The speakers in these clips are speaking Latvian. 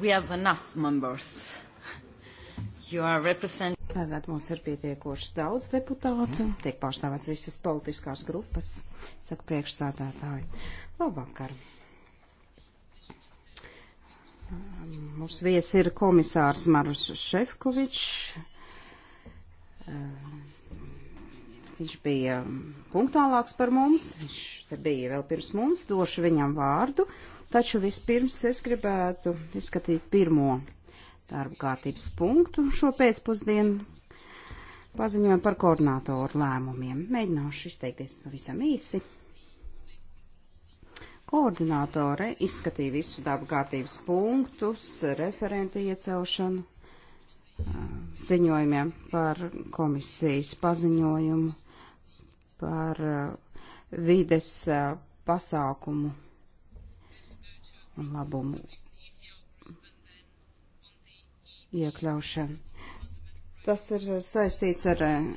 We have enough members. You are represent... Tagad mums ir pietiekoši daudz deputātu, tiek pārstāvēts visas politiskās grupas, saka priekšsādātāji. Labvakar. Mūsu viesi ir komisārs Marus Šefkovičs. Viņš bija punktuālāks par mums, viņš te bija vēl pirms mums, došu viņam vārdu, taču vispirms es gribētu izskatīt pirmo darba kārtības punktu šo pēcpusdienu paziņojumu par koordinātoru lēmumiem. Mēģināšu izteikties pavisam īsi. Koordinātore izskatīja visus darba kārtības punktus, referentu iecelšanu, ziņojumiem par komisijas paziņojumu par eh, vides eh, pasākumu un labumu iekļaušanu. Tas ir saistīts ar eh,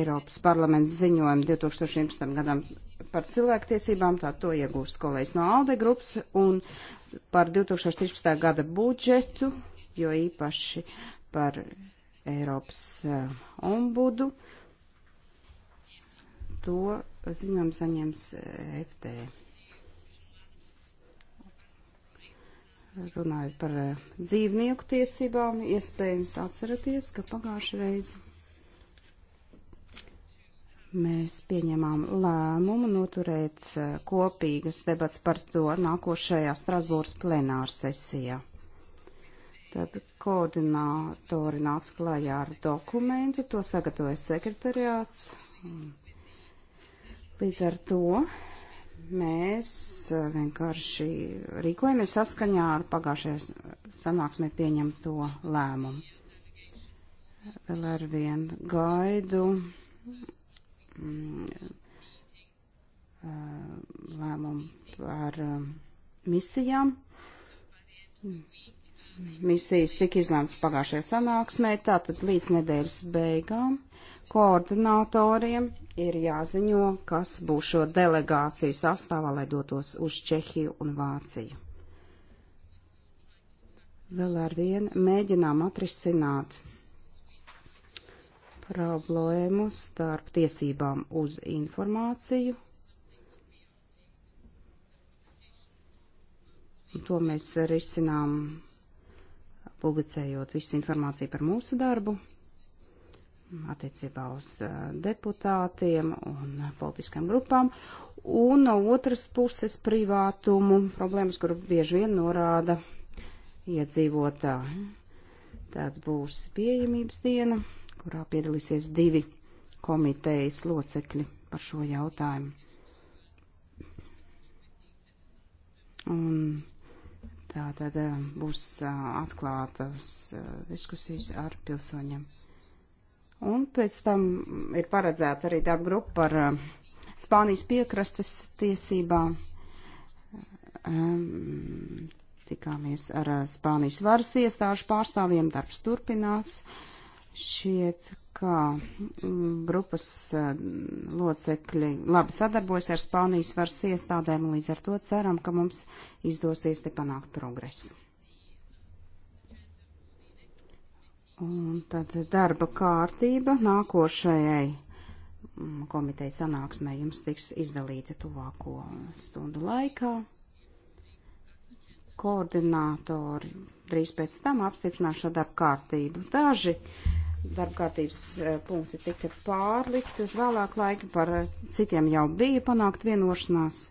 Eiropas parlaments ziņojumu 2011. gadam par cilvēktiesībām, tā to iegūst kolēģis no Alde grupas, un par 2013. gada budžetu, jo īpaši par Eiropas ombudu. Uh, to ziņām saņems eh, FT. Runājot par eh, dzīvnieku tiesībām, iespējams atceraties, ka pagājušajā reizē mēs pieņemām lēmumu noturēt eh, kopīgas debats par to nākošajā Strasbūras plenāra sesijā. Tad koordinātori nāca klajā ar dokumentu, to sagatavoja sekretariāts, Līdz ar to mēs uh, vienkārši rīkojamies saskaņā ar pagājušajā sanāksmē pieņemto lēmumu. Vēl ar vienu gaidu mm, uh, lēmumu par uh, misijām. Misijas tika izlēmts pagājušajā sanāksmē, tātad līdz nedēļas beigām koordinatoriem ir jāziņo, kas būs šo delegāciju sastāvā, lai dotos uz Čehiju un Vāciju. Vēl ar vienu mēģinām atrisināt problēmu starp tiesībām uz informāciju. Un to mēs risinām publicējot visu informāciju par mūsu darbu attiecībā uz deputātiem un politiskām grupām, un no otras puses privātumu problēmas, kur bieži vien norāda iedzīvotāji. Tad būs pieejamības diena, kurā piedalīsies divi komitejas locekļi par šo jautājumu. Un tā tad būs atklātas diskusijas ar pilsoņiem. Un pēc tam ir paredzēta arī darba grupa par eh, Spānijas piekrastes tiesībām. Um, tikāmies ar eh, Spānijas varas iestāžu pārstāvjiem, darbs turpinās. Šiet, kā mm, grupas eh, locekļi labi sadarbojas ar Spānijas varas iestādēm, līdz ar to ceram, ka mums izdosies te panākt progresu. Un tad darba kārtība nākošajai mm, komiteja sanāksmē jums tiks izdalīta tuvāko stundu laikā. Koordinātori drīz pēc tam apstiprinās šo darba kārtību. Daži darba kārtības e, punkti tika pārlikti uz vēlāku laiku, par citiem jau bija panākt vienošanās.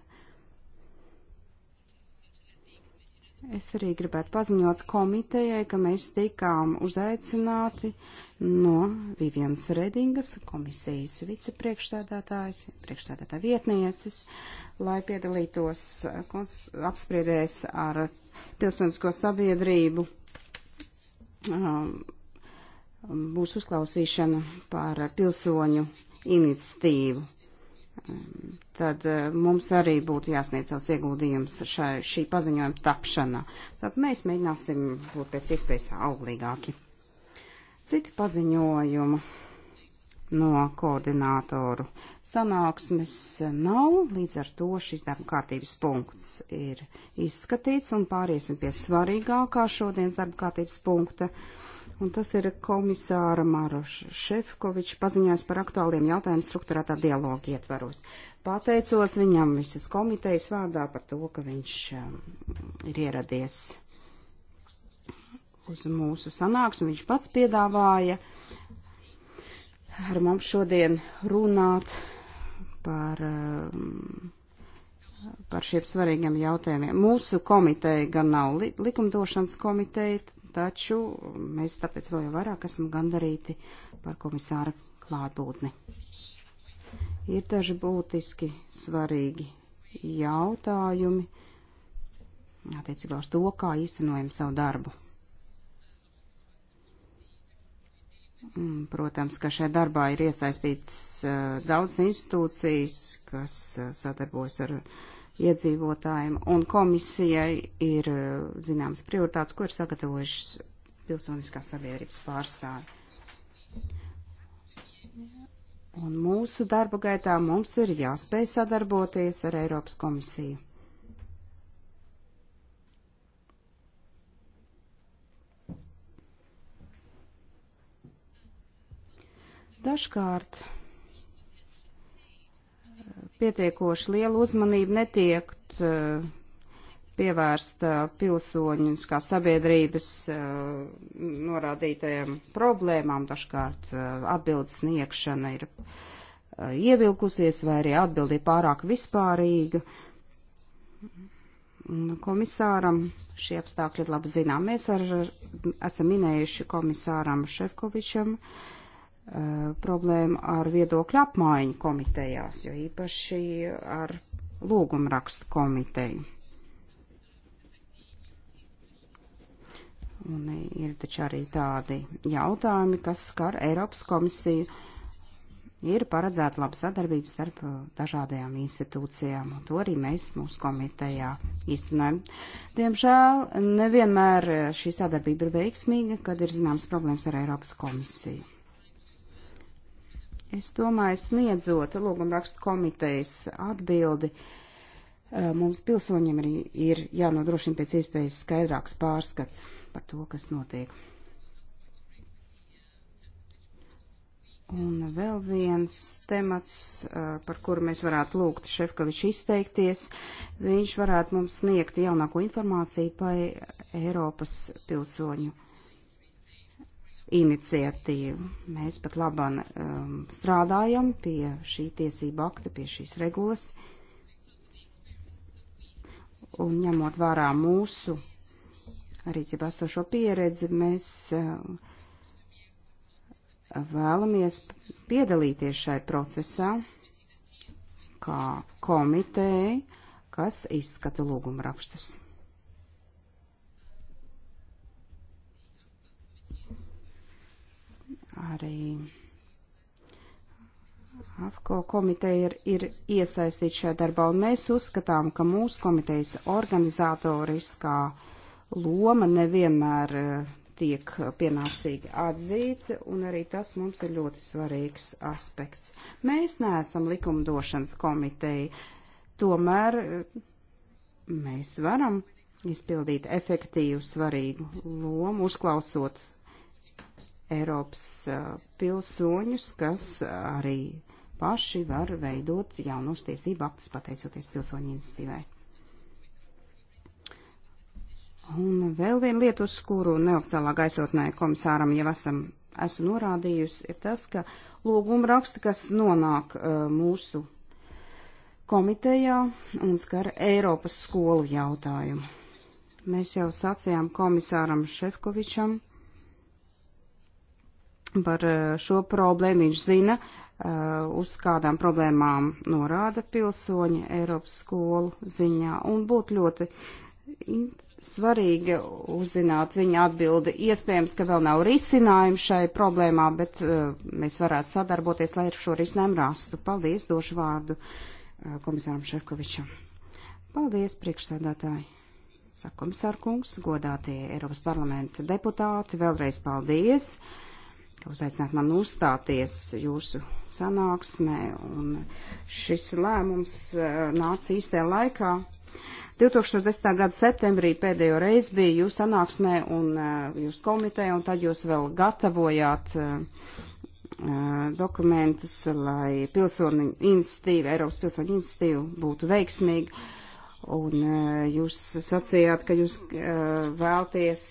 Es arī gribētu paziņot komitejai, ka mēs tikām uzaicināti no Vivienas Redingas, komisijas vicepriekšstādātājas, priekšstādātā vietnieces, lai piedalītos apspriedēs ar pilsonisko sabiedrību. Būs um, uzklausīšana par pilsoņu iniciatīvu tad eh, mums arī būtu jāsniedz savs ieguldījums šai, šī paziņojuma tapšanā. Tad mēs mēģināsim būt pēc iespējas auglīgāki. Citi paziņojumi no koordinātoru sanāksmes nav, līdz ar to šis darba kārtības punkts ir izskatīts un pāriesim pie svarīgākā šodienas darba kārtības punkta. Uh, Un tas ir komisāra Maroša Šefkoviča paziņojums par aktuāliem jautājumiem struktūrētā dialoga ietvaros. Pateicos viņam visas komitejas vārdā par to, ka viņš um, ir ieradies uz mūsu sanāksmi. Viņš pats piedāvāja ar mums šodien runāt par, um, par šiem svarīgiem jautājumiem. Mūsu komiteja gan nav li likumdošanas komiteja, taču mēs tāpēc vēl jau vairāk esam gandarīti par komisāra klātbūtni. Ir daži būtiski svarīgi jautājumi attiecībā uz to, kā īstenojam savu darbu. Mm, protams, ka šajā darbā ir iesaistītas uh, daudzas institūcijas, kas uh, sadarbojas ar uh, iedzīvotājiem, un komisijai ir eh, zināmas prioritātes, ko ir sagatavojušas pilsoniskās sabiedrības pārstāvi. Un mūsu darba gaitā mums ir jāspēj sadarboties ar Eiropas komisiju. Dažkārt pietiekoši liela uzmanība netiek eh, pievērsta pilsoņus kā sabiedrības eh, norādītajām problēmām. Dažkārt eh, atbildes sniegšana ir ievilkusies vai arī atbildi pārāk vispārīga. Komisāram šie apstākļi ir labi zinām. Mēs ar, esam minējuši komisāram Šefkovičam, uh, Uh, problēma ar viedokļu apmaiņu komitejās, jo īpaši ar lūgumrakstu komiteju. Un ir taču arī tādi jautājumi, kas skar Eiropas komisiju. Ir paredzēta laba sadarbība starp uh, dažādajām institūcijām, un to arī mēs mūsu komitejā īstenojam. Diemžēl nevienmēr uh, šī sadarbība ir veiksmīga, kad ir zināmas problēmas ar Eiropas komisiju. Es domāju, sniedzot lūgumrakstu komitejas atbildi, eh, mums pilsoņiem arī ir jānodrošina pēc iespējas skaidrāks pārskats par to, kas notiek. Un vēl viens temats, eh, par kuru mēs varētu lūgt Šefkoviču izteikties, viņš varētu mums sniegt jaunāko informāciju par Eiropas pilsoņu iniciatīvu. Mēs pat labam um, strādājam pie šī tiesība akta, pie šīs regulas. Un ņemot vērā mūsu rīcībā esošo pieredzi, mēs uh, vēlamies piedalīties šai procesā kā komiteja, kas izskata lūguma rakstus. arī AFCO komiteja ir, ir iesaistīta šajā darbā, un mēs uzskatām, ka mūsu komitejas organizatoriskā loma nevienmēr eh, tiek pienācīgi atzīta, un arī tas mums ir ļoti svarīgs aspekts. Mēs neesam likumdošanas komiteja, tomēr eh, mēs varam izpildīt efektīvu, svarīgu lomu, uzklausot Eiropas pilsoņus, kas arī paši var veidot jaunos tiesību aktus pateicoties pilsoņu iniciatīvai. Un vēl viena lieta, uz kuru neoficiālā gaisotnē komisāram jau esam, esmu norādījusi, ir tas, ka lūguma raksti, kas nonāk uh, mūsu komitejā un skar Eiropas skolu jautājumu. Mēs jau sacījām komisāram Šefkovičam, par eh, šo problēmu. Viņš zina, eh, uz kādām problēmām norāda pilsoņi Eiropas skolu ziņā. Un būtu ļoti svarīgi uzzināt viņa atbildi. Iespējams, ka vēl nav risinājumu šai problēmā, bet eh, mēs varētu sadarboties, lai šo risinājumu rastu. Paldies, došu vārdu komisāram Šefkovičam. Paldies, priekšsēdētāji! Saka komisārkungs, godātie Eiropas parlamenta deputāti, vēlreiz paldies! uzaicināt man uzstāties jūsu sanāksmē, un šis lēmums eh, nāca īstajā laikā. 2010. gada septembrī pēdējo reizi biju jūs sanāksmē un eh, jūs komiteja, un tad jūs vēl gatavojāt eh, dokumentus, lai pilsoņu institīva, Eiropas pilsoņu institīva būtu veiksmīga. Un jūs sacījāt, ka jūs vēlties,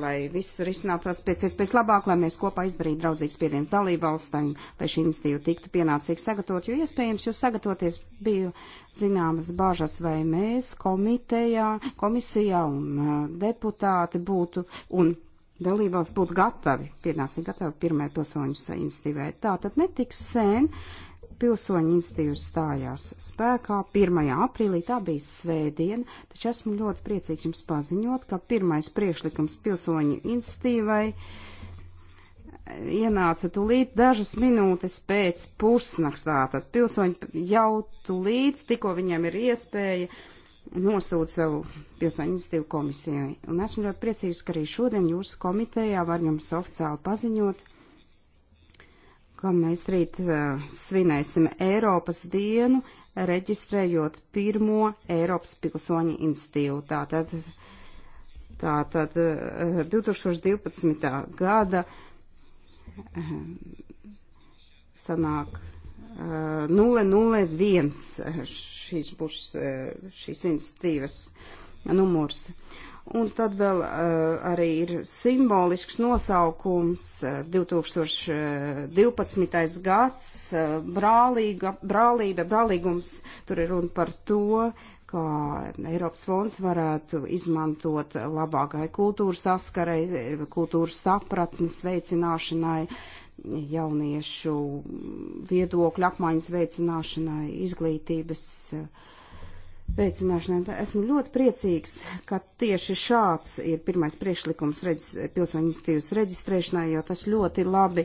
lai viss risinātos pēc iespējas labāk, lai mēs kopā izdarītu draudzīgs spiediens dalībvalstīm, lai šī institīva tiktu pienācīgi sagatavot, jo iespējams jūs sagatavoties bija zināmas bažas, vai mēs komitejā, komisijā un deputāti būtu un dalībvalsts būtu gatavi, pienācīgi gatavi pirmai pilsoņu institīvai. Tā tad netiks sen. Uh, pilsoņu institīvas stājās spēkā 1. aprīlī, tā bija svētdiena, taču esmu ļoti priecīgs jums paziņot, ka pirmais priekšlikums pilsoņu institīvai ienāca tulīt dažas minūtes pēc pusnakts, tātad pilsoņi jau tulīt, tikko viņiem ir iespēja nosūta savu pilsoņu institīvu komisijai. Un esmu ļoti priecīgs, ka arī šodien jūsu komitejā var jums oficiāli paziņot, ka mēs rīt uh, svinēsim Eiropas dienu, reģistrējot pirmo Eiropas pilsoņu institīvu. Tātad, tātad uh, 2012. gada uh, sanāk 001 šīs būs šīs institīvas numurs. Un tad vēl uh, arī ir simbolisks nosaukums uh, 2012. gads, uh, brālīga, brālība, brālīgums, tur ir runa par to, kā Eiropas fonds varētu izmantot labākai kultūras askarei, kultūras sapratnes veicināšanai, jauniešu viedokļu apmaiņas veicināšanai, izglītības. Uh, veicināšanai. Esmu ļoti priecīgs, ka tieši šāds ir pirmais priekšlikums pilsoņu institīvas reģistrēšanai, jo tas ļoti labi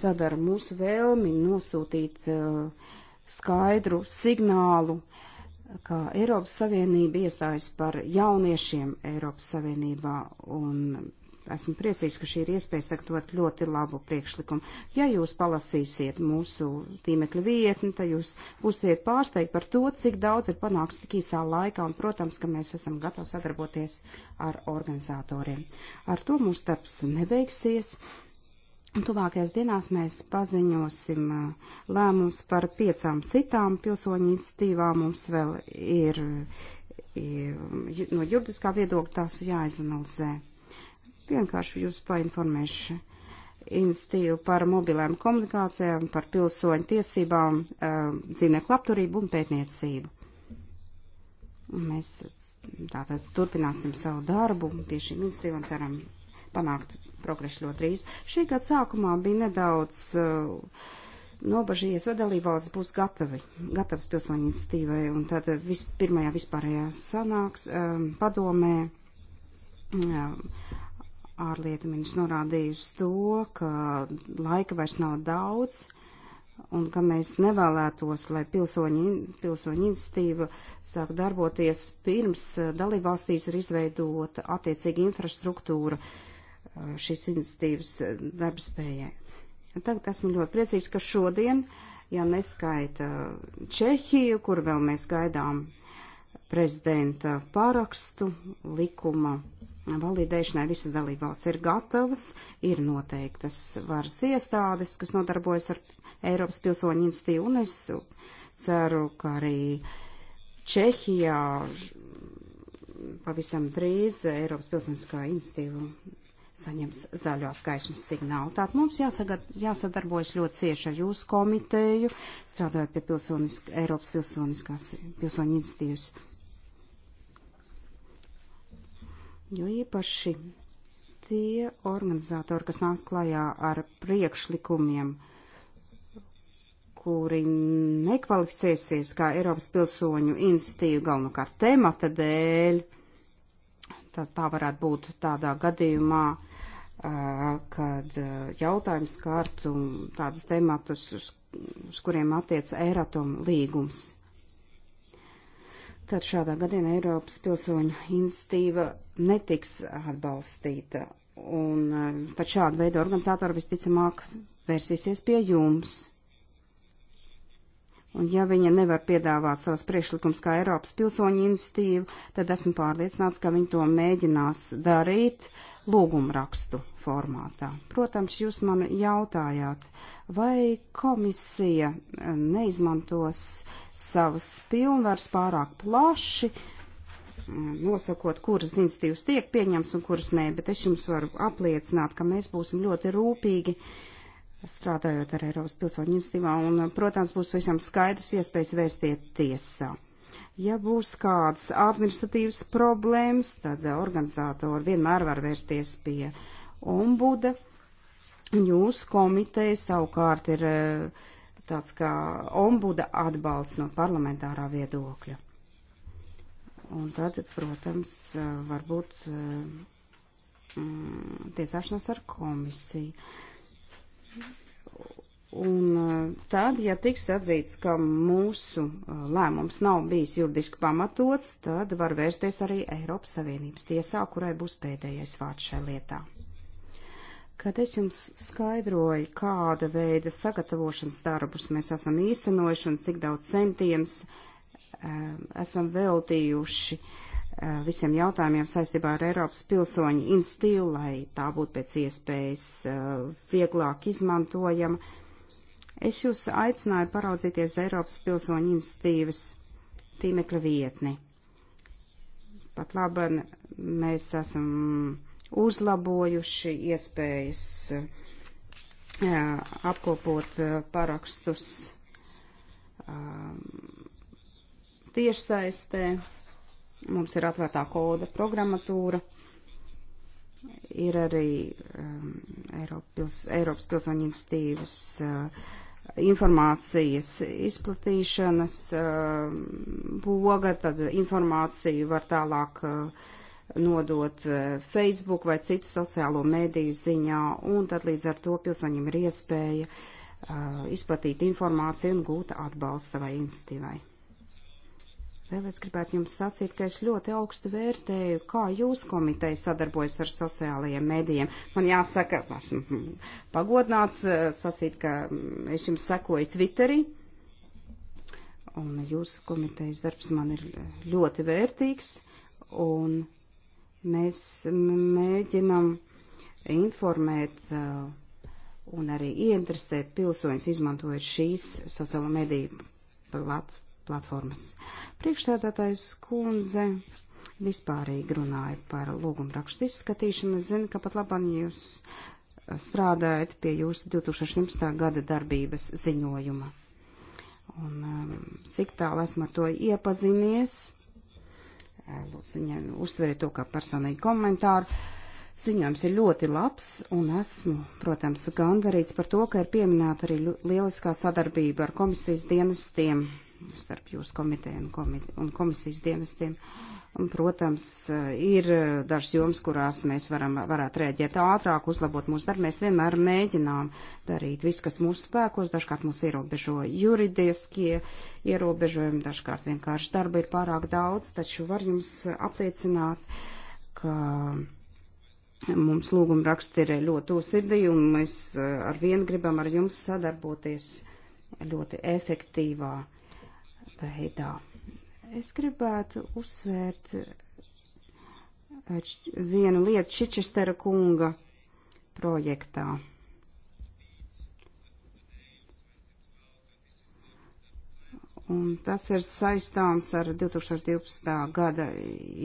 sadara mūsu vēlmi nosūtīt uh, skaidru signālu, ka Eiropas Savienība iestājas par jauniešiem Eiropas Savienībā un esmu priecīgs, ka šī ir iespēja sagatavot ļoti labu priekšlikumu. Ja jūs palasīsiet mūsu tīmekļa vietni, tad jūs būsiet pārsteigti par to, cik daudz ir panāks tik īsā laikā, un, protams, ka mēs esam gatavi sadarboties ar organizatoriem. Ar to mūsu darbs nebeigsies. Tuvākajās dienās mēs paziņosim uh, lēmums par piecām citām pilsoņu institīvām. Mums vēl ir, ir no juridiskā viedokļa tās jāizanalizē vienkārši jūs painformēšu institīvu par mobilēm komunikācijām, par pilsoņu tiesībām, eh, dzīvnieku labturību un pētniecību. Mēs tātad turpināsim savu darbu pie šīm institīvām, ceram panākt progresu ļoti drīz. Šī gada sākumā bija nedaudz uh, nobažījies, vai dalībvalsts būs gatavi, gatavs pilsoņu institīvai, un tad vis, pirmajā vispārējā sanāks um, padomē. Um, ārlietu ministrs norādījusi to, ka laika vairs nav daudz un ka mēs nevēlētos, lai pilsoņi, pilsoņi institīva sāk darboties pirms eh, dalībvalstīs ir izveidota attiecīga infrastruktūra eh, šīs institīvas eh, darbspējai. Tagad esmu ļoti priecīgs, ka šodien, ja neskaita Čehiju, kur vēl mēs gaidām prezidenta parakstu likuma validēšanai visas dalībvalsts ir gatavas, ir noteiktas varas iestādes, kas nodarbojas ar Eiropas pilsoņu institīvu, un es ceru, ka arī Čehijā pavisam drīz Eiropas pilsoniskā institīva saņems zaļos gaismas signālu. Tātad mums jāsagad, jāsadarbojas ļoti cieši ar jūsu komiteju, strādājot pie pilsonisk, Eiropas pilsoniskās pilsoņu institīvas jo īpaši tie organizatori, kas nāk klajā ar priekšlikumiem, kuri nekvalificēsies kā Eiropas pilsoņu institīvu galvenokārt temata dēļ, tas tā varētu būt tādā gadījumā, kad jautājums kārt un tādas tematus, uz, uz kuriem attiec Eiratom līgums tad šādā gadījumā Eiropas pilsoņu institīva netiks atbalstīta. Un eh, tad šāda veida organizātori visticamāk vērsīsies pie jums. Un ja viņa nevar piedāvāt savas priekšlikums kā Eiropas pilsoņu institīva, tad esmu pārliecināts, ka viņi to mēģinās darīt. Uh, lūgumrakstu formātā. Protams, jūs man jautājāt, vai komisija eh, neizmantos savas pilnvaras pārāk plaši, mm, nosakot, kuras institīvas tiek pieņems un kuras nē, bet es jums varu apliecināt, ka mēs būsim ļoti rūpīgi strādājot ar Eiropas pilsoņu institīvā un, protams, būs visam skaidrs iespējas vērsties tiesā. Ja būs kādas administratīvas problēmas, tad organizatori vienmēr var vērsties pie ombuda. Jūsu komiteja savukārt ir eh, tāds kā ombuda atbalsts no parlamentārā viedokļa. Un tad, protams, eh, varbūt eh, mm, tiesāšanos ar komisiju. Un eh, tad, ja tiks atzīts, ka mūsu eh, lēmums nav bijis juridiski pamatots, tad var vērsties arī Eiropas Savienības tiesā, kurai būs pēdējais vārds šajā lietā. Kad es jums skaidroju, kāda veida sagatavošanas darbus mēs esam īstenojuši un cik daudz centienus eh, esam veltījuši visiem jautājumiem saistībā ar Eiropas pilsoņu instilu, lai tā būtu pēc iespējas vieglāk izmantojama, Es jūs aicināju paraudzīties Eiropas pilsoņu institīvas tīmekļa vietni. Pat labi, mēs esam uzlabojuši iespējas jā, apkopot parakstus tiešsaistē. Mums ir atvērtā koda programmatūra. Ir arī um, Eiropas, Pils, Eiropas pilsoņu institīvas uh, informācijas izplatīšanas um, boga, tad informāciju var tālāk uh, nodot uh, Facebook vai citu sociālo mēdīju ziņā, un tad līdz ar to pilsoņiem ir iespēja uh, izplatīt informāciju un gūt atbalstu savai institīvai. Vēl es gribētu jums sacīt, ka es ļoti augstu vērtēju, kā jūs komiteja sadarbojas ar sociālajiem mēdījiem. Man jāsaka, esmu pagodināts eh, sacīt, ka mm, es jums sekoju Twitterī. Un jūsu komitejas darbs man ir ļoti vērtīgs. Un mēs mēģinam informēt uh, un arī ieinteresēt pilsoņus izmantojot šīs sociālo mediju platformas platformas. Priekšstādātais kundze vispārīgi runāja par lūgumrakstu izskatīšanu. Es zinu, ka pat labāk jūs uh, strādājat pie jūsu 2017. gada darbības ziņojuma. Un um, cik tālu esmu ar to iepazinies, uh, lūdzu, viņai uztveriet to kā personīgi komentāru. Ziņojums ir ļoti labs, un esmu, protams, gandarīts par to, ka ir pieminēta arī lieliskā sadarbība ar komisijas dienestiem starp jūsu komiteju un, komite un komisijas dienestiem. Un, protams, ir eh, dažas jomas, kurās mēs varam, varētu rēģēt ātrāk, uzlabot mūsu darbu. Mēs vienmēr mēģinām darīt visu, kas mūsu spēkos. Dažkārt mūs ierobežo juridiskie ierobežojumi, dažkārt vienkārši darba ir pārāk daudz, taču var jums apliecināt, ka mums lūguma raksti ir ļoti tūsirdī un mēs eh, ar vienu gribam ar jums sadarboties ļoti efektīvā veidā. Es gribētu uzsvērt eh, vienu lietu Čičestera kunga projektā. Un tas ir saistāms ar 2012. gada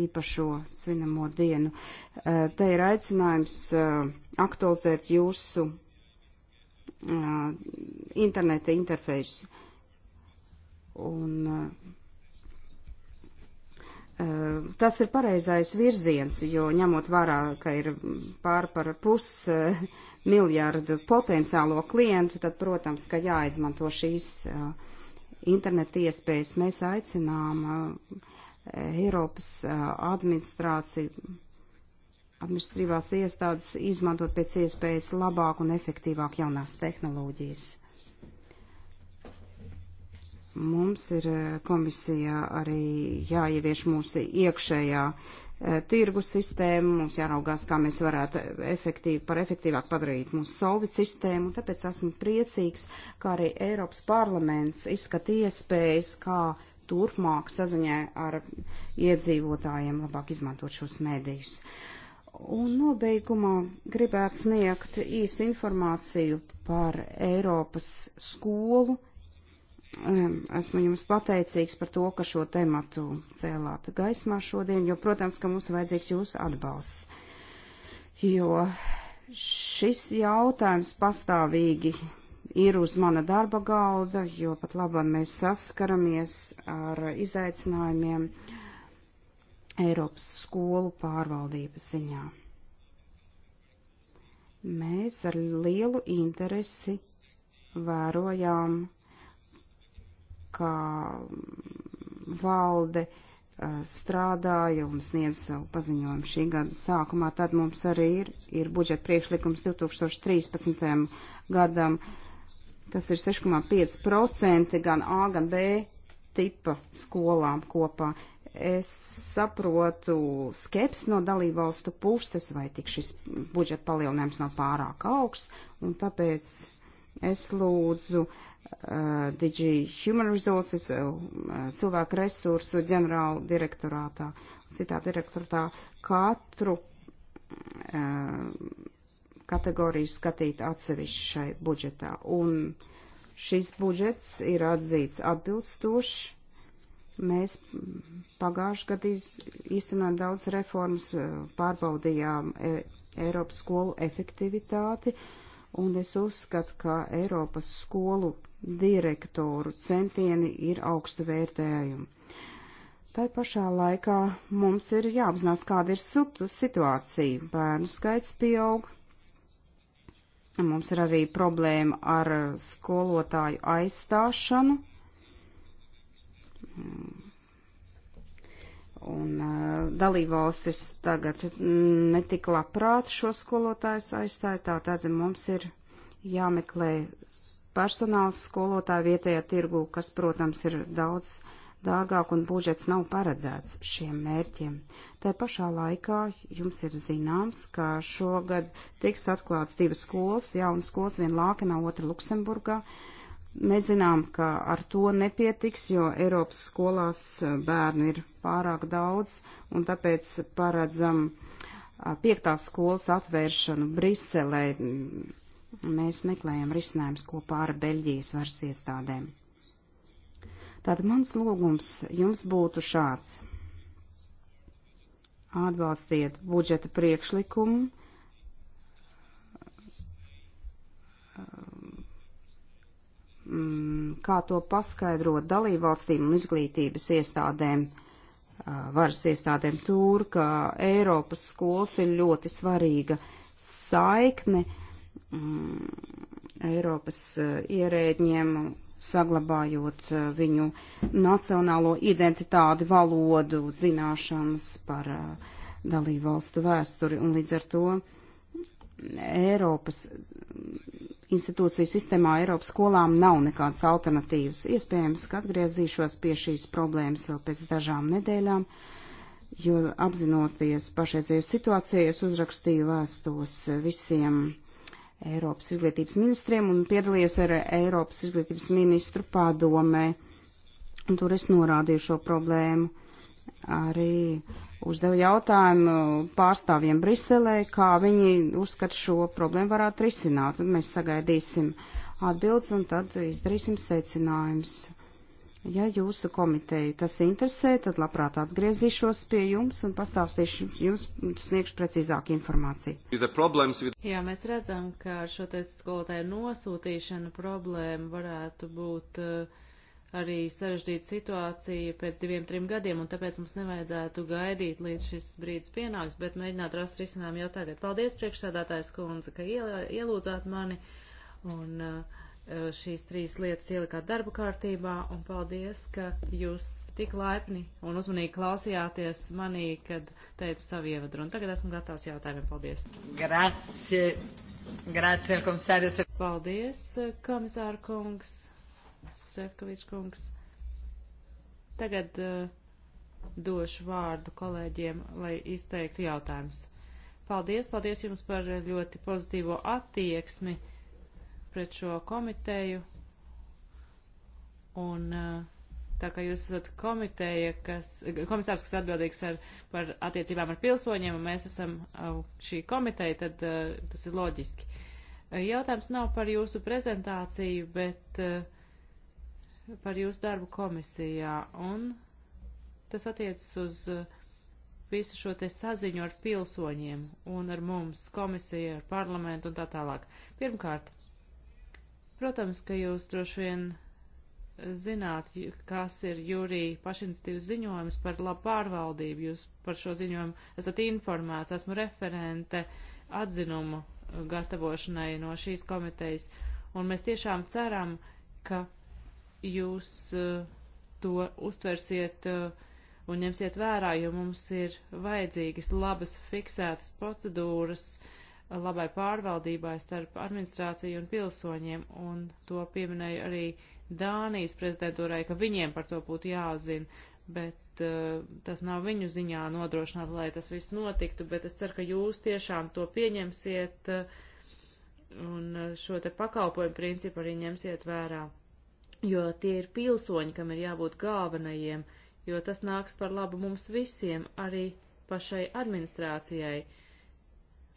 īpašo svinamo dienu. Eh, te ir aicinājums eh, aktualizēt jūsu interneta interfeisu. Un, eh, eh, Tas ir pareizais virziens, jo ņemot vērā, ka ir pār par pus eh, miljārdu potenciālo klientu, tad, protams, ka jāizmanto šīs interneta iespējas. Mēs aicinām Eiropas administrāciju administratīvās iestādes izmantot pēc iespējas labāk un efektīvāk jaunās tehnoloģijas. Mums ir eh, komisijā arī jāievieš mūsu iekšējā eh, tirgu sistēmu, mums jāraugās, kā mēs varētu efektīvi, par efektīvāk padarīt mūsu solvit sistēmu, tāpēc esmu priecīgs, kā arī Eiropas parlaments izskata iespējas, kā turpmāk saziņā ar iedzīvotājiem labāk izmantot šos mēdījus. Un nobeigumā gribētu sniegt īsu informāciju par Eiropas skolu Esmu jums pateicīgs par to, ka šo tematu cēlāt gaismā šodien, jo, protams, ka mums vajadzīgs jūsu atbalsts. Jo šis jautājums pastāvīgi ir uz mana darba galda, jo pat labāk mēs saskaramies ar izaicinājumiem Eiropas skolu pārvaldības ziņā. Mēs ar lielu interesi vērojām kā valde strādāja un sniedz savu paziņojumu šī gada sākumā, tad mums arī ir, ir budžeta priekšlikums 2013. gadam, kas ir 6,5% gan A, gan B tipa skolām kopā. Es saprotu skepsi no dalībvalstu puses, vai tik šis budžeta palielinājums nav pārāk augs, un tāpēc Es lūdzu uh, DG Human Resources, uh, cilvēku resursu ģenerāla direktorātā, citā direktorātā katru uh, kategoriju skatīt atsevišķi šai budžetā. Un šis budžets ir atzīts atbilstoši. Mēs pagājuši gadu īstenojām daudz reformas, uh, pārbaudījām e Eiropas skolu efektivitāti. Uh, un es uzskatu, ka Eiropas skolu direktoru centieni ir augstu vērtējumi. Tā pašā laikā mums ir jāapzinās, kāda ir situācija. Bērnu skaits pieaug, mums ir arī problēma ar skolotāju aizstāšanu, un eh, dalībvalstis tagad mm, netik labprāt šo skolotājus aizstāja, tā tad mums ir jāmeklē personāls skolotāju vietējā tirgu, kas, protams, ir daudz dārgāk un budžets nav paredzēts šiem mērķiem. Tā pašā laikā jums ir zināms, ka šogad tiks atklāts divas skolas, jauna skolas, viena Lākenā, otra Luksemburgā. Uh, Mēs zinām, ka ar to nepietiks, jo Eiropas skolās eh, bērnu ir pārāk daudz, un tāpēc paredzam eh, piektās skolas atvēršanu Briselē. Mēs meklējam risinājumus kopā ar Beļģijas varas iestādēm. Tātad mans lūgums jums būtu šāds. Atbalstiet budžeta priekšlikumu Mm, kā to paskaidrot dalībvalstīm un izglītības iestādēm, varas iestādēm tur, ka Eiropas skolas ir ļoti svarīga saikne mm, Eiropas ierēģiem, saglabājot viņu nacionālo identitāti, valodu, zināšanas par dalībvalstu vēsturi un līdz ar to Eiropas institūciju sistēmā Eiropas skolām nav nekādas alternatīvas. Iespējams, ka atgriezīšos pie šīs problēmas vēl pēc dažām nedēļām, jo apzinoties pašreizēju situāciju, es uzrakstīju vēstos visiem Eiropas izglītības ministriem un piedalījos ar Eiropas izglītības ministru padomē. Un tur es norādīju šo problēmu. Arī uzdeva jautājumu pārstāvjiem Briselē, kā viņi uzskata šo problēmu varētu risināt. Mēs sagaidīsim atbildes un tad izdarīsim secinājumus. Ja jūsu komiteju tas interesē, tad labprāt atgriezīšos pie jums un pastāstīšu jums, sniegšu precīzāku informāciju. With... Jā, mēs redzam, ka šo te skolotāju nosūtīšana problēma varētu būt uh, arī sarežģīta situācija pēc diviem, trim gadiem, un tāpēc mums nevajadzētu gaidīt, līdz šis brīdis pienāks, bet mēģināt rast risinājumu jau tagad. Paldies, priekšsādātājs kundze, ka ielūdzāt mani, un uh, šīs trīs lietas ielikāt darba kārtībā, un paldies, ka jūs tik laipni un uzmanīgi klausījāties manī, kad teicu savu ievadu, un tagad esmu gatavs jautājumiem. Paldies! Grazie! Grazie, komisārs! Paldies, komisāra kungs! Sefkovičs kungs. Tagad uh, došu vārdu kolēģiem, lai izteiktu jautājumus. Paldies, paldies jums par ļoti pozitīvo attieksmi pret šo komiteju. Un eh, tā kā jūs esat komiteja, kas, komisārs, kas atbildīgs ar, par attiecībām ar pilsoņiem, un mēs esam eh, šī komiteja, tad tas ir loģiski. Jautājums nav par jūsu prezentāciju, bet uh, par jūsu darbu komisijā, un tas attiecas uz uh, visu šo te saziņu ar pilsoņiem un ar mums, komisiju, ar parlamentu un tā tālāk. Pirmkārt, protams, ka jūs droši vien zināt, kas ir jūrija pašinstīvas ziņojums par labu pārvaldību. Jūs par šo ziņojumu esat informēts, esmu referente atzinumu gatavošanai no šīs komitejas, un mēs tiešām ceram, ka jūs eh, to uztversiet eh, un ņemsiet vērā, jo mums ir vajadzīgas labas fiksētas procedūras eh, labai pārvaldībai starp administrāciju un pilsoņiem, un to pieminēja arī Dānijas prezidentūrai, ka viņiem par to būtu jāzina, bet uh, tas nav viņu ziņā nodrošināt, lai tas viss notiktu, bet es ceru, ka jūs tiešām to pieņemsiet uh, un šo te pakalpojumu principu arī ņemsiet vērā jo tie ir pilsoņi, kam ir jābūt galvenajiem, jo tas nāks par labu mums visiem, arī pašai administrācijai,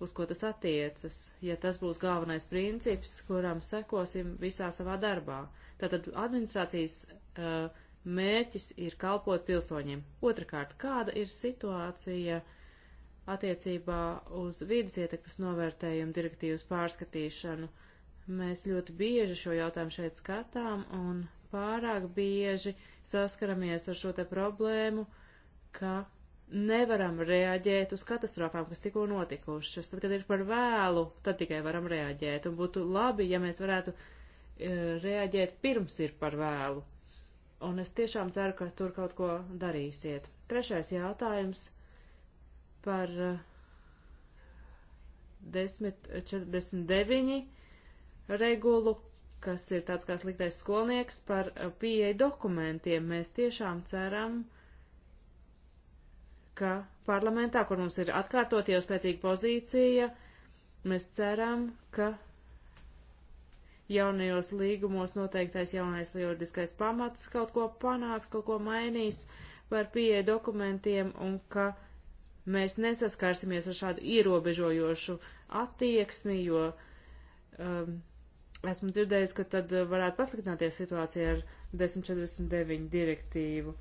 uz ko tas attiecas, ja tas būs galvenais princips, kuram sekosim visā savā darbā. Tātad administrācijas uh, mērķis ir kalpot pilsoņiem. Otrakārt, kāda ir situācija attiecībā uz vīdes ietekmes novērtējumu direktīvas pārskatīšanu? Uh, Mēs ļoti bieži šo jautājumu šeit skatām un pārāk bieži saskaramies ar šo te problēmu, ka nevaram reaģēt uz katastrofām, kas tikko notikušas. Tad, kad ir par vēlu, tad tikai varam reaģēt. Un būtu labi, ja mēs varētu uh, reaģēt pirms ir par vēlu. Un es tiešām ceru, ka tur kaut ko darīsiet. Trešais jautājums par uh, e, 1049 regulu, kas ir tāds kā sliktais skolnieks par pieeja dokumentiem. Mēs tiešām ceram, ka parlamentā, kur mums ir atkārtot jau spēcīga pozīcija, mēs ceram, ka jaunajos līgumos noteiktais jaunais juridiskais pamats kaut ko panāks, kaut ko mainīs par pieeja dokumentiem un ka mēs nesaskarsimies ar šādu ierobežojošu attieksmi, jo um, esmu dzirdējusi, ka tad eh, varētu pasliktināties situācija ar 1049 direktīvu.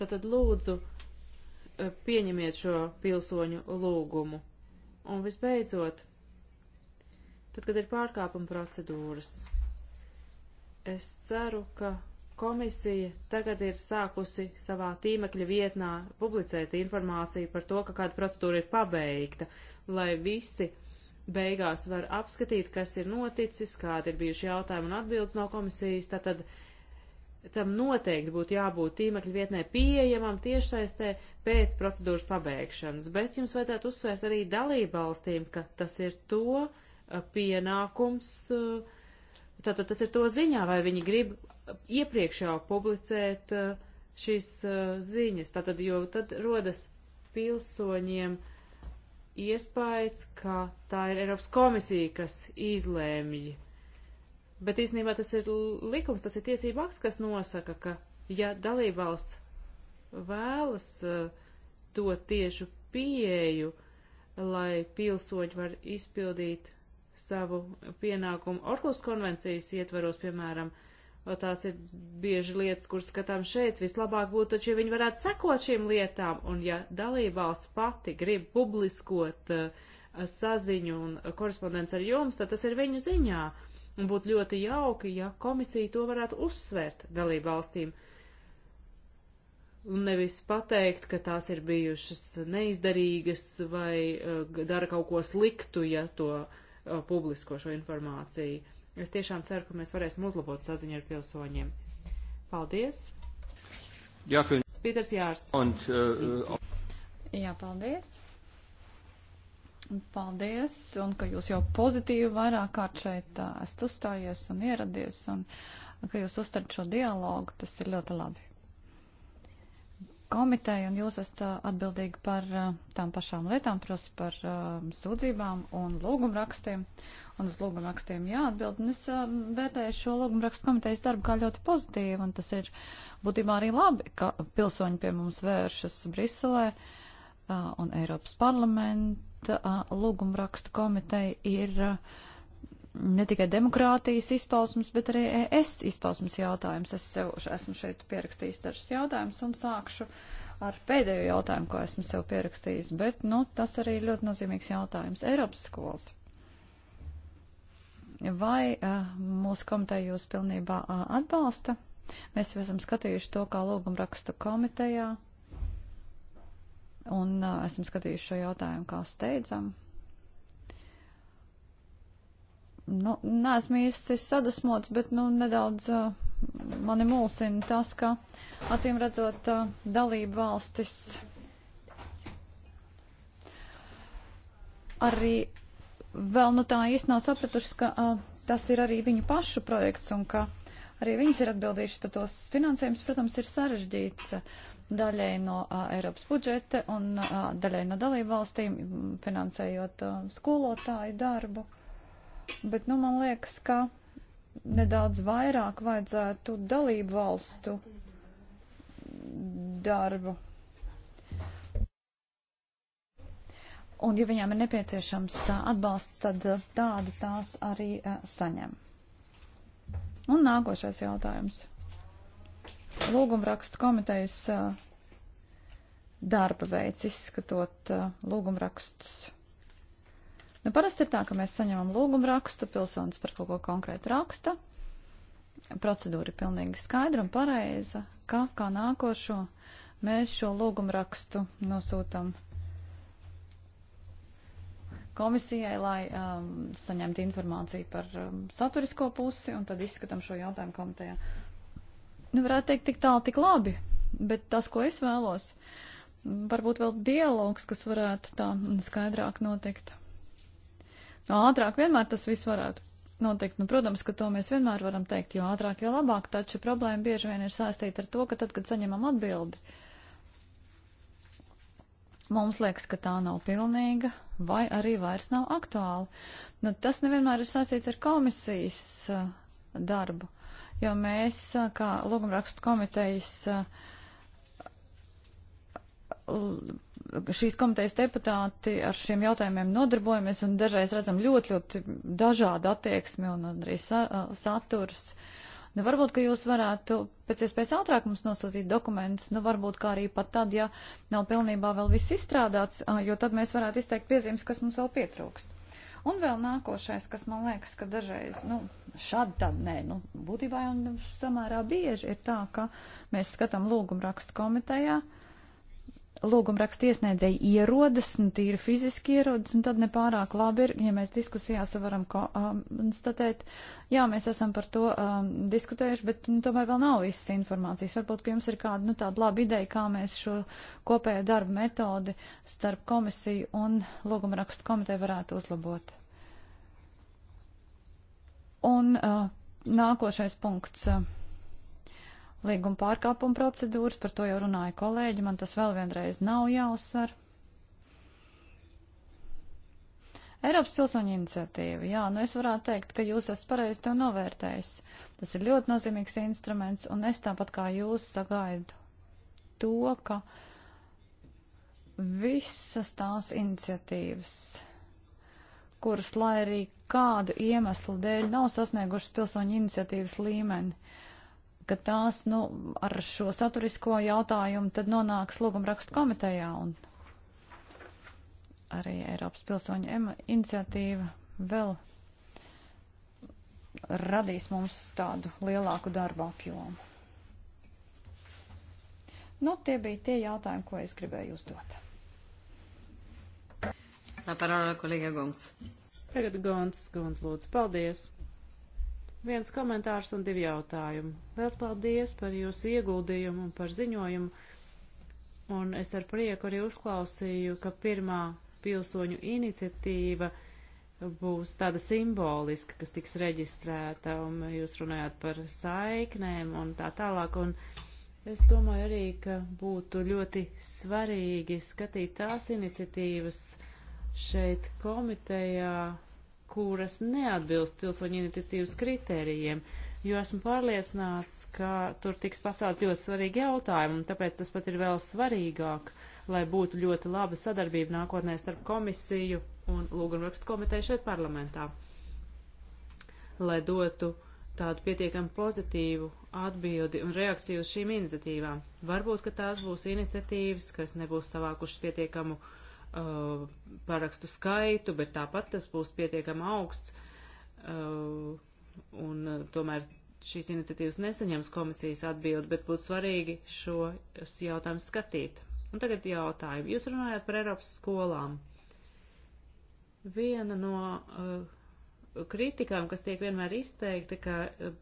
Tātad lūdzu eh, pieņemiet šo pilsoņu lūgumu. Un visbeidzot, tad, kad ir pārkāpuma procedūras, es ceru, ka komisija tagad ir sākusi savā tīmekļa vietnā publicēt informāciju par to, ka kāda procedūra ir pabeigta, lai visi uh, beigās var apskatīt, kas ir noticis, kādi ir bijuši jautājumi un atbildes no komisijas. Tātad tam noteikti būtu jābūt tīmekļa vietnē pieejamam tiešsaistē pēc procedūras pabeigšanas, bet jums vajadzētu uzsvērt arī dalību valstīm, ka tas ir to pienākums, tātad tas ir to ziņā, vai viņi grib iepriekš jau publicēt šīs ziņas, tātad jo tad rodas pilsoņiem uh, iespējas, ka tā ir Eiropas komisija, kas izlēmj. Bet īstenībā tas ir likums, tas ir tiesība akts, kas nosaka, ka ja dalībvalsts vēlas uh, to tiešu pieeju, lai pilsoņi var izpildīt savu pienākumu Orkus konvencijas ietvaros, piemēram, uh, tās ir bieži lietas, kuras skatām šeit, vislabāk būtu, taču, ja viņi varētu sekot šīm lietām, un ja dalībvalsts pati grib publiskot uh, saziņu un korespondents ar jums, tad tas ir viņu ziņā, un būtu ļoti jauki, ja komisija to varētu uzsvērt dalībvalstīm. Un nevis pateikt, ka tās ir bijušas neizdarīgas vai uh, dara kaut ko sliktu, ja to uh, publisko šo informāciju. Es tiešām ceru, ka mēs varēsim uzlabot saziņu ar pilsoņiem. Paldies! Jā, fil... Pīters Jārs. Un, uh, Jā, paldies! Paldies, un ka jūs jau pozitīvi vairāk kārt šeit uh, esat uzstājies un ieradies, un ka jūs uztarat šo dialogu, tas ir ļoti labi. Komiteja, un jūs esat uh, atbildīgi par uh, tām pašām lietām, protams, par uh, sūdzībām un lūgumrakstiem. rakstiem un uz lūgumrakstiem jāatbild. Un es um, vērtēju šo lūgumrakstu komitejas darbu kā ļoti pozitīvu, un tas ir būtībā arī labi, ka pilsoņi pie mums vēršas Briselē uh, un Eiropas parlamenta uh, lūgumrakstu komiteja ir uh, ne tikai demokrātijas izpausmes, bet arī ES izpausmes jautājums. Es sev esmu šeit pierakstījis dažus jautājumus un sākšu ar pēdējo jautājumu, ko esmu sev pierakstījis, bet, nu, tas arī ļoti nozīmīgs jautājums. Eiropas skolas. Vai eh, mūsu komiteja jūs pilnībā eh, atbalsta? Mēs jau esam skatījuši to kā lūgumrakstu komitejā un eh, esam skatījuši šo jautājumu kā steidzam. Nu, neesmu īsti sadusmots, bet nu, nedaudz uh, mani mulsina tas, ka acīm redzot uh, dalību valstis arī vēl nu tā īsti nav sapratušas, ka uh, tas ir arī viņu pašu projekts un ka arī viņas ir atbildījušas par tos finansējums, protams, ir sarežģīts daļai no uh, Eiropas budžeta un uh, daļai no dalību valstīm, finansējot uh, skolotāju darbu. Bet, nu, man liekas, ka nedaudz vairāk vajadzētu dalību valstu darbu Un, ja viņām ir nepieciešams atbalsts, tad tādu tās arī saņem. Un nākošais jautājums. Lūgumrakstu komitejas darba veids, izskatot lūgumrakstus. Nu, parasti ir tā, ka mēs saņemam lūgumrakstu, pilsonis par kaut ko konkrētu raksta. Procedūra ir pilnīgi skaidra un pareiza, ka kā nākošo mēs šo lūgumrakstu nosūtam komisijai, lai um, saņemtu informāciju par um, saturisko pusi un tad izskatam šo jautājumu komitejā. Nu, varētu teikt, tik tālu, tik labi, bet tas, ko es vēlos, mm, varbūt vēl dialogs, kas varētu tā skaidrāk notikt. No, ātrāk vienmēr tas viss varētu notikt. Nu, protams, ka to mēs vienmēr varam teikt, jo ātrāk, jo labāk, taču problēma bieži vien ir saistīta ar to, ka tad, kad saņemam atbildi, mums liekas, ka tā nav pilnīga vai arī vairs nav aktuāla. Nu, tas nevienmēr ir saistīts ar komisijas uh, darbu, jo mēs, uh, kā lūgumrakstu komitejas, uh, šīs komitejas deputāti ar šiem jautājumiem nodarbojamies un dažreiz redzam ļoti, ļoti dažādu attieksmi un arī sa uh, saturs. Uh, Nu, varbūt, ka jūs varētu pēc iespējas ātrāk mums nosūtīt dokumentus, nu, varbūt kā arī pat tad, ja nav pilnībā vēl viss izstrādāts, jo tad mēs varētu izteikt piezīmes, kas mums vēl pietrūkst. Un vēl nākošais, kas man liekas, ka dažreiz, nu, šad tad nē, nu, būtībā jau samērā bieži ir tā, ka mēs skatām lūgumu rakstu komitejā, uh, lūgumraksta iesniedzēji ierodas, nu, tīri fiziski ierodas, un tad nepārāk labi ir, ja mēs diskusijās varam um, konstatēt, jā, mēs esam par to um, diskutējuši, bet nu, tomēr vēl nav visas informācijas. Varbūt, ka jums ir kāda nu, tāda laba ideja, kā mēs šo kopējo darbu metodi starp komisiju un lūgumrakstu komiteju varētu uzlabot. Un uh, nākošais punkts. Uh, Līguma pārkāpuma procedūras, par to jau runāja kolēģi, man tas vēl vienreiz nav jāuzsver. Eiropas pilsoņu iniciatīva, jā, nu es varētu teikt, ka jūs esat pareizi to novērtējis. Tas ir ļoti nozīmīgs instruments, un es tāpat kā jūs sagaidu to, ka visas tās iniciatīvas, kuras, lai arī kādu iemeslu dēļ nav sasniegušas pilsoņu iniciatīvas līmeni, ka tās, nu, ar šo saturisko jautājumu tad nonāks lūgumrakstu komitejā un arī Eiropas pilsoņu iniciatīva vēl radīs mums tādu lielāku darbu apjomu. Nu, tie bija tie jautājumi, ko es gribēju uzdot. Tā parāda kolēģa Gonts. Tagad Gonts, Gonts lūdzu, paldies. Viens komentārs un divi jautājumi. Lielas paldies par jūsu ieguldījumu un par ziņojumu. Un es ar prieku arī uzklausīju, ka pirmā pilsoņu iniciatīva būs tāda simboliska, kas tiks reģistrēta, un jūs runājāt par saiknēm un tā tālāk. Un es domāju arī, ka būtu ļoti svarīgi skatīt tās iniciatīvas šeit komitejā, kuras neatbilst pilsoņu iniciatīvas kritērijiem, jo esmu pārliecināts, ka tur tiks pacelt ļoti svarīgi jautājumi, un tāpēc tas pat ir vēl svarīgāk, lai būtu ļoti laba sadarbība nākotnē starp komisiju un lūgumrakstu komiteju šeit parlamentā, lai dotu tādu pietiekami pozitīvu atbildi un reakciju uz šīm iniciatīvām. Varbūt, ka tās būs iniciatīvas, kas nebūs savākušas pietiekamu uh, uh, parakstu skaitu, bet tāpat tas būs pietiekami augsts. Uh, un uh, tomēr šīs iniciatīvas nesaņems komisijas atbildi, bet būtu svarīgi šos jautājumus skatīt. Un tagad jautājumi. Jūs runājat par Eiropas skolām. Viena no uh, kritikām, kas tiek vienmēr izteikta, ka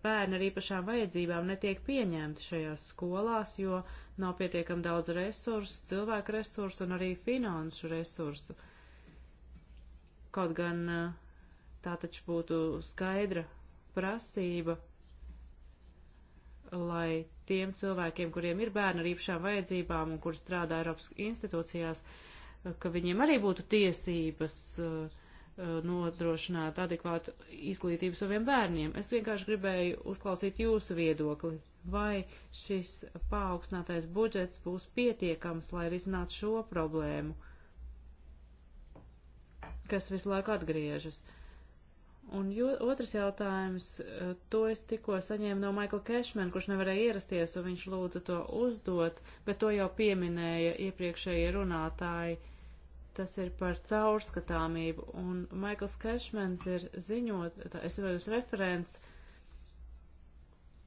bērni ar īpašām vajadzībām netiek pieņemti šajās skolās, jo nav pietiekam daudz resursu, cilvēku resursu un arī finanšu resursu. Kaut gan tā taču būtu skaidra prasība, lai tiem cilvēkiem, kuriem ir bērni ar īpašām vajadzībām un kur strādā Eiropas institūcijās, ka viņiem arī būtu tiesības uh, Uh, nodrošināt adekvātu izglītību saviem bērniem. Es vienkārši gribēju uzklausīt jūsu viedokli, vai šis paaugstinātais budžets būs pietiekams, lai risinātu šo problēmu, kas visu laiku atgriežas. Un jū, otrs jautājums, uh, to es tikko saņēmu no Michael Cashman, kurš nevarēja ierasties, un viņš lūdza to uzdot, bet to jau pieminēja iepriekšējie runātāji tas ir par caurskatāmību, un Maikls Kešmens ir ziņot, tā, es vēlos referents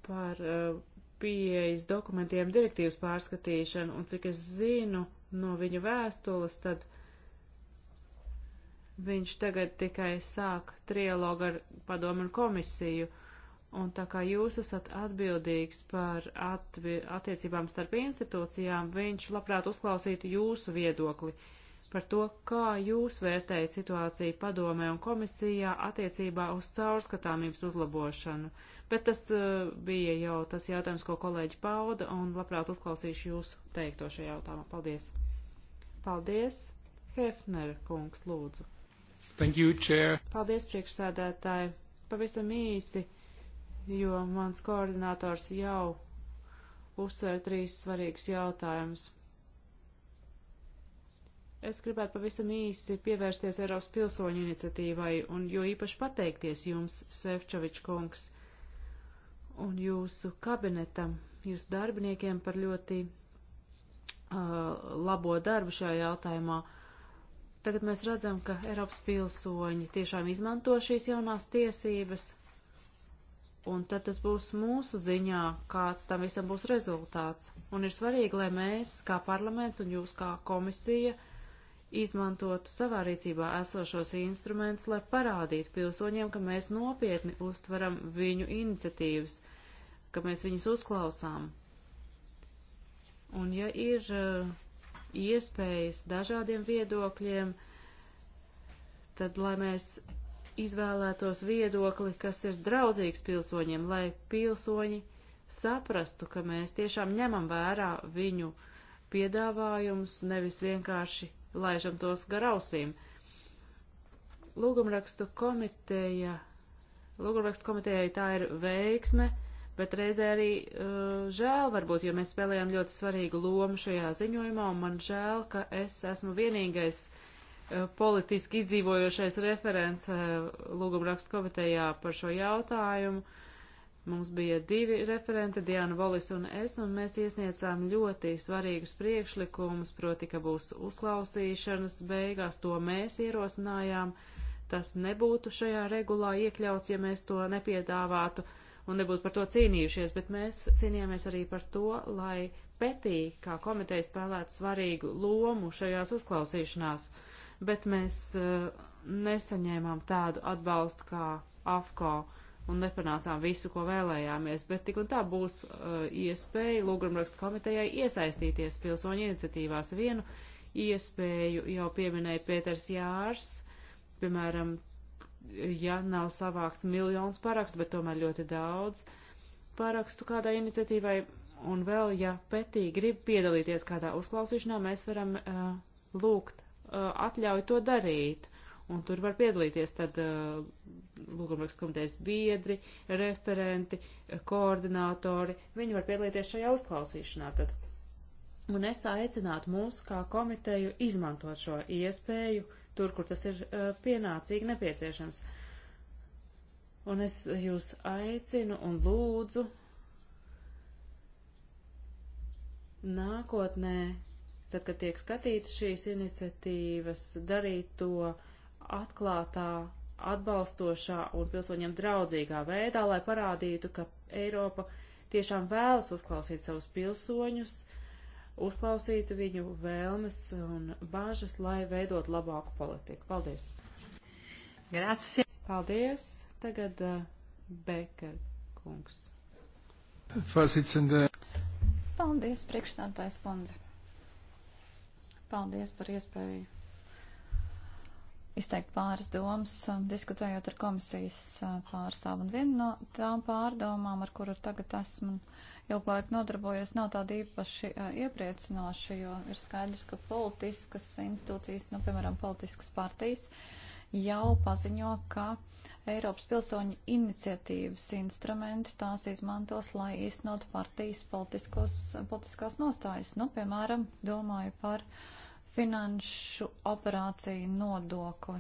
par uh, pieejas dokumentiem direktīvas pārskatīšanu, un cik es zinu no viņa vēstules, tad viņš tagad tikai sāk trialogu ar padomu un komisiju, un tā kā jūs esat atbildīgs par atvi, attiecībām starp institūcijām, viņš labprāt uzklausītu jūsu viedokli. Uh, par to, kā jūs vērtējat situāciju padomē un komisijā attiecībā uz caurskatāmības uzlabošanu. Bet tas uh, bija jau tas jautājums, ko kolēģi pauda, un labprāt uzklausīšu jūsu teikto šajā jautājumā. Paldies! Paldies! Hefner kungs, lūdzu! Thank you, chair! Paldies, priekšsēdētāji! Pavisam īsi, jo mans koordinators jau uzsver trīs svarīgus jautājumus Es gribētu pavisam īsi pievērsties Eiropas pilsoņu iniciatīvai un jo īpaši pateikties jums, Svevčovičs kungs, un jūsu kabinetam, jūsu darbiniekiem par ļoti uh, labo darbu šajā jautājumā. Tagad mēs redzam, ka Eiropas pilsoņi tiešām izmanto šīs jaunās tiesības, un tad tas būs mūsu ziņā, kāds tam visam būs rezultāts. Un ir svarīgi, lai mēs, kā parlaments un jūs kā komisija, uh, izmantotu savā rīcībā esošos instrumentus, lai parādītu pilsoņiem, ka mēs nopietni uztveram viņu iniciatīvas, ka mēs viņus uzklausām. Un ja ir uh, iespējas dažādiem viedokļiem, tad lai mēs izvēlētos viedokli, kas ir draudzīgs pilsoņiem, lai pilsoņi saprastu, ka mēs tiešām ņemam vērā viņu piedāvājumus, nevis vienkārši laižam tos garausīm. Lūgumrakstu komiteja, lūgumrakstu komitejai tā ir veiksme, bet reizē arī uh, žēl varbūt, jo mēs spēlējām ļoti svarīgu lomu šajā ziņojumā, un man žēl, ka es esmu vienīgais uh, politiski izdzīvojošais referents uh, lūgumrakstu komitejā par šo jautājumu. Uh, Mums bija divi referenti, Diana Volis un es, un mēs iesniedzām ļoti svarīgus priekšlikumus, proti, ka būs uzklausīšanas beigās, to mēs ierosinājām. Tas nebūtu šajā regulā iekļauts, ja mēs to nepiedāvātu un nebūtu par to cīnījušies, bet mēs cīnījāmies arī par to, lai Petī kā komiteja spēlētu svarīgu lomu šajās uzklausīšanās, bet mēs uh, nesaņēmām tādu atbalstu kā AFCO. Uh, un nepanācām visu, ko vēlējāmies, bet tik un tā būs uh, iespēja lūgumrakstu komitejai iesaistīties pilsoņu iniciatīvās. Vienu iespēju jau pieminēja Pēters Jārs, piemēram, ja nav savākts miljons parakstu, bet tomēr ļoti daudz parakstu kādai iniciatīvai, un vēl, ja Petī grib piedalīties kādā uzklausīšanā, mēs varam uh, lūgt uh, atļauju to darīt Un tur var piedalīties tad uh, eh, lūgumrakstu komitejas biedri, referenti, eh, koordinātori. Viņi var piedalīties šajā uzklausīšanā tad. Un es aicinātu mūs kā komiteju izmantot šo iespēju tur, kur tas ir uh, pienācīgi nepieciešams. Un es jūs aicinu un lūdzu nākotnē, tad, kad tiek skatītas šīs iniciatīvas, darīt to uh, atklātā, atbalstošā un pilsoņiem draudzīgā veidā, lai parādītu, ka Eiropa tiešām vēlas uzklausīt savus pilsoņus, uzklausīt viņu vēlmes un bāžas, lai veidot labāku politiku. Paldies! Grazie! Paldies! Tagad uh, Beker kungs. Fasicende. Paldies, priekšstādātājs kundze. Paldies par iespēju izteikt pāris domas, um, diskutējot ar komisijas uh, pārstāvu. Un viena no tām pārdomām, ar kuru tagad esmu ilgu laiku nodarbojies, nav tāda īpaši uh, iepriecinoša, jo ir skaidrs, ka politiskas institūcijas, nu, piemēram, politiskas partijas, jau paziņo, ka Eiropas pilsoņu iniciatīvas instrumenti tās izmantos, lai īstenot partijas politiskos, uh, politiskās nostājas. Nu, piemēram, domāju par uh, finanšu operāciju nodokli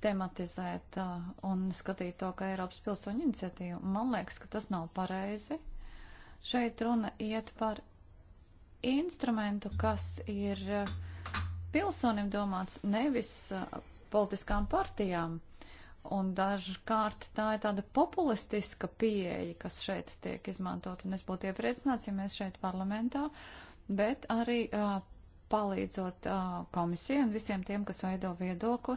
tematizēt un skatīt to, ka Eiropas pilsoņu iniciatīva. Man liekas, ka tas nav pareizi. Šeit runa iet par instrumentu, kas ir pilsonim domāts nevis politiskām partijām. Un dažkārt tā ir tāda populistiska pieeja, kas šeit tiek izmantot. Un es būtu iepriecināts, ja mēs šeit parlamentā uh, bet arī palīdzot komisiju un visiem tiem, kas veido viedokli,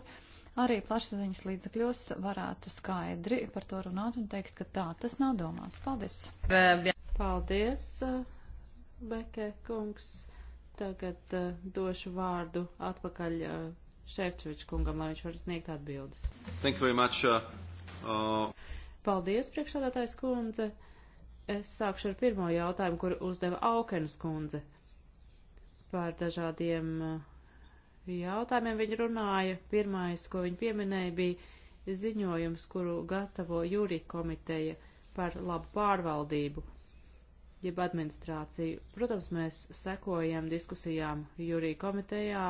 arī plašsaziņas līdzakļos varētu skaidri par to runāt un teikt, ka tā tas nav domāts. Paldies! Paldies, Bekē kungs! Tagad uh, došu vārdu atpakaļ uh, Šefčoviča kungam, lai viņš var sniegt atbildes. Thank you very much. Uh, uh... Paldies, priekšādātājs kundze. Es sākšu ar pirmo jautājumu, kuru uzdeva Aukenas kundze. Uh, par dažādiem eh, jautājumiem viņi runāja. Pirmais, ko viņi pieminēja, bija ziņojums, kuru gatavo jūri komiteja par labu pārvaldību, jeb administrāciju. Protams, mēs sekojam diskusijām jūri komitejā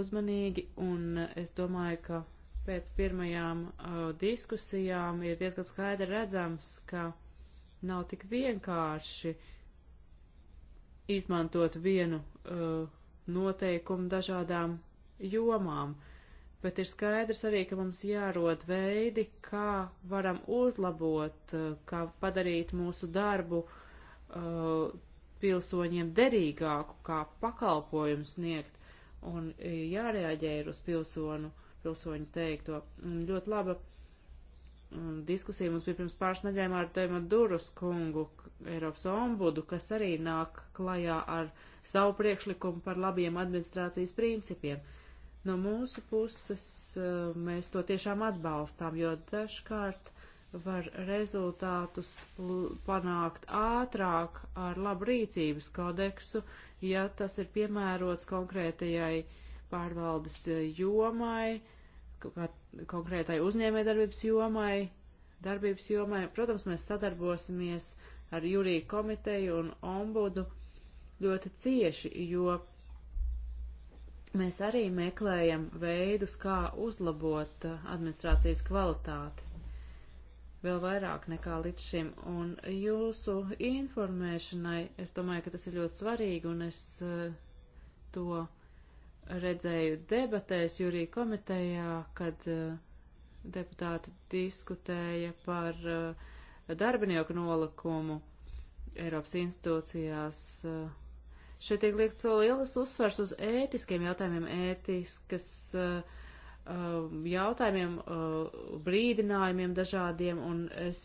uzmanīgi, un es domāju, ka pēc pirmajām uh, diskusijām ir diezgan skaidri redzams, ka nav tik vienkārši uh, izmantot vienu uh, noteikumu dažādām jomām, bet ir skaidrs arī, ka mums jārod veidi, kā varam uzlabot, uh, kā padarīt mūsu darbu uh, pilsoņiem derīgāku, kā pakalpojumu sniegt, un uh, jārēģē ir uz pilsonu, pilsoņu teikto. Un ļoti laba diskusija mums bija pirms pāris nedēļām ar Teima Durus kungu, Eiropas ombudu, kas arī nāk klajā ar savu priekšlikumu par labiem administrācijas principiem. No mūsu puses eh, mēs to tiešām atbalstām, jo dažkārt var rezultātus panākt ātrāk ar labu rīcības kodeksu, ja tas ir piemērots konkrētajai pārvaldes eh, jomai, konkrētai uzņēmējdarbības jomai, darbības jomai. Protams, mēs sadarbosimies ar jūriju komiteju un ombudu ļoti cieši, jo mēs arī meklējam veidus, kā uzlabot administrācijas kvalitāti. Vēl vairāk nekā līdz šim. Un jūsu informēšanai, es domāju, ka tas ir ļoti svarīgi, un es eh, to redzēju debatēs jūrī komitejā, kad uh, deputāti diskutēja par uh, darbinieku nolikumu Eiropas institūcijās. Uh, šeit tiek liekts lielas uzsvars uz ētiskiem jautājumiem, ētiskas uh, um, jautājumiem, brīdinājumiem dažādiem, un es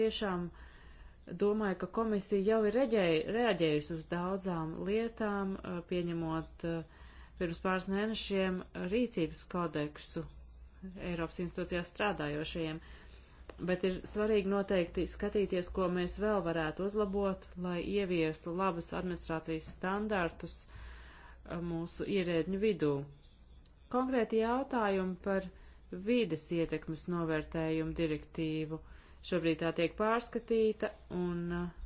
tiešām domāju, ka komisija jau ir reģējusi uz daudzām lietām, pieņemot uh, pirms pāris mēnešiem rīcības kodeksu Eiropas institūcijās strādājošajiem, bet ir svarīgi noteikti skatīties, ko mēs vēl varētu uzlabot, lai ieviestu labas administrācijas standartus uh, mūsu ierēdņu vidū. Konkrēti jautājumi par vides ietekmes novērtējumu direktīvu. Šobrīd tā tiek pārskatīta un uh,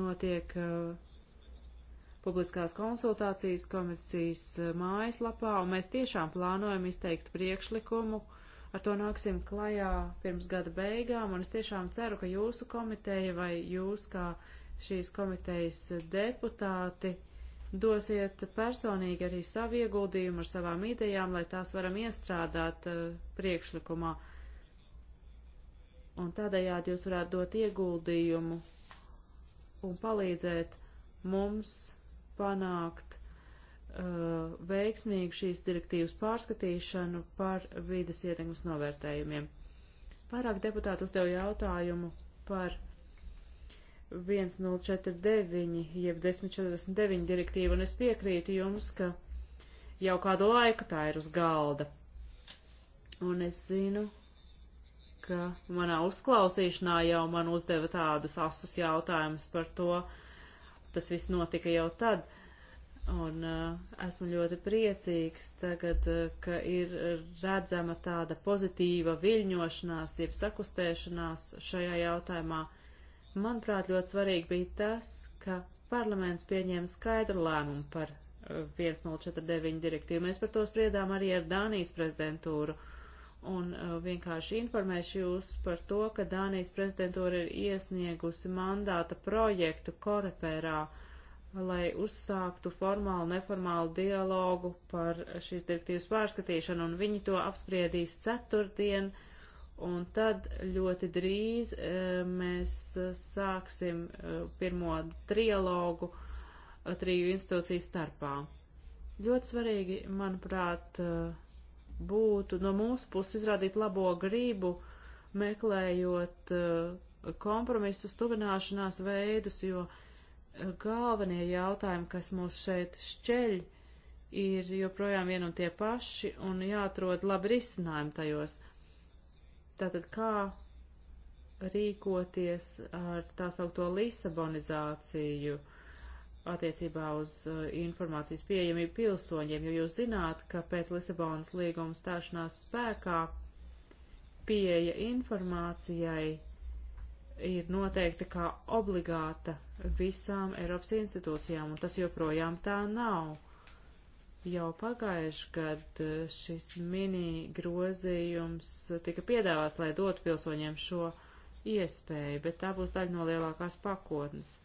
notiek uh, publiskās konsultācijas komisijas eh, mājaslapā, un mēs tiešām plānojam izteikt priekšlikumu. Ar to nāksim klajā pirms gada beigām, un es tiešām ceru, ka jūsu komiteja vai jūs kā šīs komitejas deputāti dosiet personīgi arī savu ieguldījumu ar savām idejām, lai tās varam iestrādāt uh, priekšlikumā. Un tādējādi jūs varētu dot ieguldījumu un palīdzēt mums panākt uh, veiksmīgu šīs direktīvas pārskatīšanu par vides ietekmes novērtējumiem. Pārāk deputāti uzdeva jautājumu par 1049 jeb 1049 direktīvu, un es piekrītu jums, ka jau kādu laiku tā ir uz galda. Un es zinu, ka manā uzklausīšanā jau man uzdeva tādus asus jautājumus par to, uh, tas viss notika jau tad. Un uh, esmu ļoti priecīgs tagad, uh, ka ir redzama tāda pozitīva viļņošanās, jeb sakustēšanās šajā jautājumā. Manuprāt, ļoti svarīgi bija tas, ka parlaments pieņēma skaidru lēmumu par uh, 1049 direktīvu. Mēs par to spriedām arī ar Dānijas prezidentūru. Uh, un uh, vienkārši informēšu jūs par to, ka Dānijas prezidentūra ir iesniegusi mandāta projektu Korepērā, lai uzsāktu formālu, neformālu dialogu par šīs direktīvas pārskatīšanu, un viņi to apspriedīs ceturtdien, un tad ļoti drīz uh, mēs uh, sāksim uh, pirmo trialogu uh, triju institūciju starpā. Ļoti svarīgi, manuprāt, uh, būtu no mūsu puses izrādīt labo gribu, meklējot eh, kompromisus, tuvināšanās veidus, jo eh, galvenie jautājumi, kas mūs šeit šķeļ, ir joprojām vien un tie paši un jāatrod labi risinājumi tajos. Tātad kā rīkoties ar tā saukto Lisabonizāciju? Uh, attiecībā uz uh, informācijas pieejamību pilsoņiem, jo jūs zināt, ka pēc Lisabonas līguma stāšanās spēkā pieeja informācijai ir noteikta kā obligāta visām Eiropas institūcijām, un tas joprojām tā nav. Jau pagājuši, kad uh, šis mini grozījums tika piedāvāts, lai dotu pilsoņiem šo iespēju, bet tā būs daļa no lielākās pakotnes.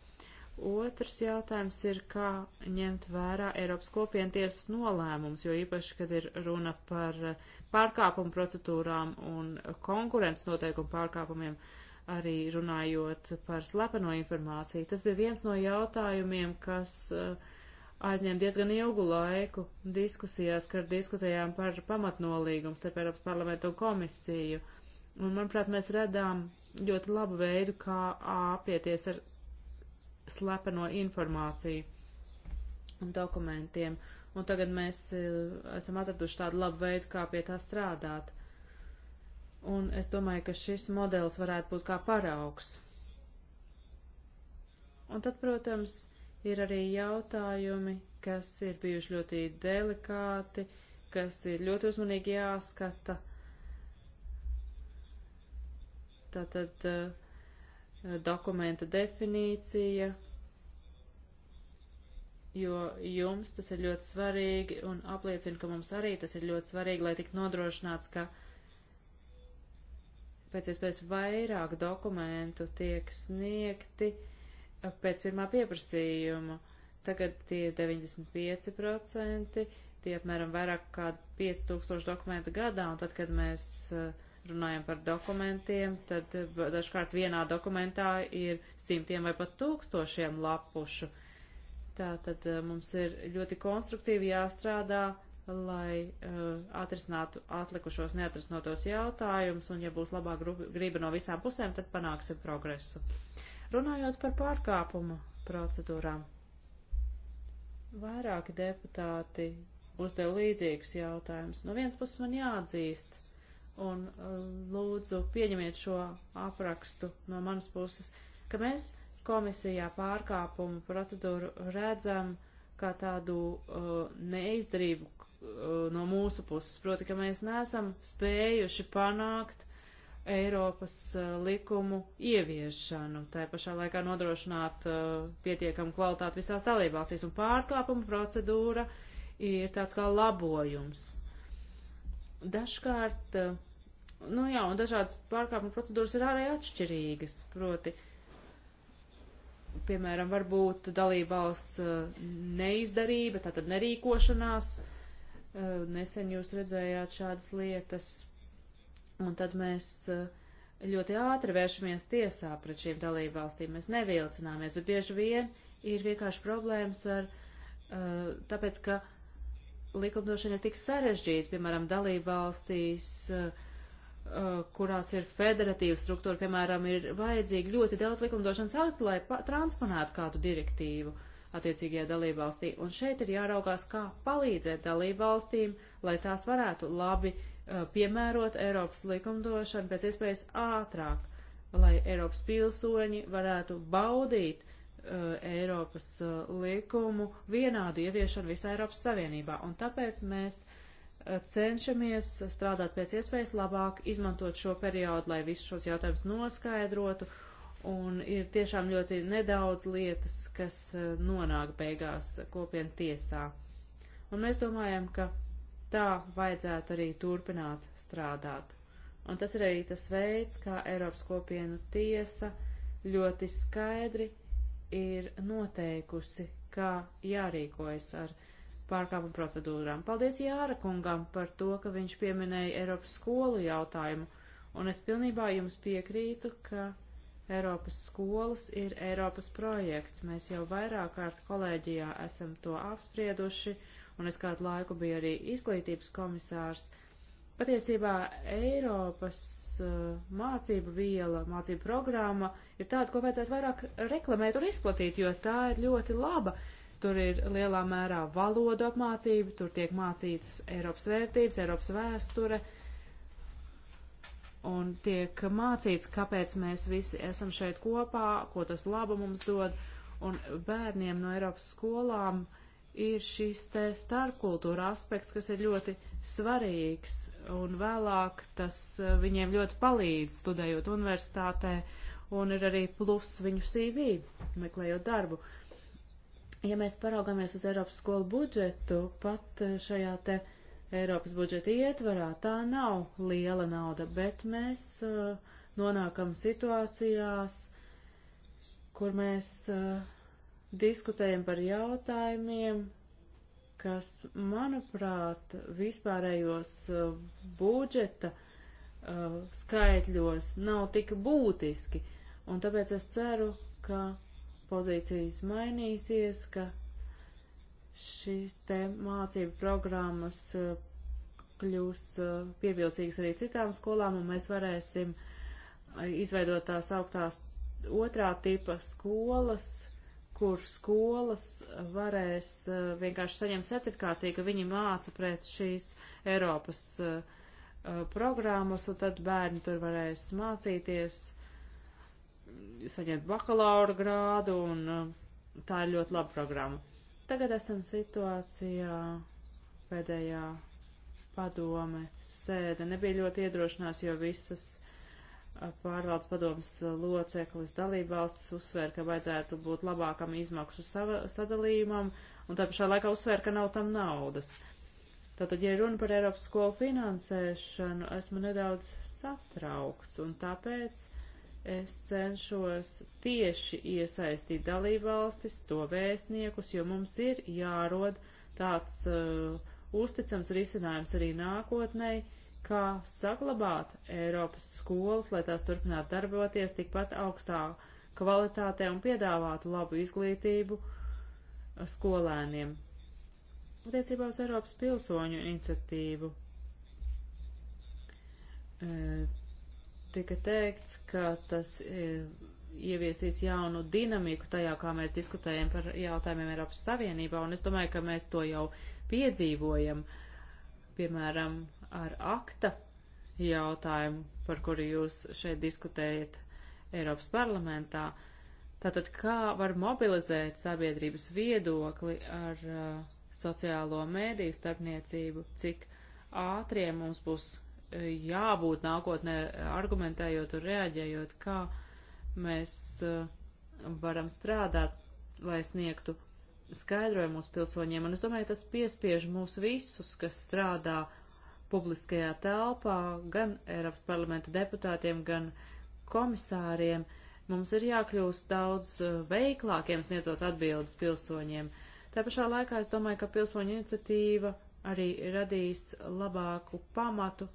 Otrs jautājums ir, kā ņemt vērā Eiropas kopientiesas nolēmums, jo īpaši, kad ir runa par eh, pārkāpumu procedūrām un konkurences noteikumu pārkāpumiem, arī runājot par slepeno informāciju. Tas bija viens no jautājumiem, kas eh, aizņem diezgan ilgu laiku diskusijās, kad diskutējām par pamatnolīgumu starp Eiropas parlamentu un komisiju. Un, manuprāt, mēs redzām ļoti labu veidu, kā apieties ar slepeno informāciju un dokumentiem. Un tagad mēs e, esam atraduši tādu labu veidu, kā pie tā strādāt. Un es domāju, ka šis modelis varētu būt kā paraugs. Un tad, protams, ir arī jautājumi, kas ir bijuši ļoti delikāti, kas ir ļoti uzmanīgi jāskata. Tātad. Uh, dokumenta definīcija, jo jums tas ir ļoti svarīgi un apliecina, ka mums arī tas ir ļoti svarīgi, lai tik nodrošināts, ka pēc iespējas vairāk dokumentu tiek sniegti pēc pirmā pieprasījuma. Tagad tie 95%, tie apmēram vairāk kā 5000 dokumentu gadā, un tad, kad mēs uh, runājam par dokumentiem, tad eh, dažkārt vienā dokumentā ir simtiem vai pat tūkstošiem lapušu. Tātad eh, mums ir ļoti konstruktīvi jāstrādā, lai uh, atrisinātu atlikušos neatrisinotos jautājumus, un ja būs labā griba no visām pusēm, tad panāksim progresu. Runājot par pārkāpumu procedūrām, vairāki deputāti uzdev līdzīgus jautājumus. No nu, viens puses man jāatzīst, uh, un eh, lūdzu pieņemiet šo aprakstu no manas puses, ka mēs komisijā pārkāpumu procedūru redzam kā tādu uh, neizdarību uh, no mūsu puses, proti, ka mēs nesam spējuši panākt Eiropas uh, likumu ieviešanu, tā pašā laikā nodrošināt uh, pietiekamu kvalitāti visās dalībvalstīs, un pārkāpuma procedūra ir tāds kā labojums Dažkārt, eh, nu jā, un dažādas pārkāpuma procedūras ir ārēji atšķirīgas, proti, piemēram, varbūt dalībvalsts eh, neizdarība, tātad nerīkošanās, eh, nesen jūs redzējāt šādas lietas, un tad mēs ļoti ātri vēršamies tiesā pret šīm dalībvalstīm, mēs nevilcināmies, bet bieži vien ir vienkārši problēmas ar, tāpēc, ka likumdošana ir tik sarežģīta, piemēram, dalībvalstīs, eh, eh, kurās ir federatīva struktūra, piemēram, ir vajadzīgi ļoti daudz likumdošanas aktu, lai transponētu kādu direktīvu attiecīgajā dalībvalstī. Un šeit ir jāraugās, kā palīdzēt dalībvalstīm, lai tās varētu labi eh, piemērot Eiropas likumdošanu pēc iespējas ātrāk, lai Eiropas pilsoņi varētu baudīt Eh, Eiropas eh, likumu vienādu ieviešanu visā Eiropas Savienībā. Un tāpēc mēs eh, cenšamies strādāt pēc iespējas labāk, izmantot šo periodu, lai visus šos jautājumus noskaidrotu. Un ir tiešām ļoti nedaudz lietas, kas nonāk beigās kopienu tiesā. Un mēs domājam, ka tā vajadzētu arī turpināt strādāt. Un tas ir arī tas veids, kā Eiropas kopienu tiesa ļoti skaidri ir noteikusi, kā jārīkojas ar pārkāpumu procedūrām. Paldies Jāra kungam par to, ka viņš pieminēja Eiropas skolu jautājumu, un es pilnībā jums piekrītu, ka Eiropas skolas ir Eiropas projekts. Mēs jau vairāk kārt kolēģijā esam to apsprieduši, un es kādu laiku biju arī izglītības komisārs. Uh, Patiesībā Eiropas uh, mācību viela, mācību programma ir tāda, ko vajadzētu vairāk reklamēt un izplatīt, jo tā ir ļoti laba. Tur ir lielā mērā valodu apmācība, tur tiek mācītas Eiropas vērtības, Eiropas vēsture, un tiek mācīts, kāpēc mēs visi esam šeit kopā, ko tas laba mums dod, un bērniem no Eiropas skolām uh, ir šis te starpkultūra aspekts, kas ir ļoti svarīgs, un vēlāk tas eh, viņiem ļoti palīdz studējot universitātē, un ir arī plus viņu CV, meklējot darbu. Ja mēs paraugamies uz Eiropas skolu budžetu, pat eh, šajā te Eiropas budžeta ietvarā, tā nav liela nauda, bet mēs uh, nonākam situācijās, kur mēs uh, diskutējam par jautājumiem, kas, manuprāt, vispārējos eh, budžeta uh, skaitļos nav tik būtiski, un tāpēc es ceru, ka pozīcijas mainīsies, ka šīs te mācību programmas uh, kļūs uh, pievilcīgas arī citām skolām, un mēs varēsim izveidot tās augtās otrā tipa skolas, kur skolas varēs eh, vienkārši saņemt certifikāciju, ka viņi māca pret šīs Eiropas eh, eh, programmas, un tad bērni tur varēs mācīties, saņemt bakalaura grādu, un tā ir ļoti laba programma. Tagad esam situācijā pēdējā padome sēde. Nebija ļoti iedrošinās, jo visas pārvaldes padomas loceklis dalībvalstis uzsver, ka vajadzētu būt labākam izmaksu sadalījumam, un tā pašā laikā uzsver, ka nav tam naudas. Tātad, ja runa par Eiropas skolu finansēšanu, esmu nedaudz satraukts, un tāpēc es cenšos tieši iesaistīt dalībvalstis, to vēstniekus, jo mums ir jārod tāds uh, uzticams risinājums arī nākotnēji, kā saglabāt Eiropas skolas, lai tās turpinātu darboties tikpat augstā kvalitātē un piedāvātu labu izglītību uh, skolēniem. Attiecībā uz Eiropas pilsoņu iniciatīvu uh, tika teikts, ka tas uh, ieviesīs jaunu dinamiku tajā, kā mēs diskutējam par jautājumiem Eiropas Savienībā, un es domāju, ka mēs to jau piedzīvojam. Uh, piemēram, ar akta jautājumu, par kuru jūs šeit diskutējat Eiropas parlamentā. Tātad, kā var mobilizēt sabiedrības viedokli ar uh, sociālo mēdīju starpniecību, cik ātriem mums būs uh, jābūt nākotnē argumentējot un reaģējot, kā mēs uh, varam strādāt, lai sniegtu skaidroja mūsu pilsoņiem, un es domāju, tas piespiež mūs visus, kas strādā publiskajā telpā, gan Eiropas parlamenta deputātiem, gan komisāriem. Mums ir jākļūst daudz eh, veiklākiem sniedzot atbildes pilsoņiem. Tā pašā laikā es domāju, ka pilsoņu iniciatīva arī radīs labāku pamatu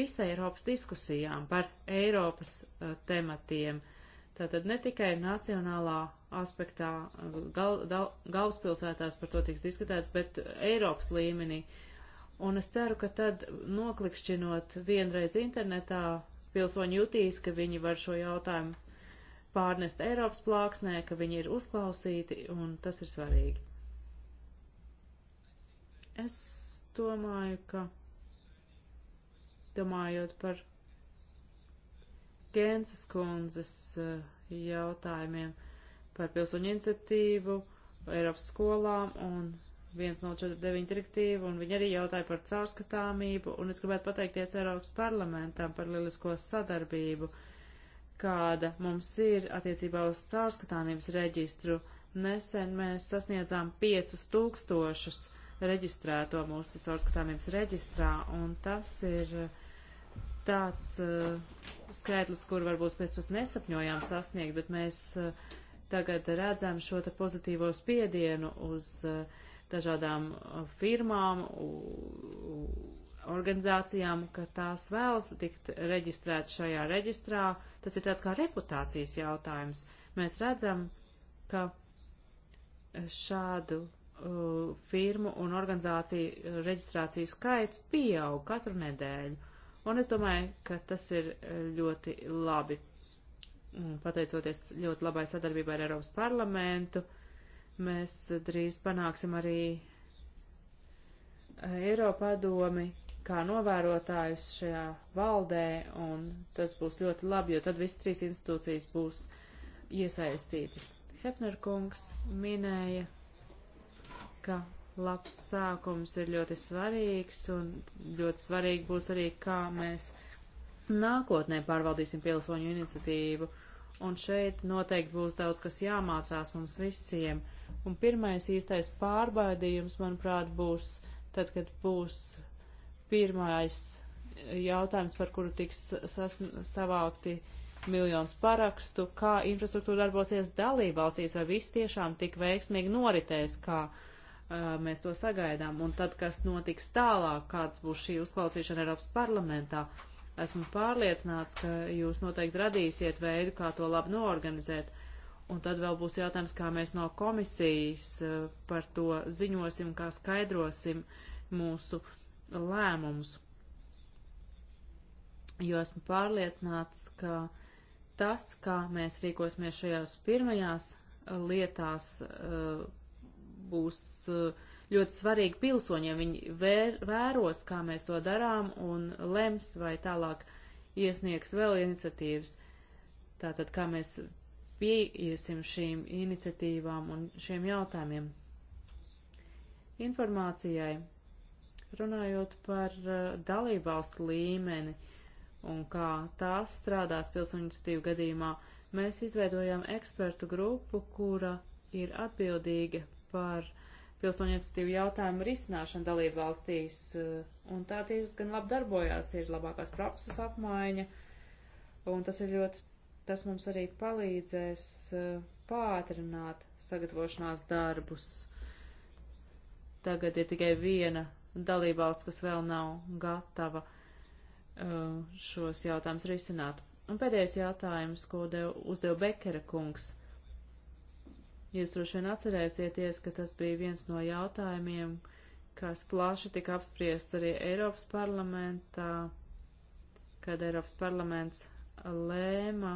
visai Eiropas diskusijām par Eiropas uh, tematiem. Uh, Tātad ne tikai nacionālā aspektā uh, gal, dal, galvaspilsētās par to tiks diskutēts, bet Eiropas līmenī. Un es ceru, ka tad noklikšķinot vienreiz internetā, pilsoņi jutīs, ka viņi var šo jautājumu pārnest Eiropas plāksnē, ka viņi ir uzklausīti, un tas ir svarīgi. Es domāju, ka domājot par Gēnsas kundzes eh, jautājumiem par pilsoņu iniciatīvu, Eiropas skolām un 1.09 direktīvu, un viņi arī jautāja par caurskatāmību, un es gribētu pateikties Eiropas parlamentam par lielisko sadarbību, kāda mums ir attiecībā uz caurskatāmības reģistru. Nesen mēs sasniedzām 5000 reģistrēto mūsu caurskatāmības reģistrā, un tas ir uh, tāds uh, skaitlis, kur varbūt mēs pēc nesapņojām sasniegt, bet mēs uh, tagad redzam šo te pozitīvo spiedienu uz uh, dažādām firmām, u, u, organizācijām, ka tās vēlas tikt reģistrēt šajā reģistrā. Tas ir tāds kā reputācijas jautājums. Mēs redzam, ka šādu uh, firmu un organizāciju reģistrāciju skaits pieaug katru nedēļu. Un es domāju, ka tas ir e, ļoti labi. Mm, pateicoties ļoti labai sadarbībai ar Eiropas parlamentu, mēs drīz panāksim arī e, Eiropadomi kā novērotājus šajā valdē, un tas būs ļoti labi, jo tad visas trīs institūcijas būs iesaistītas. Hepner kungs minēja, ka labs sākums ir ļoti svarīgs, un ļoti svarīgi būs arī, kā mēs nākotnē pārvaldīsim pilsoņu iniciatīvu. Un šeit noteikti būs daudz, kas jāmācās mums visiem. Un pirmais īstais pārbaudījums, manuprāt, būs tad, kad būs pirmais jautājums, par kuru tiks savākti miljonus parakstu, kā infrastruktūra darbosies dalībvalstīs, vai viss tiešām tik veiksmīgi noritēs, kā uh, mēs to sagaidām. Un tad, kas notiks tālāk, kāds būs šī uzklausīšana Eiropas parlamentā, esmu pārliecināts, ka jūs noteikti radīsiet veidu, kā to labi noorganizēt. Un tad vēl būs jautājums, kā mēs no komisijas par to ziņosim, kā skaidrosim mūsu lēmumus. Jo esmu pārliecināts, ka tas, kā mēs rīkosimies šajās pirmajās lietās, uh, būs eh, ļoti svarīgi pilsoņiem. Viņi vēr, vēros, kā mēs to darām, un lems vai tālāk iesniegs vēl iniciatīvas. Tātad, kā mēs pieiesim šīm iniciatīvām un šiem jautājumiem. Informācijai. Runājot par eh, dalībvalstu līmeni un kā tās strādās pilsoņu iniciatīvu gadījumā, mēs izveidojām ekspertu grupu, kura ir atbildīga par pilsoņu iniciatīvu jautājumu risināšanu dalību valstīs, eh, un tā diezgan labi darbojās, ir labākās prakses apmaiņa, un tas ir ļoti, tas mums arī palīdzēs eh, pātrināt sagatavošanās darbus. Tagad ir tikai viena dalībvalsts, kas vēl nav gatava eh, šos jautājumus risināt. Un pēdējais jautājums, ko dev, uzdev Bekera kungs Jūs droši vien atcerēsieties, ka tas bija viens no jautājumiem, kas plaši tika apspriests arī Eiropas parlamentā, kad Eiropas parlaments lēma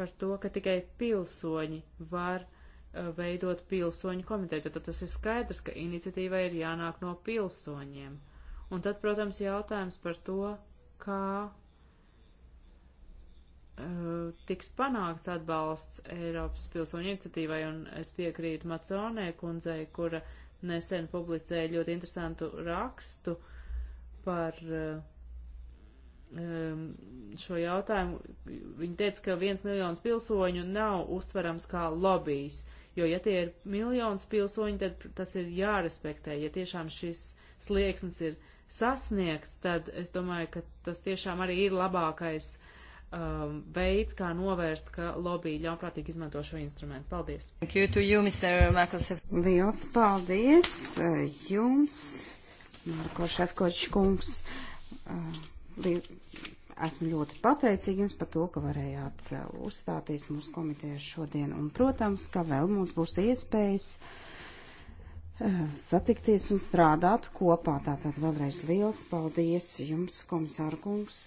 par to, ka tikai pilsoņi var uh, veidot pilsoņu komiteju. Tad tas ir skaidrs, ka iniciatīva ir jānāk no pilsoņiem. Un tad, protams, jautājums par to, kā Eh, tiks panākts atbalsts Eiropas pilsoņu iniciatīvai, un es piekrītu Maconē kundzei, kura nesen publicēja ļoti interesantu rakstu par um, šo jautājumu. Viņa teica, ka viens miljons pilsoņu nav uztverams kā lobijs, jo ja tie ir miljons pilsoņu, tad tas ir jārespektē. Ja tiešām šis slieksnis ir sasniegts, tad es domāju, ka tas tiešām arī ir labākais uh, um, veids, kā novērst, ka lobby ļaunprātīgi izmanto šo instrumentu. Paldies! You, Liels paldies uh, jums, Marko Šefkočs kungs. Uh, esmu ļoti pateicīgi jums par to, ka varējāt uh, uzstāties mūsu komitejā šodien. Un, protams, ka vēl mums būs iespējas satikties un strādāt kopā. Tātad vēlreiz liels paldies jums, komisārkungs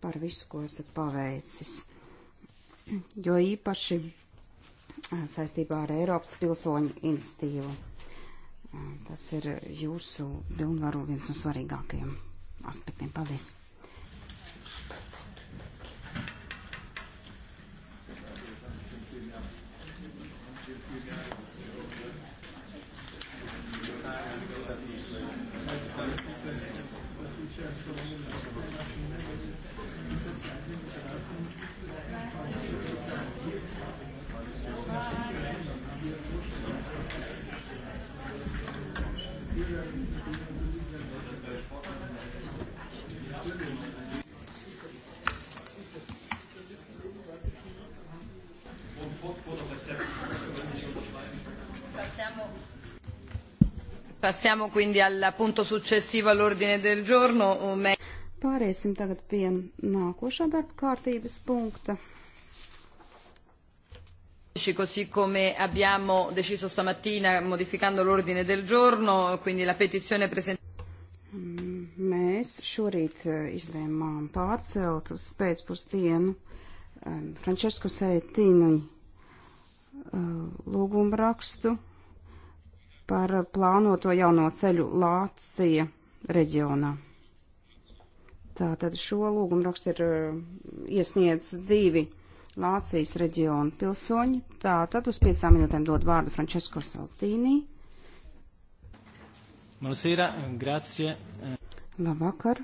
par visu, ko esat paveicis. Jo īpaši saistībā ar Eiropas pilsoņu institīvu. Tas ir jūsu pilnvaru viens no svarīgākajiem aspektiem. Paldies! Passiamo quindi al punto successivo all'ordine del giorno. Pāriesim tagad pie nākošā darba kārtības punkta. Così come abbiamo deciso stamattina modificando l'ordine del giorno, quindi la petizione presentata. Mm, mēs šorīt eh, izlēmām pārcelt uz pēcpusdienu eh, Francesku Sētini eh, lūgumu rakstu par plānoto jauno ceļu Lācija reģionā. Tātad šo lūgumu rakstu ir eh, iesniedz divi Lācijas reģiona pilsoņi. Tātad uz piecām minūtēm dod vārdu Francesko Saltīnī. Malsīra, grazie. Labvakar.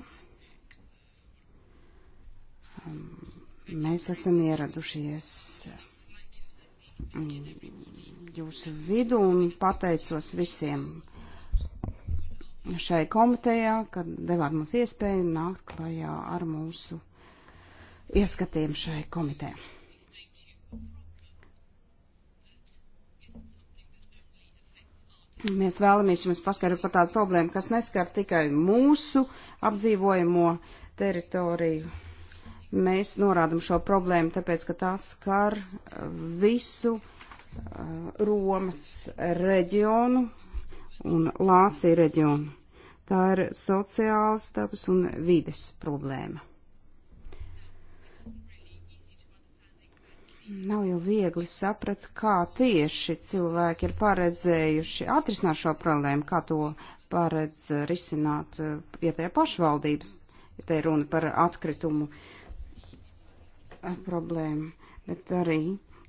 Mēs esam ieradušies jūsu vidu un pateicos visiem šai komitejā, kad devāt mums iespēju nākt klajā ar mūsu ieskatiem šai komitē. Mēs vēlamies jums paskaidrot par tādu problēmu, kas neskar tikai mūsu apdzīvojamo teritoriju, Mēs norādam šo problēmu, tāpēc, ka tas skar visu eh, Romas reģionu un Lācija reģionu. Tā ir sociāls dabas un vides problēma. Nav jau viegli saprat, kā tieši cilvēki ir paredzējuši atrisināt šo problēmu, kā to paredz risināt vietējā eh, pašvaldības, ja te ir runa par atkritumu problēma, bet arī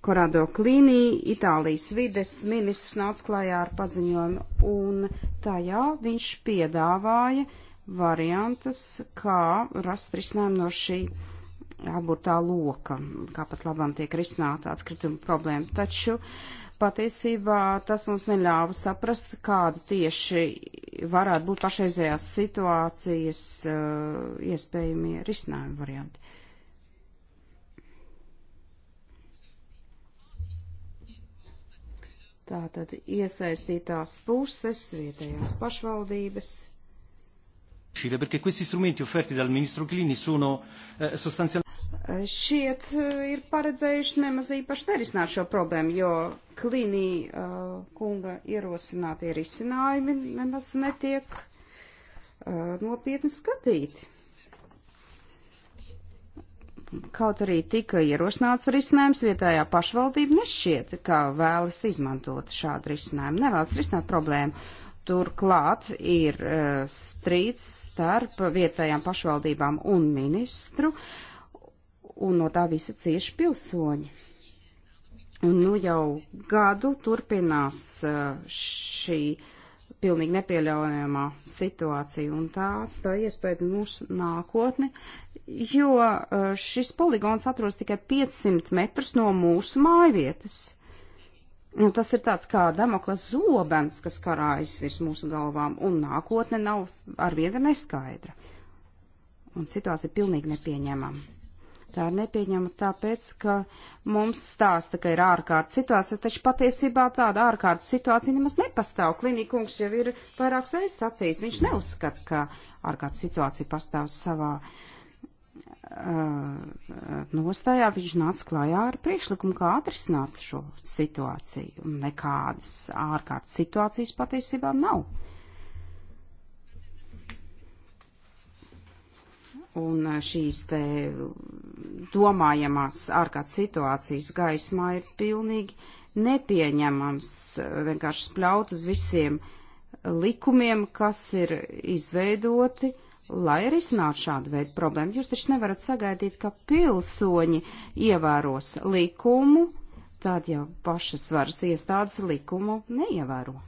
Korado Klīnī, Itālijas vides ministrs nāca klajā ar paziņojumu, un tajā viņš piedāvāja variantas, kā rast risinājumu no šī aburtā loka, kā pat labam tiek risināta atkrituma problēma. Taču patiesībā tas mums neļāva saprast, kāda tieši varētu būt pašreizējās situācijas uh, iespējamie risinājumi varianti. Tātad iesaistītās puses, vietējās pašvaldības. Perché questi strumenti offerti dal ministro Clini sono eh, sostanzialmente. Eh, Šiet eh, ir paredzējuši nemaz īpaši nerisināt šo problēmu, jo Klinī uh, eh, kunga ierosinātie risinājumi nemaz netiek uh, nopietni skatīti kaut arī tika ierosināts risinājums, vietējā pašvaldība nešķiet, ka vēlas izmantot šādu risinājumu, nevēlas risināt problēmu. Turklāt ir uh, strīds starp vietējām pašvaldībām un ministru, un no tā visa cieši pilsoņi. Un nu jau gadu turpinās uh, šī uh, pilnīgi nepieļaujamā situācija, un tā atstāja iespēju mūsu nākotni, jo uh, šis poligons atrodas tikai 500 metrus no mūsu mājvietas. Un nu, tas ir tāds kā damoklas zobens, kas karājas virs mūsu galvām, un nākotne nav ar vienu neskaidra. Un situācija ir pilnīgi nepieņemama. Tā ir nepieņemama tāpēc, ka mums stāsta, ka ir ārkārtas situācija, taču patiesībā tāda ārkārtas situācija nemaz nepastāv. Klinīkungs jau ir vairākas reizes sacījis, viņš neuzskata, ka ārkārtas situācija pastāv savā uh, nostājā. Viņš nāca klājā ar priekšlikumu, kā atrisināt šo situāciju. Nekādas ārkārtas situācijas patiesībā nav. un eh, šīs te domājamās ārkārtas situācijas gaismā ir pilnīgi nepieņemams eh, vienkārši spļaut uz visiem likumiem, kas ir izveidoti, lai arī snātu šādu veidu problēmu. Jūs taču nevarat sagaidīt, ka pilsoņi ievēros likumu, tad jau pašas varas iestādes likumu neievēro.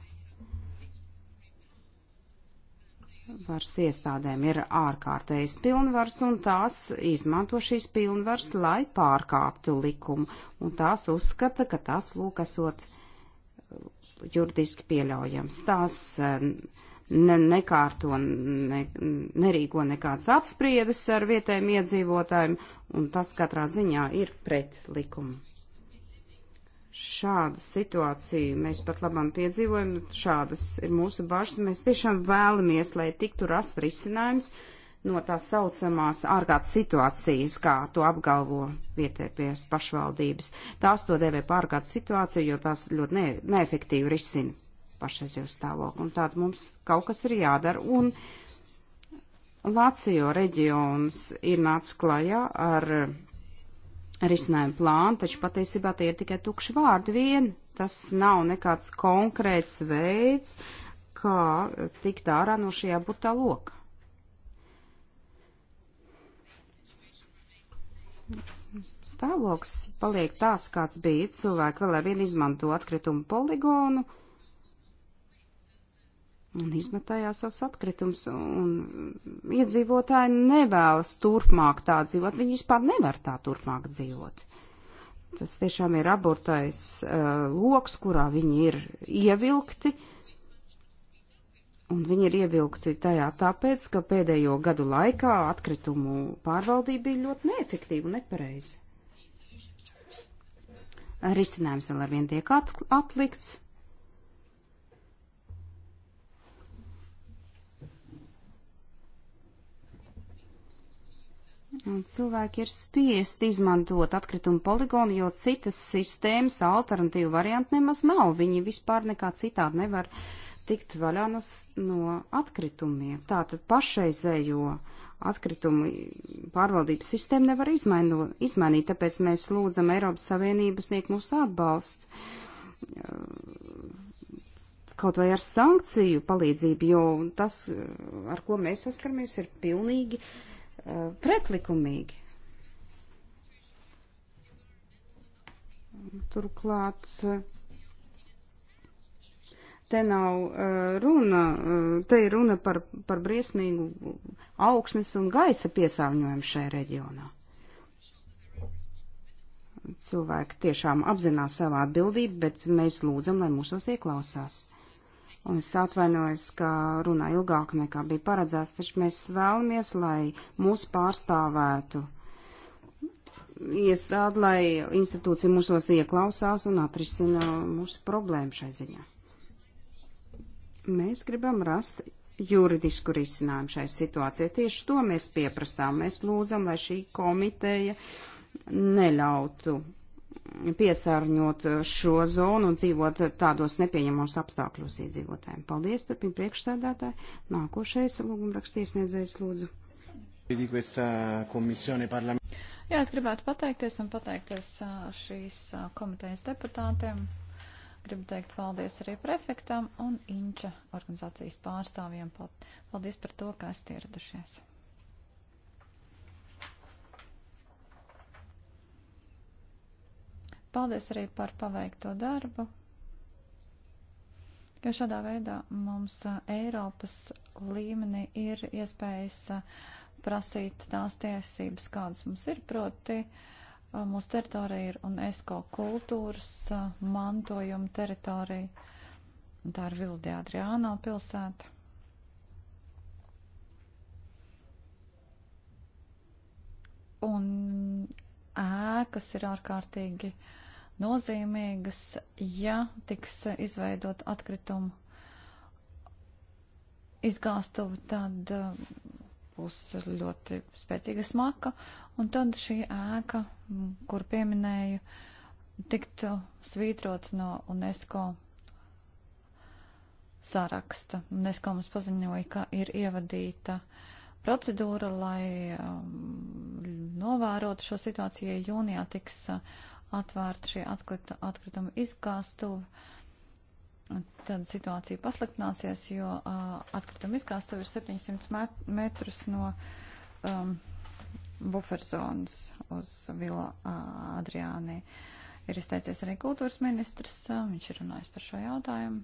varas iestādēm ir ārkārtējas pilnvars, un tās izmanto šīs pilnvars, lai pārkāptu likumu, un tās uzskata, ka tas, lūk, esot uh, juridiski pieļaujams. Tās uh, ne, nekārto, ne, nerīko nekāds apspriedes ar vietējiem iedzīvotājiem, un tas katrā ziņā ir pret likumu šādu situāciju mēs pat labam piedzīvojam, nu, šādas ir mūsu bažas. Mēs tiešām vēlamies, lai tiktu rast risinājums no tā saucamās ārkārtas situācijas, kā to apgalvo vietējās pašvaldības. Tās to devē par ārkārtas situāciju, jo tās ļoti ne, neefektīvi risina pašreizējo stāvokli. Un tātad mums kaut kas ir jādara. Un Lācijo reģions ir nācis klajā ar risinājumu plānu, taču patiesībā tie ir tikai tukši vārdi vien. Tas nav nekāds konkrēts veids, kā tikt ārā no šajā butā loka. Stāvoklis paliek tās, kāds bija. Cilvēki vēl ar vienu izmanto atkritumu poligonu un izmetējā savus atkritumus, un iedzīvotāji nevēlas turpmāk tā dzīvot, viņi vispār nevar tā turpmāk dzīvot. Tas tiešām ir aburtais uh, eh, loks, kurā viņi ir ievilkti, un viņi ir ievilkti tajā tāpēc, ka pēdējo gadu laikā atkritumu pārvaldība bija ļoti neefektīva un nepareiza. Risinājums vēl ar vien tiek atlikts. Un cilvēki ir spiest izmantot atkritumu poligonu, jo citas sistēmas alternatīvu variantu nemaz nav. Viņi vispār nekā citādi nevar tikt vaļā no atkritumiem. Tātad pašreizējo atkritumu pārvaldības sistēmu nevar izmaino, izmainīt, tāpēc mēs lūdzam Eiropas Savienību sniegt mūsu atbalstu uh, kaut vai ar sankciju palīdzību, jo tas, uh, ar ko mēs saskaramies, ir pilnīgi uh, pretlikumīgi. Turklāt te nav e, runa, e, te ir runa par, par briesmīgu augsnes un gaisa piesārņojumu šajā reģionā. Cilvēki tiešām apzinās savu atbildību, bet mēs lūdzam, lai mūsos ieklausās. Un es atvainojos, ka runā ilgāk nekā bija paredzēts, taču mēs vēlamies, lai mūs pārstāvētu iestādi, lai institūcija mūsos ieklausās un atrisina mūsu problēmu šai ziņā. Mēs gribam rast juridisku risinājumu šai situācijai. Tieši to mēs pieprasām. Mēs lūdzam, lai šī komiteja neļautu piesārņot šo zonu un dzīvot tādos nepieņemos apstākļos iedzīvotājiem. Paldies, turpin priekšsēdētāji. Nākošais lūgumrakstiesniedzējs lūdzu. Jā, es gribētu pateikties un pateikties šīs komitejas deputātiem. Gribu teikt paldies arī prefektam un Inča organizācijas pārstāvjiem. Paldies par to, ka esat ieradušies. Paldies arī par paveikto darbu, jo šādā veidā mums Eiropas līmenī ir iespējas prasīt tās tiesības, kādas mums ir, proti mūsu teritorija ir UNESCO kultūras mantojuma teritorija. Tā ir Vildi Adriāno pilsēta. Un ēkas ir ārkārtīgi uh, nozīmīgas, ja tiks izveidot atkritumu izgāstuvu, tad uh, būs ļoti spēcīga smaka, un tad šī ēka, kur pieminēju, tiktu uh, svītrot no UNESCO saraksta. UNESCO mums paziņoja, ka ir ievadīta procedūra, lai um, novērotu šo situāciju, ja jūnijā tiks uh, atvērta šī atkrituma izkāstuva, tad situācija pasliktināsies, jo uh, atkrituma izkāstuva ir 700 metrus no um, buferzonas uz Vila uh, Adriānī. Ir izteicies arī kultūras ministrs, uh, viņš ir runājis par šo jautājumu.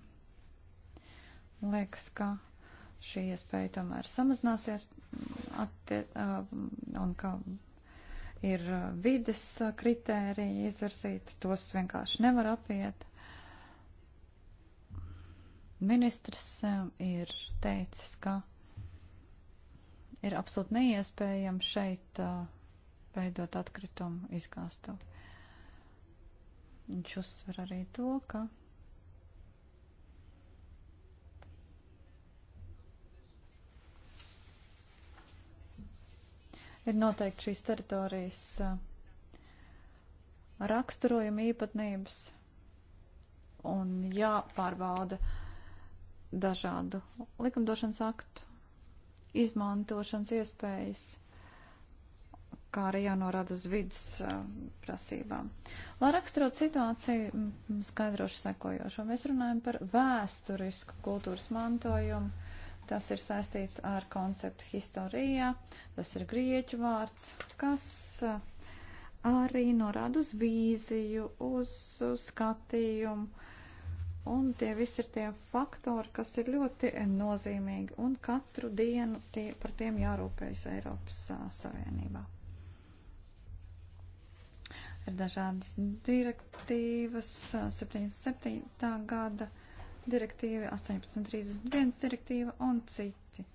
Liekas, ka šī iespēja tomēr samazināsies attie, uh, un ka ir uh, vides uh, kritēriji izvirzīti, tos vienkārši nevar apiet. Ministrs uh, ir teicis, ka ir absolūti neiespējami šeit veidot atkritumu izkāstuvi. Viņš uzsver arī to, ka ir noteikti šīs teritorijas raksturojuma īpatnības un jāpārbauda dažādu likumdošanas aktu izmantošanas iespējas, kā arī jānorada uz vidas prasībām. Lai raksturot situāciju, skaidroši sekojošo, mēs runājam par vēsturisku kultūras mantojumu Tas ir saistīts ar konceptu historijā, tas ir grieķu vārds, kas uh, arī norāda uz vīziju, uz skatījumu. Un tie visi ir tie faktori, kas ir ļoti nozīmīgi, un katru dienu tie, par tiem jārūpējas Eiropas a, uh, Savienībā. Ir dažādas direktīvas, a, uh, 77. gada direktīva, 1831 direktīva un citi,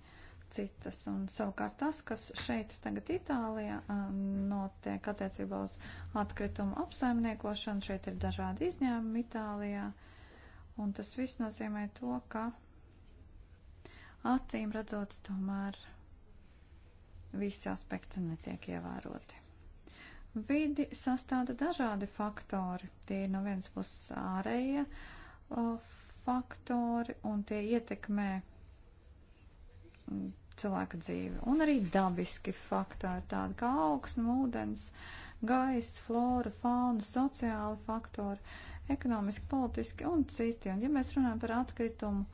citas. Un savukārt tas, kas šeit tagad Itālijā um, notiek attiecībā uz atkritumu apsaimniekošanu, šeit ir dažādi izņēmumi Itālijā. Un tas viss nozīmē to, ka acīm redzot tomēr visi aspekti netiek ievēroti. Vidi sastāda dažādi faktori. Tie ir no vienas puses ārējie uh, faktori un tie ietekmē mm, cilvēka dzīvi. Un arī dabiski faktori, tādi kā augsne, ūdens, gaisa, flora, fauna, sociāli faktori, ekonomiski, politiski un citi. Un ja mēs runājam par atkritumu,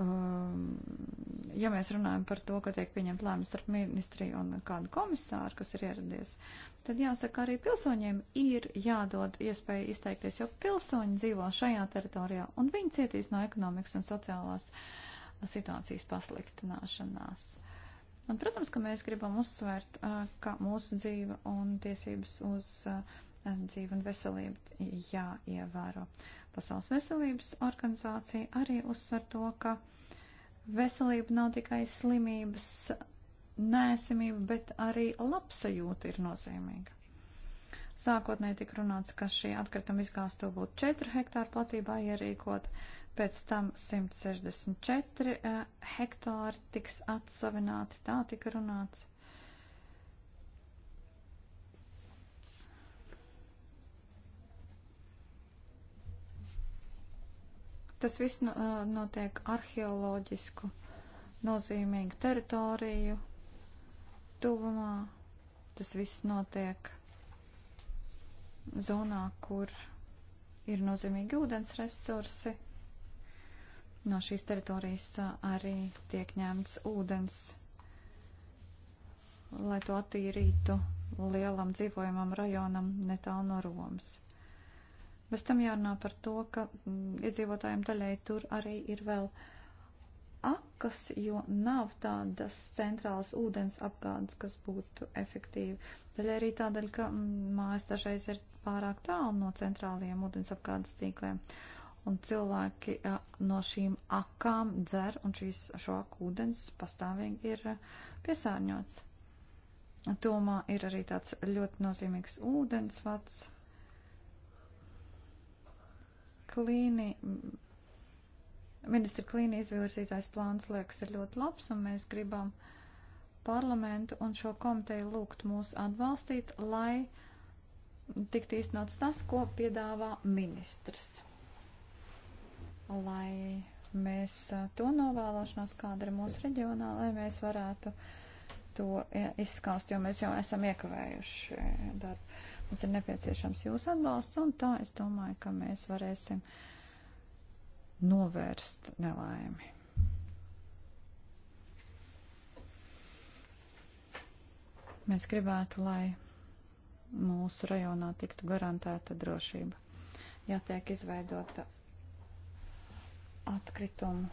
um, ja mēs runājam par to, ka tiek pieņemt lēmums starp ministriju un kādu komisāru, kas ir ieradies, uh, tad jāsaka arī pilsoņiem ir jādod iespēja izteikties, jo pilsoņi dzīvo šajā teritorijā un viņi cietīs no ekonomikas un sociālās situācijas pasliktināšanās. Un, protams, ka mēs gribam uzsvērt, ka mūsu dzīve un tiesības uz dzīvi un veselību jāievēro. Pasaules veselības organizācija arī uzsver to, ka veselība nav tikai slimības nēsimība, bet arī labsajūta ir nozīmīga. Sākotnēji tika runāts, ka šī atkrituma izkāstu būtu 4 hektāru platībā ierīkot, pēc tam 164 eh, hektāri tiks atsavināti, tā tika runāts. Tas viss eh, notiek arheoloģisku nozīmīgu teritoriju tuvumā. Tas viss notiek zonā, kur ir nozīmīgi ūdens resursi. No šīs teritorijas arī tiek ņemts ūdens, lai to attīrītu lielam dzīvojamam rajonam netālu no Romas. Bez tam jārunā par to, ka mm, iedzīvotājiem daļai tur arī ir vēl uh, akas, jo nav tādas centrālas ūdens apgādes, kas būtu efektīva. Daļai arī tādēļ, ka mm, mājas dažreiz ir pārāk tālu no centrālajiem ūdens apgādes tīkliem. Un cilvēki no šīm akām dzer, un šīs šo aku ūdens pastāvīgi ir piesārņots. Tomā ir arī tāds ļoti nozīmīgs ūdensvats. Klīni Ministra Klīna izvirzītais plāns liekas ir ļoti labs, un mēs gribam parlamentu un šo komiteju lūgt mūs atbalstīt, lai tiktu īstenots tas, ko piedāvā ministrs. Lai mēs to novēlošanos, kāda ir mūsu reģionā, lai mēs varētu to izskaust, jo mēs jau esam iekavējuši darbu. Mums ir nepieciešams jūsu atbalsts, un tā es domāju, ka mēs varēsim uh, novērst nelaimi. Mēs gribētu, lai mūsu rajonā tiktu garantēta drošība. Ja tiek izveidota atkritumu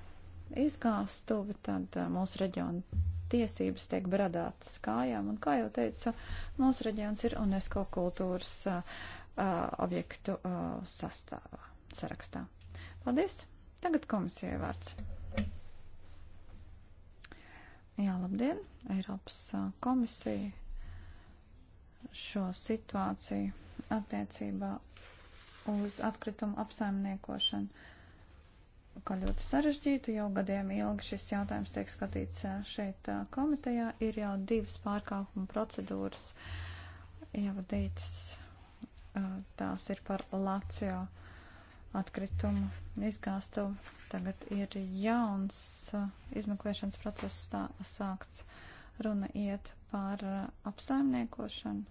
izgāstuvi, tad eh, mūsu reģiona tiesības tiek bradātas kājām. Un, kā jau teicu, mūsu reģions ir UNESCO kultūras uh, objektu uh, sastāvā, sarakstā. Paldies! Tagad komisijai vārds. Jā, labdien, Eiropas komisija šo situāciju attiecībā uz atkritumu apsaimniekošanu, kā ļoti sarežģītu, jau gadiem ilgi šis jautājums tiek skatīts šeit komitejā, ir jau divas pārkāpuma procedūras ievadītas, tās ir par Lācijā atkritumu izgāstuvu. Tagad ir jauns uh, izmeklēšanas process tā, sākts. Runa iet par uh, apsaimniekošanu.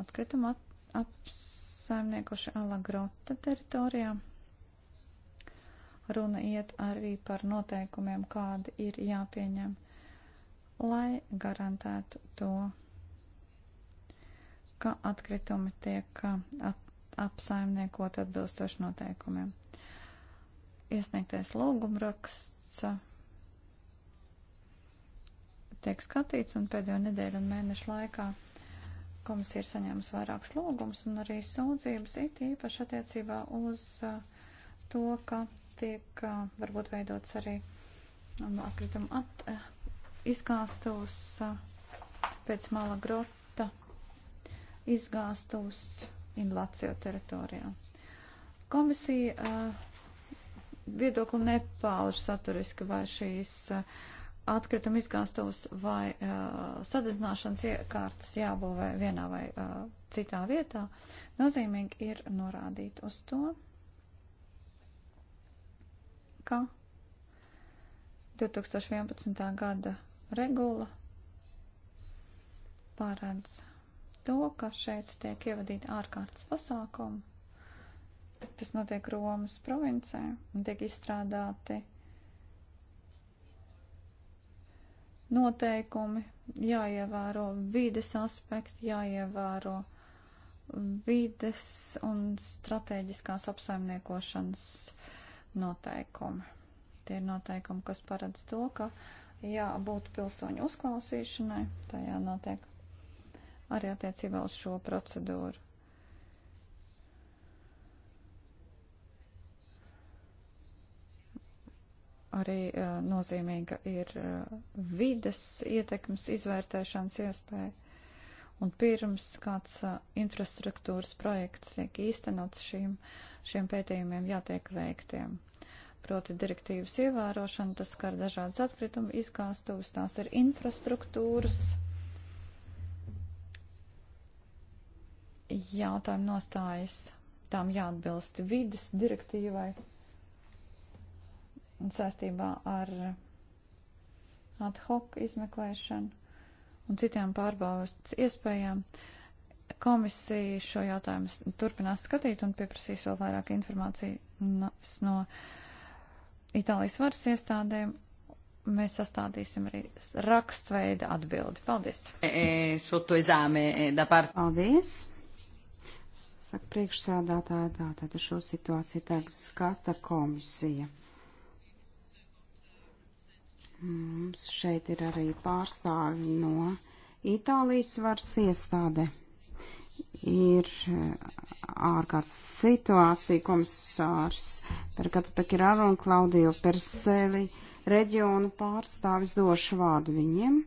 Atkritumu at, apsaimniekoši Alagrota teritorijā. Runa iet arī par noteikumiem, kādi ir jāpieņem, lai garantētu to, ka atkritumi tiek at, uh, apsaimniekot atbilstoši noteikumiem. Iesniegtais lūgumraksts uh, tiek skatīts un pēdējo nedēļu un mēnešu laikā komisija ir saņēmusi vairākas lūgumus un arī sūdzības it īpaši attiecībā uz uh, to, ka tiek uh, varbūt veidots arī um, atkrituma at, izkāstos pēc mala grota izgāstos Lācijo teritorijā. Komisija uh, viedokli nepauž saturiski vai šīs uh, atkrituma izgāstos vai uh, sadedzināšanas iekārtas jābūvē vienā vai uh, citā vietā. Nozīmīgi ir norādīt uz to, ka 2011. gada regula pārēdz to, ka šeit tiek ievadīta ārkārtas pasākuma. Tas notiek Romas provincē un tiek izstrādāti noteikumi, jāievēro vides aspekti, jāievēro vides un strateģiskās apsaimniekošanas noteikumi. Tie ir noteikumi, kas paredz to, ka jābūt pilsoņu uzklausīšanai, tajā notiek arī attiecībā uz šo procedūru. Arī uh, nozīmīga ir uh, vides ietekmes izvērtēšanas iespēja. Un pirms kāds uh, infrastruktūras projekts tiek īstenots šīm, šiem pētījumiem jātiek veiktiem. Proti direktīvas ievērošana, tas skar dažādas atkrituma izkāstuvis, tās ir infrastruktūras. Uh, jautājumu nostājas. Tām jāatbilst vidas direktīvai un saistībā ar ad hoc izmeklēšanu un citām pārbaudas iespējām. Komisija šo jautājumu turpinās skatīt un pieprasīs vēl vairāk informācijas no Itālijas varas iestādēm. Mēs sastādīsim arī rakstveida atbildi. Paldies! E, e, e, Paldies! Saka priekšsādātāja, tātad šo situāciju tagad skata komisija. Mums šeit ir arī pārstāvi no Itālijas varas iestāde. Ir eh, ārkārtas situācija komisārs par Katapekirāru un Klaudiju Perseli reģionu pārstāvis došu vārdu viņiem.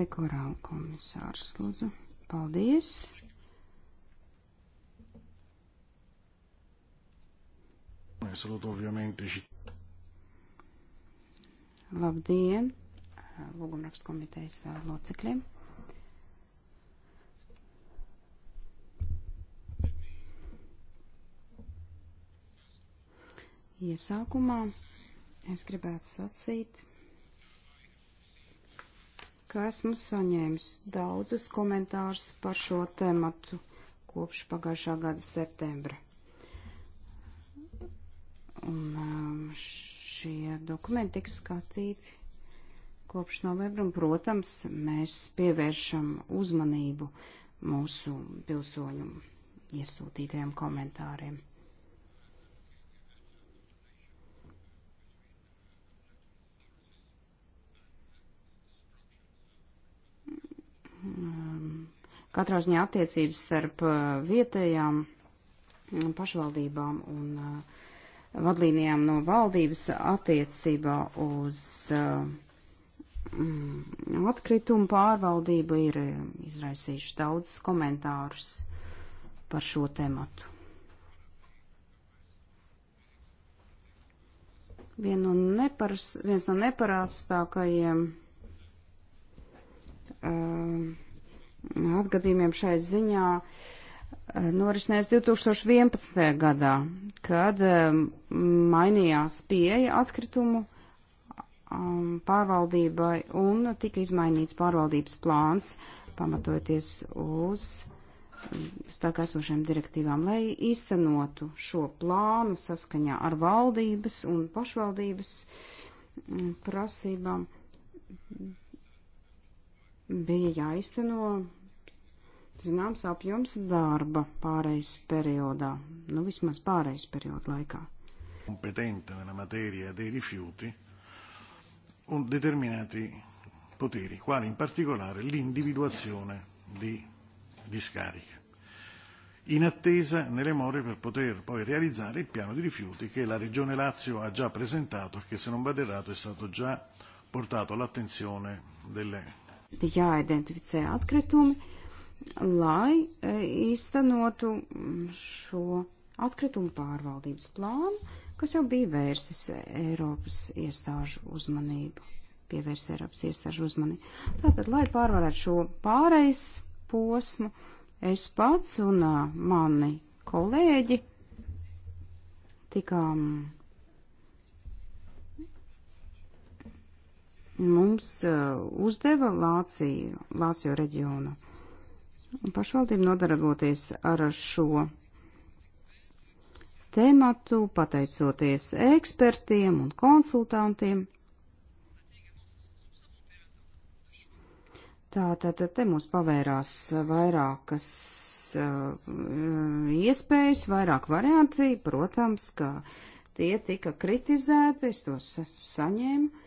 Pekorālu komisārs, lūdzu. Paldies. Saluto ovviamente Labdien! Lūgumrakstu komitejas locekļiem. Iesākumā es gribētu sacīt, ka esmu saņēmis daudzus komentārus par šo tematu kopš pagājušā gada septembra. Un um, šie dokumenti tiks skatīti kopš novembra, un, protams, mēs pievēršam uzmanību mūsu pilsoņu iesūtītajiem komentāriem. Um, katrā ziņā attiecības starp uh, vietējām um, pašvaldībām un uh, vadlīnijām no valdības attiecībā uz uh, mm, atkritumu pārvaldību ir uh, izraisījuši daudz komentārus par šo tematu. Vien no neparas, viens no neparastākajiem uh, atgadījumiem šai ziņā uh, Eh, norisinājās 2011. gadā, kad eh, mainījās pieeja atkritumu um, pārvaldībai un tika izmainīts pārvaldības plāns, pamatojoties uz mm, spēkā esošajām direktīvām, lai īstenotu šo plānu saskaņā ar valdības un pašvaldības mm, prasībām. Bija jāizteno zināms apjoms darba pārejas periodā, nu vismaz pārejas perioda laikā. Kompetente nella materia dei rifiuti un determinati poteri, quali in particolare l'individuazione di discariche, in attesa nelle more per poter poi realizzare il piano di rifiuti che la Regione Lazio ha già presentato e che, se non vado errato, è stato già portato all'attenzione delle. Jāidentificē atkritumi, lai e, īstenotu šo atkritumu pārvaldības plānu, kas jau bija vērsis Eiropas iestāžu uzmanību, pievērs Eiropas iestāžu uzmanību. Tātad, lai pārvarētu šo pārejas posmu, es pats un mani kolēģi tikām mums uzdeva Lāciju, Lāciju reģionu pašvaldību nodarboties ar šo tēmatu, pateicoties ekspertiem un konsultantiem. Tātad te mums pavērās vairākas uh, iespējas, vairāk varianti, protams, ka tie tika kritizēti, es tos saņēmu.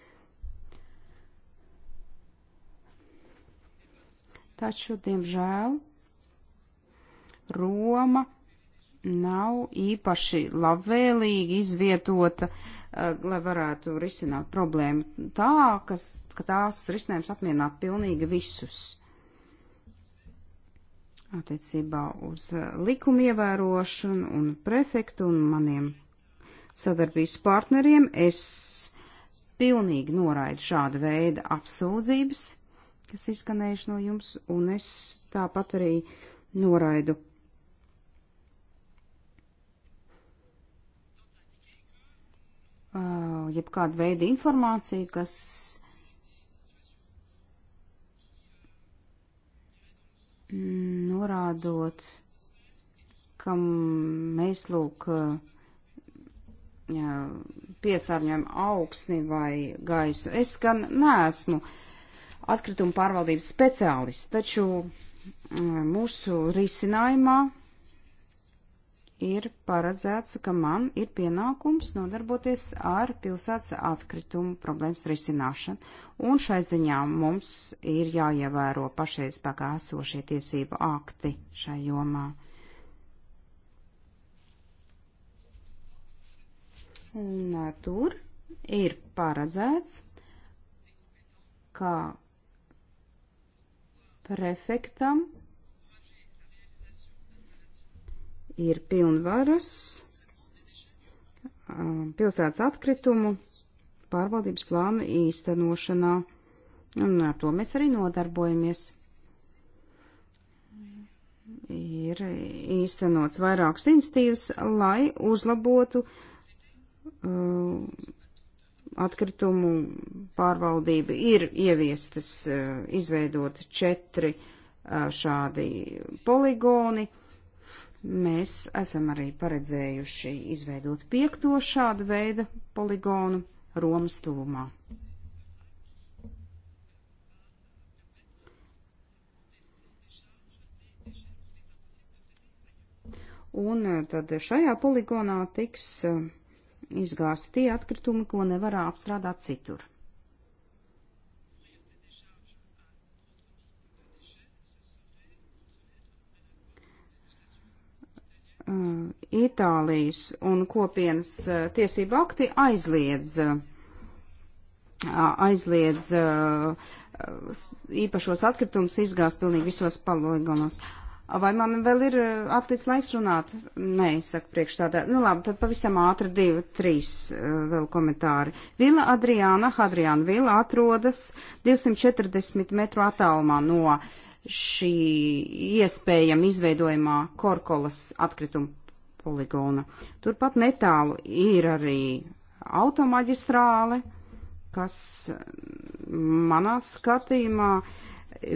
taču, diemžēl, Roma nav īpaši labvēlīgi izvietota, eh, lai varētu risināt problēmu tā, kas, ka tās risinājums apmierinātu pilnīgi visus. Attiecībā uz eh, likumu ievērošanu un prefektu un maniem sadarbības partneriem es pilnīgi noraidu šāda veida apsūdzības kas izskanējuši no jums, un es tāpat arī noraidu. Uh, jebkāda veida informācija, kas norādot, ka mēs lūk jā, piesārņojam augsni vai gaisu. Es gan neesmu uh, atkritumu pārvaldības speciālists, taču mm, mūsu risinājumā ir paredzēts, ka man ir pienākums nodarboties ar pilsētas atkritumu problēmas risināšanu. Un šai ziņā mums ir jāievēro pašreiz spēkā esošie tiesību akti šai jomā. Un eh, tur ir paredzēts, ka prefektam ir pilnvaras um, pilsētas atkritumu pārvaldības plānu īstenošanā. Un ar to mēs arī nodarbojamies. Ir īstenots vairākas institīvas, lai uzlabotu uh, atkritumu pārvaldība ir ieviestas, eh, izveidot četri eh, šādi poligoni. Mēs esam arī paredzējuši izveidot piekto šādu veidu poligonu Romas tuvumā. Un eh, tad šajā poligonā tiks uh, izgāsti tie atkritumi, ko nevar apstrādāt citur. Uh, Itālijas un kopienas uh, tiesību akti aizliedz, uh, aizliedz īpašos atkritumus izgāzt pilnīgi visos poligonos. Vai man vēl ir eh, atlicis laiks runāt? Nē, saka priekšstādā. Nu labi, tad pavisam ātri divi, trīs eh, vēl komentāri. Vila Adriāna, Hadriāna vila atrodas 240 metru attālumā no šī iespējama izveidojumā Korkolas atkrituma poligona. Turpat netālu ir arī automaģistrāle, kas eh, manā skatījumā uh,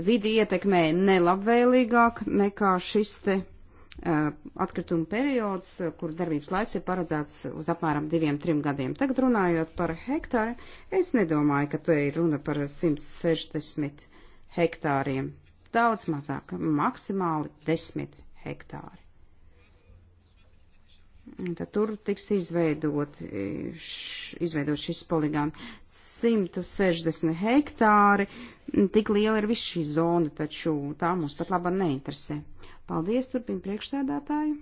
vidi ietekmē nelabvēlīgāk nekā šis te uh, atkrituma periods, kur darbības laiks ir paredzēts uz apmēram diviem, trim gadiem. Tagad runājot par hektāru, es nedomāju, ka te ir runa par 160 hektāriem. Daudz mazāk, maksimāli 10 hektāri. Tad tur tiks izveidot, š, izveidot šis poligāns. 160 hektāri, tik liela ir viss šī zona, taču tā mums pat laba neinteresē. Paldies, turpina priekšsēdētāju.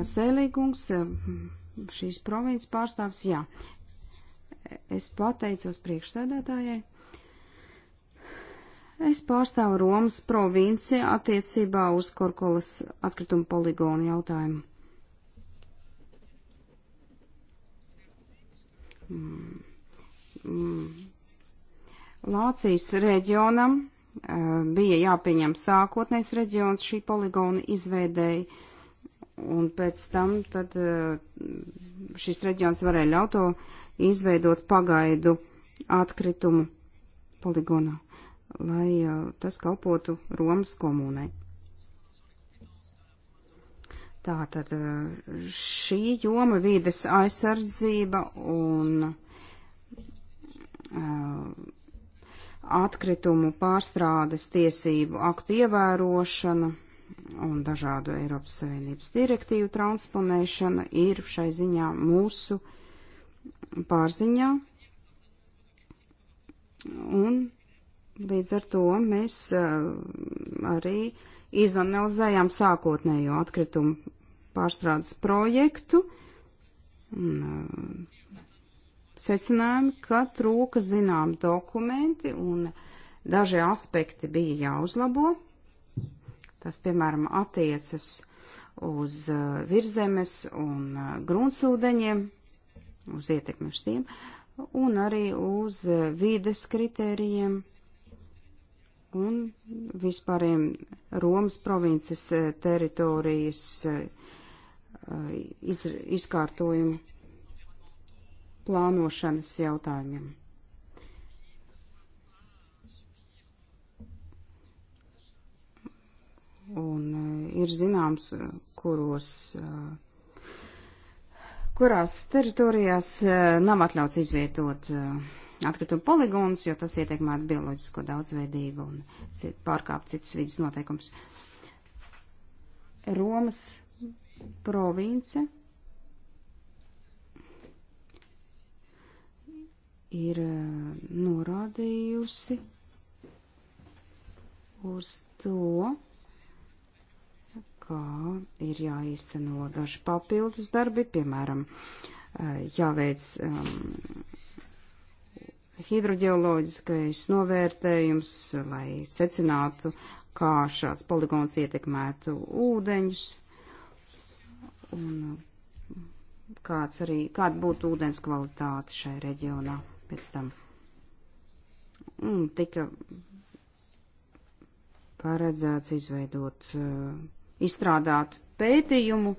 Vaselīgungs, šīs provinces pārstāvs, jā. Es pateicos priekšsēdētājai. Es pārstāvu Romas provinci attiecībā uz Korkolas atkrituma poligonu jautājumu. Mm. Mm. Lācijas reģionam eh, bija jāpieņem sākotnējs reģions šī poligona izveidēja, un pēc tam tad eh, šis reģions varēja ļaut to izveidot pagaidu atkritumu poligonā lai tas kalpotu Romas komunai. Tātad šī joma vīdes aizsardzība un atkritumu pārstrādes tiesību aktu ievērošana un dažādu Eiropas Savienības direktīvu transponēšana ir šai ziņā mūsu pārziņā. Un Līdz ar to mēs eh, arī izanalizējām sākotnējo atkritumu pārstrādes projektu un eh, secinājām, ka trūka zinām dokumenti un daži aspekti bija jāuzlabo. Tas, piemēram, attiecas uz eh, virzemes un gruntsūdeņiem, uz ietekmi uz tiem, un arī uz vides kritērijiem un vispāriem Romas provinces eh, teritorijas eh, iz, izkārtojumu plānošanas jautājumiem. Un eh, ir zināms, kuros, kurās teritorijās nav atļauts izvietot uh, atkritumu poligonus, jo tas ietekmētu bioloģisko daudzveidību un cit, pārkāp citas vidas noteikums. Romas province ir eh, norādījusi uz to, kā ir jāīsteno daži papildus darbi, piemēram, eh, jāveic um, hidroģeoloģiskais novērtējums, lai secinātu, kā šāds poligons ietekmētu ūdeņus un uh, kāds arī, kāda būtu ūdens kvalitāte šai reģionā pēc tam. Un tika paredzēts izveidot, uh, izstrādāt pētījumu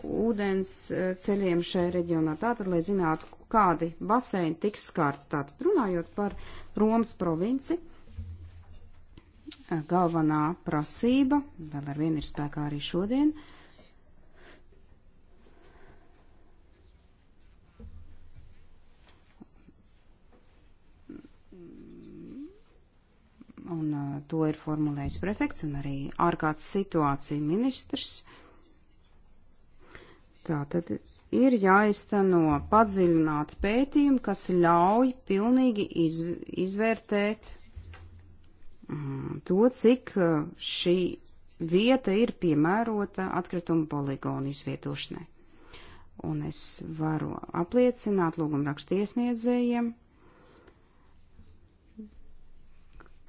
ūdens uh, ceļiem šai reģionā, tātad, lai zinātu, kādi baseini tiks skārti. Tātad runājot par Romas provinci, galvenā prasība, vēl ar vienu ir spēkā arī šodien, un uh, to ir formulējis prefekts un arī ārkārtas situācija ministrs. Tātad ir jāizteno padziļināti pētījumi, kas ļauj pilnīgi iz, izvērtēt mm, to, cik uh, šī vieta ir piemērota atkrituma poligonu izvietošanai. Un es varu apliecināt lūgumrakstiesniedzējiem,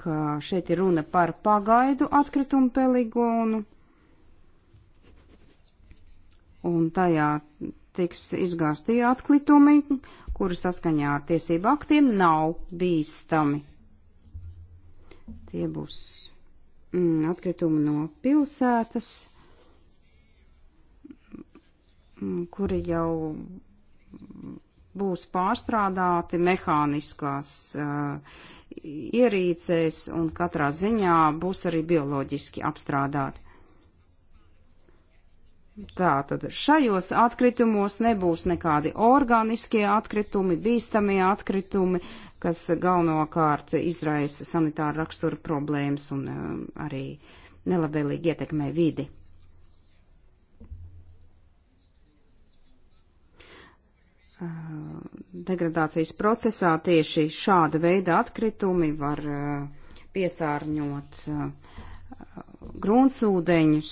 ka šeit ir runa par pagaidu atkritumu poligonu, un tajā tiks izgāzti atkritumi, kuri saskaņā ar tiesību aktiem nav bīstami. Tie būs mm, atkritumi no pilsētas, mm, kuri jau būs pārstrādāti mehāniskās uh, ierīcēs un katrā ziņā būs arī bioloģiski apstrādāti. Tātad šajos atkritumos nebūs nekādi organiskie atkritumi, bīstamie atkritumi, kas galvenokārt izraisa sanitāru raksturu problēmas un um, arī nelabvēlīgi ietekmē vidi. Uh, degradācijas procesā tieši šāda veida atkritumi var uh, piesārņot uh, grūnsūdeņus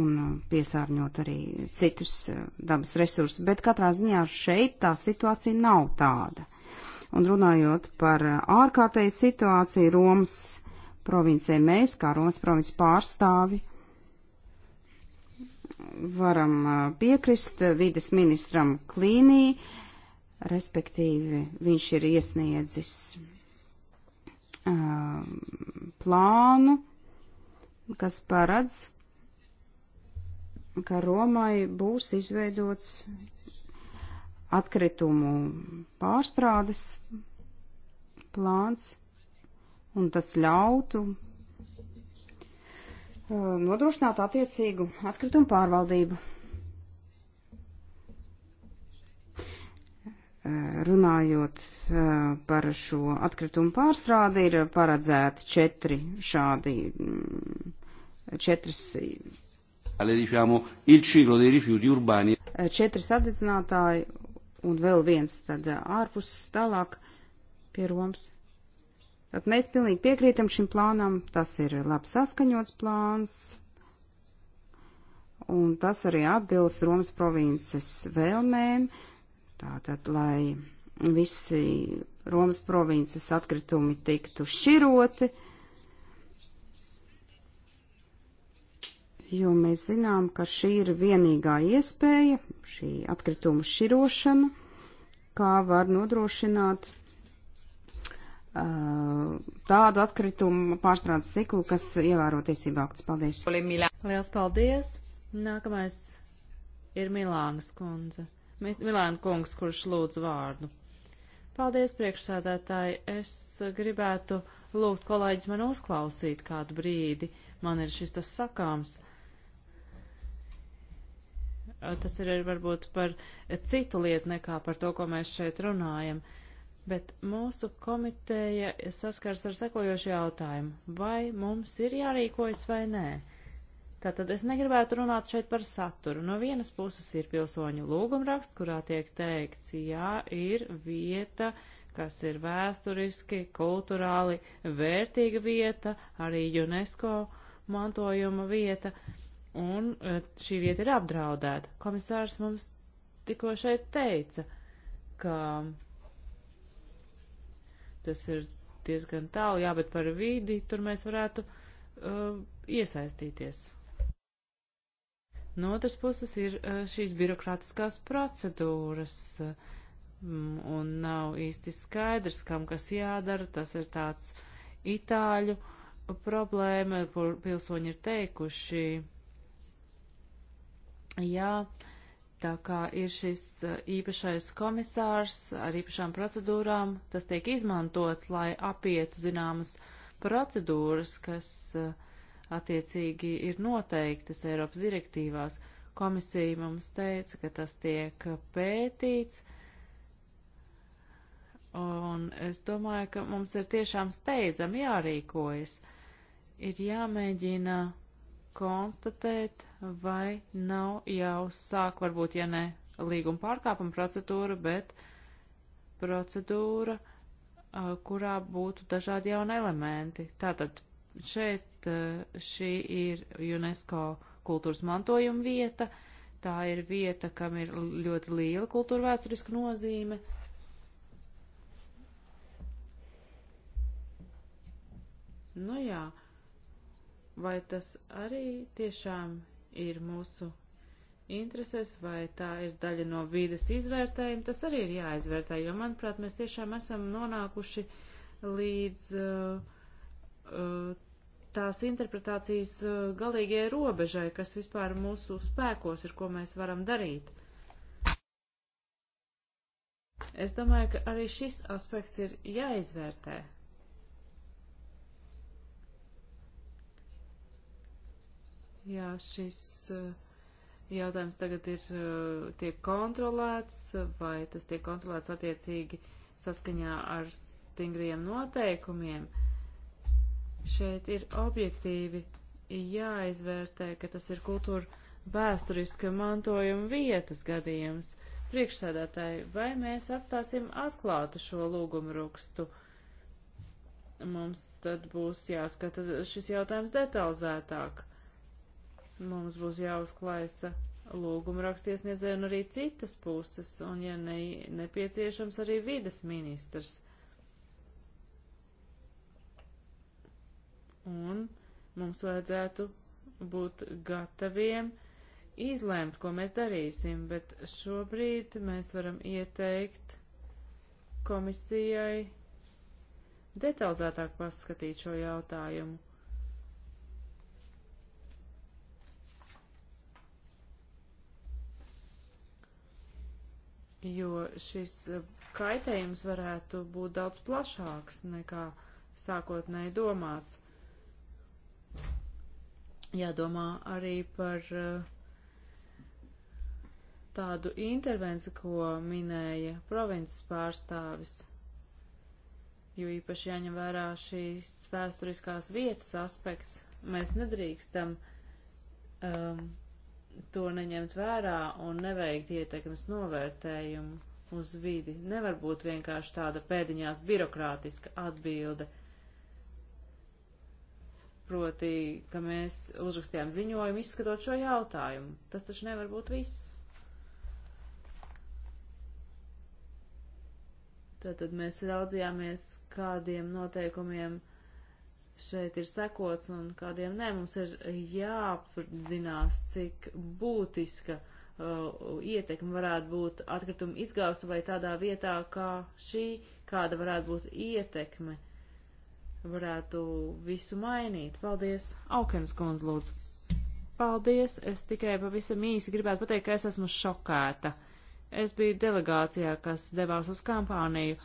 un uh, piesārņot arī citus uh, dabas resursus, bet katrā ziņā šeit tā situācija nav tāda. Un runājot par uh, ārkārtēju situāciju Romas provincē, mēs, kā Romas provinces pārstāvi, varam piekrist vides ministram Klīnī, respektīvi viņš ir iesniedzis uh, plānu, kas paredz ka Romai būs izveidots atkritumu pārstrādes plāns, un tas ļautu uh, nodrošināt attiecīgu atkritumu pārvaldību. Uh, runājot uh, par šo atkritumu pārstrādi, ir paredzēti četri šādi, mm, četras Eh, četri sadedzinātāji un vēl viens tad eh, ārpus tālāk pie Romas. Tad mēs pilnīgi piekrītam šim plānam, tas ir labi saskaņots plāns, un tas arī atbilst Romas provinces vēlmēm, tātad, lai visi Romas provinces atkritumi tiktu šķiroti jo mēs zinām, ka šī ir vienīgā iespēja, šī atkritumu širošana, kā var nodrošināt uh, tādu atkritumu pārstrādes ciklu, kas ievēro tiesību aktus. Paldies! Liels paldies! Nākamais ir Milānas kundze. Milāna kungs, kurš lūdz vārdu. Paldies, priekšsādātāji. Es gribētu lūgt kolēģis man uzklausīt kādu brīdi. Man ir šis tas sakāms. Uh, Eh, tas ir varbūt par eh, citu lietu nekā par to, ko mēs šeit runājam. Bet mūsu komiteja saskars ar sekojošu jautājumu. Vai mums ir jārīkojas vai nē? Tātad es negribētu runāt šeit par saturu. No vienas puses ir pilsoņu lūgumraksts, kurā tiek teikts, jā, ir vieta, kas ir vēsturiski, kulturāli vērtīga vieta, arī UNESCO mantojuma vieta. Uh, un eh, šī vieta ir apdraudēta. Komisārs mums tikko šeit teica, ka tas ir diezgan tālu, jā, bet par vīdi tur mēs varētu uh, iesaistīties. No otras puses ir uh, šīs birokrātiskās procedūras, uh, un nav īsti skaidrs, kam kas jādara. Tas ir tāds itāļu problēma, kur pilsoņi ir teikuši, Jā, tā kā ir šis uh, īpašais komisārs ar īpašām procedūrām, tas tiek izmantots, lai apietu zināmas procedūras, kas uh, attiecīgi ir noteiktas Eiropas direktīvās. Komisija mums teica, ka tas tiek pētīts. Un es domāju, ka mums ir tiešām steidzam jārīkojas. Ir jāmēģina konstatēt, vai nav jāuzsāk, varbūt, ja ne līguma pārkāpuma procedūra, bet procedūra, kurā būtu dažādi jauni elementi. Tātad šeit šī ir UNESCO kultūras mantojuma vieta, tā ir vieta, kam ir ļoti liela kultūra vēsturiska nozīme. Nu jā, uh, vai tas arī tiešām ir mūsu interesēs, vai tā ir daļa no vīdes izvērtējuma, tas arī ir jāizvērtē, jo, manuprāt, mēs tiešām esam nonākuši līdz uh, uh, tās interpretācijas uh, galīgajai robežai, kas vispār mūsu spēkos ir, ko mēs varam darīt. Es domāju, ka arī šis aspekts ir jāizvērtē. Jā, šis eh, jautājums tagad ir, eh, tiek kontrolēts, vai tas tiek kontrolēts attiecīgi saskaņā ar stingriem noteikumiem. Šeit ir objektīvi jāizvērtē, ka tas ir kultūra vēsturiska mantojuma vietas gadījums. Priekšsēdētāji, vai mēs atstāsim atklātu šo lūgumu rakstu? Mums tad būs jāskata šis jautājums detalizētāk. Mums būs jāuzklaisa lūguma rakstiesniedzēju un arī citas puses, un, ja ne, nepieciešams, arī vides ministrs. Un mums vajadzētu būt gataviem izlēmt, ko mēs darīsim, bet šobrīd mēs varam ieteikt komisijai detalizētāk paskatīt šo jautājumu jo šis eh, kaitējums varētu būt daudz plašāks nekā sākotnēji domāts. Jādomā arī par eh, tādu intervenci, ko minēja provinces pārstāvis, jo īpaši jāņem vērā šīs vēsturiskās vietas aspekts. Mēs nedrīkstam um, to neņemt vērā un neveikt ietekmes novērtējumu uz vidi. Nevar būt vienkārši tāda pēdiņās birokrātiska atbilde. Proti, ka mēs uzrakstījām ziņojumu izskatot šo jautājumu. Tas taču nevar būt viss. Tātad mēs raudzījāmies, kādiem noteikumiem šeit ir sekots un kādiem nē, mums ir jāapzinās, cik būtiska uh, ietekme varētu būt atkritumu izgaustu vai tādā vietā, kā šī, kāda varētu būt ietekme, varētu visu mainīt. Paldies, Aukens kundze, lūdzu. Paldies, es tikai pavisam īsi gribētu pateikt, ka es esmu šokēta. Es biju delegācijā, kas devās uz kampāniju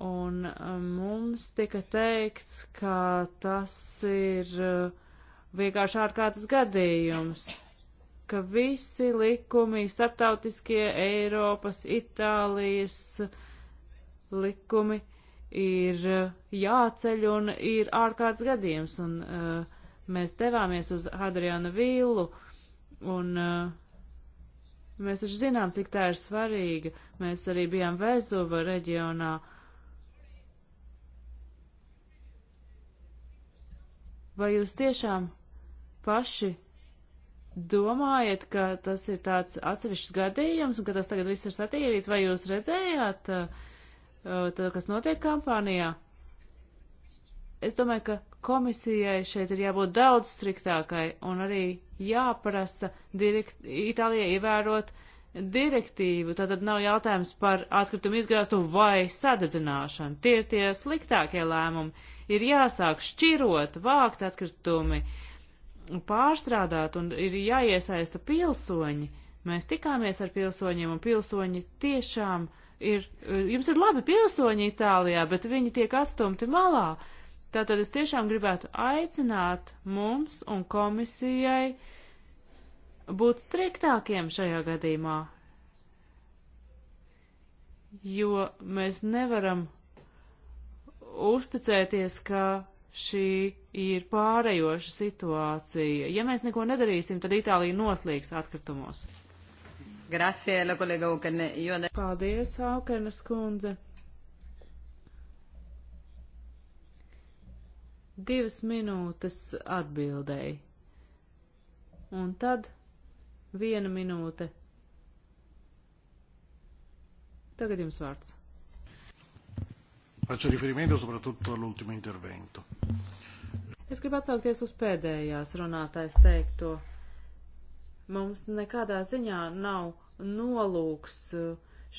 Un um, mums tika teikts, ka tas ir uh, vienkārši ārkārtas gadījums, ka visi likumi, starptautiskie Eiropas, Itālijas likumi ir uh, jāceļ un ir ārkārtas gadījums. Un uh, mēs devāmies uz Hadriana vīlu un uh, mēs taču zinām, cik tā ir svarīga. Mēs arī bijām Vezuva reģionā. Uh, Vai jūs tiešām paši domājat, ka tas ir tāds atsevišķs gadījums un ka tas tagad viss ir satīrīts, vai jūs redzējāt, uh, uh, tā, kas notiek kampānijā? Es domāju, ka komisijai šeit ir jābūt daudz striktākai un arī jāprasa direkt, Itālijai ievērot direktīvu. Tātad nav jautājums par atkritumu izgāstumu vai sadedzināšanu. Tie ir tie sliktākie lēmumi ir jāsāk šķirot, vākt atkritumi, pārstrādāt un ir jāiesaista pilsoņi. Mēs tikāmies ar pilsoņiem un pilsoņi tiešām ir, jums ir labi pilsoņi Itālijā, bet viņi tiek atstumti malā. Tātad es tiešām gribētu aicināt mums un komisijai būt striktākiem šajā gadījumā, jo mēs nevaram uzticēties, ka šī ir pārējoša situācija. Ja mēs neko nedarīsim, tad Itālija noslīgs atkritumos. Grazie, la kolega Aukene. Ne... Paldies, Aukenas kundze. Divas minūtes atbildēji. Un tad viena minūte. Tagad jums vārds. Faccio riferimento soprattutto all'ultimo intervento. Es gribu atsaukties uz pēdējās runātājs teikto. Mums nekādā ziņā nav nolūks uh,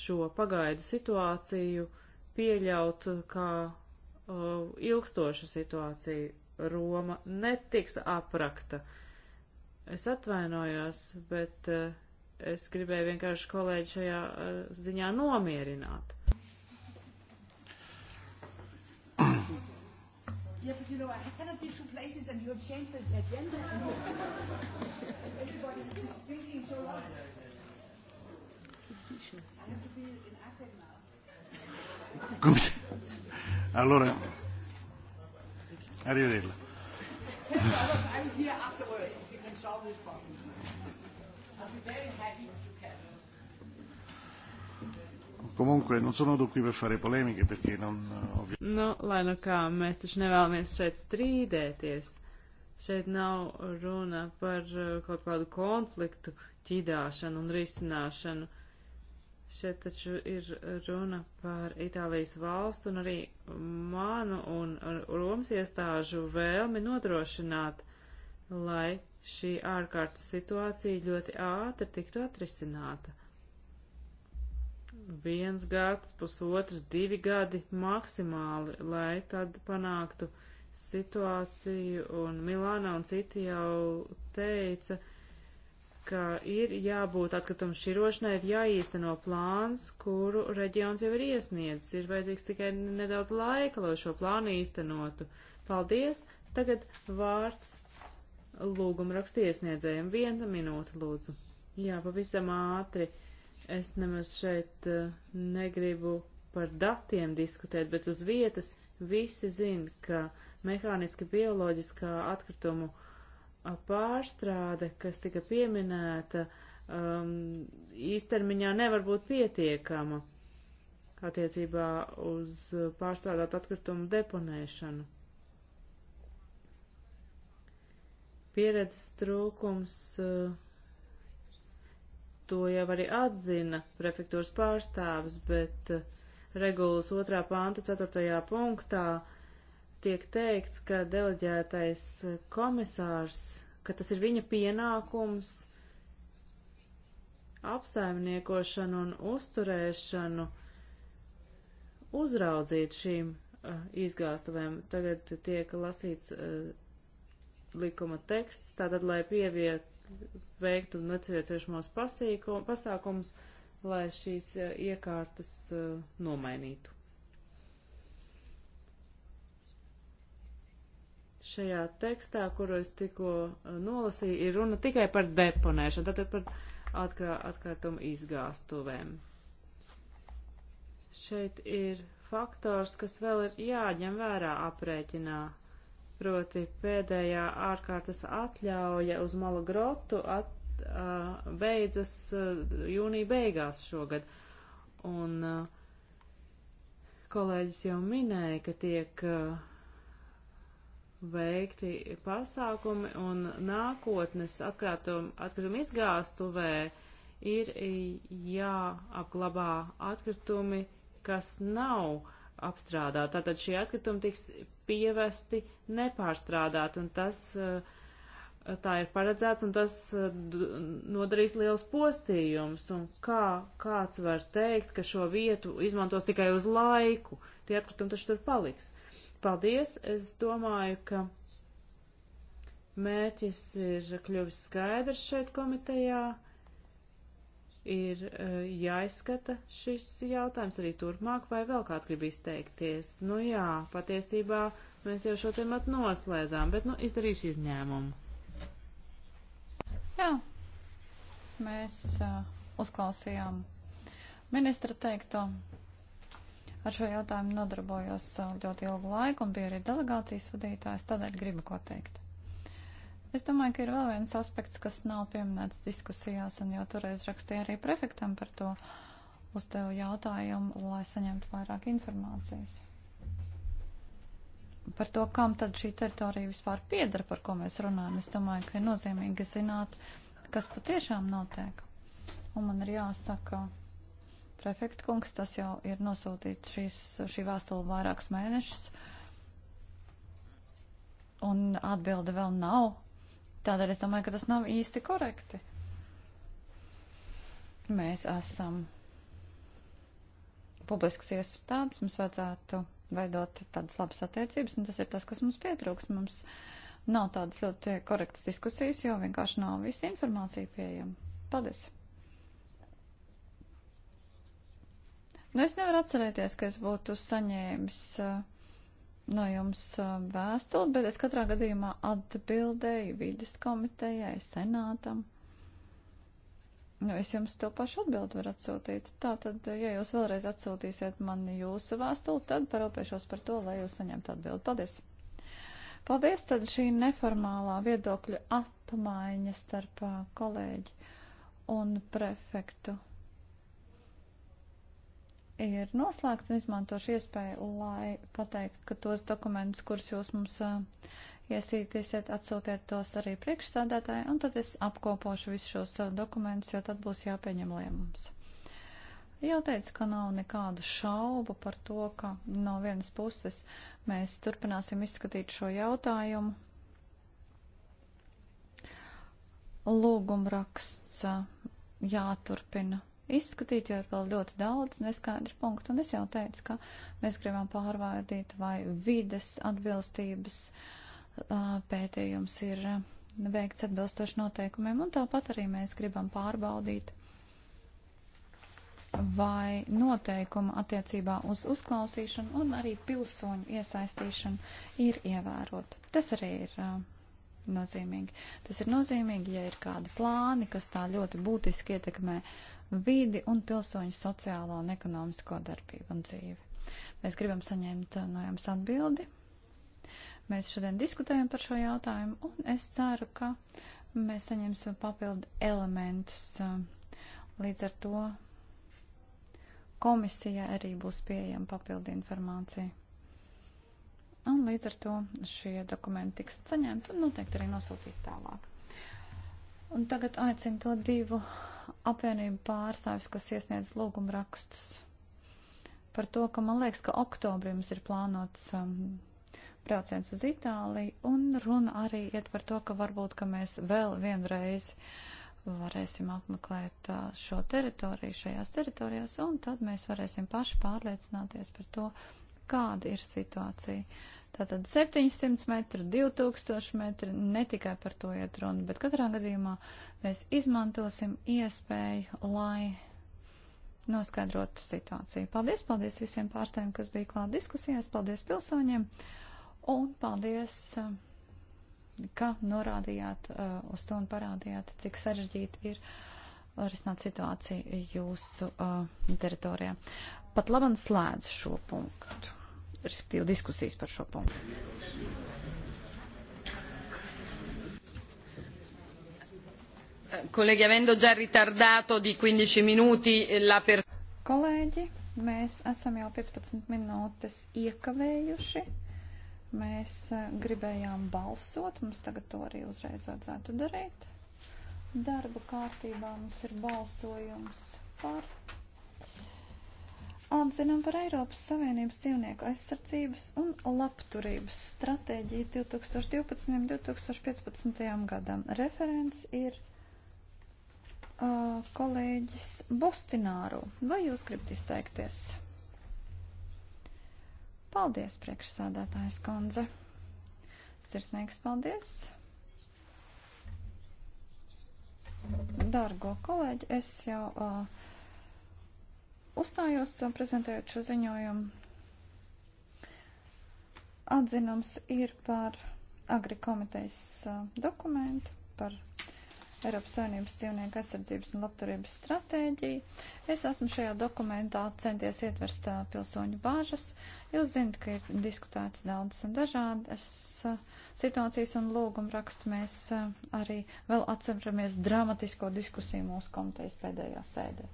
šo pagaidu situāciju pieļaut kā uh, ilgstošu situāciju. Roma netiks aprakta. Es atvainojos, bet uh, es gribēju vienkārši kolēģi šajā uh, ziņā nomierināt. Yeah, but you know, I cannot be two places and you have changed the agenda. And everybody is thinking so long. I have to be in Athens now. Gut. Allora, arrivederla. Tell us I'm here afterwards if you can solve this problem. Comunque non sono qui per fare polemiche perché non... Nu, lai nu kā, mēs taču nevēlamies šeit strīdēties. Šeit nav runa par uh, kaut kādu konfliktu ķidāšanu un risināšanu. Šeit taču ir runa par Itālijas valstu un arī manu un Romas iestāžu vēlmi nodrošināt, lai šī ārkārtas situācija ļoti ātri tiktu atrisināta viens gads, pusotrs, divi gadi maksimāli, lai tad panāktu situāciju, un Milāna un citi jau teica, ka ir jābūt atkritumu šķirošanai, ir jāīsteno plāns, kuru reģions jau ir iesniedzis, ir vajadzīgs tikai nedaudz laika, lai šo plānu īstenotu. Paldies! Tagad vārds lūgumrakstu iesniedzējiem. Viena minūte, lūdzu. Jā, pavisam ātri. Uh, Es nemaz šeit eh, negribu par datiem diskutēt, bet uz vietas visi zina, ka mehāniski bioloģiskā atkritumu pārstrāde, kas tika pieminēta, um, īstermiņā nevar būt pietiekama attiecībā uz pārstrādāt atkritumu deponēšanu. Pieredzes trūkums uh, to jau arī atzina prefektūras pārstāvis, bet eh, regulas otrā panta ceturtajā punktā tiek teikts, ka deleģētais eh, komisārs, ka tas ir viņa pienākums apsaimniekošanu un uzturēšanu uzraudzīt šīm uh, izgāstuvēm. Tagad tiek lasīts uh, likuma teksts, tātad, lai pieviet, veiktu nepieciešamos pasākumus, lai šīs e, iekārtas e, nomainītu. Šajā tekstā, kuru es tikko e, nolasīju, ir runa tikai par deponēšanu, tātad par atkrā, atkrātumu izgāstuvēm. Šeit ir faktors, kas vēl ir jāņem vērā aprēķinā proti pēdējā ārkārtas atļauja uz malu grotu at, uh, beidzas uh, jūnija beigās šogad. Un uh, kolēģis jau minēja, ka tiek uh, veikti pasākumi un nākotnes atkritumu izgāstuvē ir jāapglabā atkritumi, kas nav apstrādāti. Tātad šie atkritumi tiks pievesti nepārstrādāt, un tas eh, tā ir paredzēts, un tas eh, nodarīs liels postījums, un kā kāds var teikt, ka šo vietu izmantos tikai uz laiku, tie atkritumi taču tur paliks. Paldies, es domāju, ka mērķis ir kļuvis skaidrs šeit komitejā ir eh, jāizskata šis jautājums arī turpmāk, vai vēl kāds grib izteikties. Nu jā, patiesībā mēs jau šo tematu noslēdzām, bet nu izdarīšu izņēmumu. Jā, mēs uh, uzklausījām ministra teikto. Ar šo jautājumu nodarbojos eh, ļoti ilgu laiku un biju arī delegācijas vadītājs, tādēļ gribu ko teikt. Es domāju, ka ir vēl viens aspekts, kas nav pieminēts diskusijās, un jau toreiz rakstīja arī prefektam par to uzdevu jautājumu, lai saņemtu vairāk informācijas. Par to, kam tad šī teritorija vispār piedara, par ko mēs runājam, es domāju, ka ir nozīmīgi zināt, kas patiešām notiek. Un man ir jāsaka, prefekta kungs, tas jau ir nosūtīts šīs, šī vēstule vairākus mēnešus, un atbilde vēl nav Tādēļ es domāju, ka tas nav īsti korekti. Mēs esam publisks iestādes, mums vajadzētu veidot tādas labas attiecības, un tas ir tas, kas mums pietrūks. Mums nav tādas ļoti korektas diskusijas, jo vienkārši nav visa informācija pieejama. Paldies! Nu, es nevaru atcerēties, ka es būtu saņēmis uh, no jums vēstuli, bet es katrā gadījumā atbildēju vidas komitejai, senātam. Nu, es jums to pašu atbildu varu atsūtīt. Tā tad, ja jūs vēlreiz atsūtīsiet man jūsu vēstuli, tad parūpēšos par to, lai jūs saņemtu atbildi. Paldies! Paldies, tad šī neformālā viedokļa apmaiņa starp kolēģi un prefektu ir noslēgts un izmantošu iespēju, lai pateiktu, ka tos dokumentus, kurus jūs mums uh, iesītīsiet, atsūtiet tos arī priekšsādātāji, un tad es apkopošu visus šos dokumentus, jo tad būs jāpieņem lēmums. Jau teicu, ka nav nekādu šaubu par to, ka no vienas puses mēs turpināsim izskatīt šo jautājumu. Lūgumraksts jāturpina izskatīt, jo ir vēl ļoti daudz neskaidru punktu. Un es jau teicu, ka mēs gribam pārvārdīt, vai vides atbilstības pētījums ir veikts atbilstoši noteikumiem, un tāpat arī mēs gribam pārbaudīt, vai noteikuma attiecībā uz uzklausīšanu un arī pilsoņu iesaistīšanu ir ievērota. Tas arī ir uh, nozīmīgi. Tas ir nozīmīgi, ja ir kādi plāni, kas tā ļoti būtiski ietekmē vidi un pilsoņu sociālo un ekonomisko darbību un dzīvi. Mēs gribam saņemt eh, no jums atbildi. Mēs šodien diskutējam par šo jautājumu, un es ceru, ka mēs saņemsim papildu elementus. Eh, līdz ar to komisijai arī būs pieejama papildu informācija. Un līdz ar to šie dokumenti tiks saņemti un noteikti arī nosūtīti tālāk. Un tagad aicinu to divu apvienību pārstāvis, kas iesniedz lūgumu rakstus par to, ka man liekas, ka oktobrī mums ir plānots um, brauciens uz Itāliju, un runa arī iet par to, ka varbūt, ka mēs vēl vienreiz varēsim apmeklēt uh, šo teritoriju šajās teritorijās, un tad mēs varēsim paši pārliecināties par to, kāda ir situācija. Uh, Tātad 700 metru, 2000 metru, ne tikai par to iet runa, bet katrā gadījumā mēs izmantosim iespēju, lai noskaidrotu situāciju. Paldies, paldies visiem pārstāvjiem, kas bija klāt diskusijās, paldies pilsoņiem un paldies, eh, ka norādījāt uh, uz to un parādījāt, cik sarežģīti ir risināt situāciju jūsu uh, teritorijā. Pat labam slēdz šo punktu respektīvi diskusijas par šo punktu. Kolēģi, avendo già ritardato di 15 minuti eh, la per... Kolēģi, mēs esam jau 15 minūtes iekavējuši. Mēs eh, gribējām balsot, mums tagad to arī uzreiz vajadzētu darīt. Darba kārtībā mums ir balsojums par atzinām par Eiropas Savienības dzīvnieku aizsardzības un labturības stratēģiju 2012. un 2015. gadam. Referents ir uh, kolēģis Bostināru. Vai jūs gribat izteikties? Paldies, priekšsādātājs Konze. Sirsnīgs paldies. Dargo kolēģi, es jau. Uh, Uzstājos um, prezentējot šo ziņojumu. Atzinums ir par Agri komitejas um, dokumentu, par Eiropas Savienības dzīvnieku aizsardzības un labturības stratēģiju. Es esmu šajā dokumentā centies ietverst uh, pilsoņu bāžas. Jūs zinat, ka ir diskutēts daudzas un dažādas uh, situācijas un lūguma rakstu. Mēs uh, arī vēl atceramies dramatisko diskusiju mūsu komitejas pēdējā sēdē.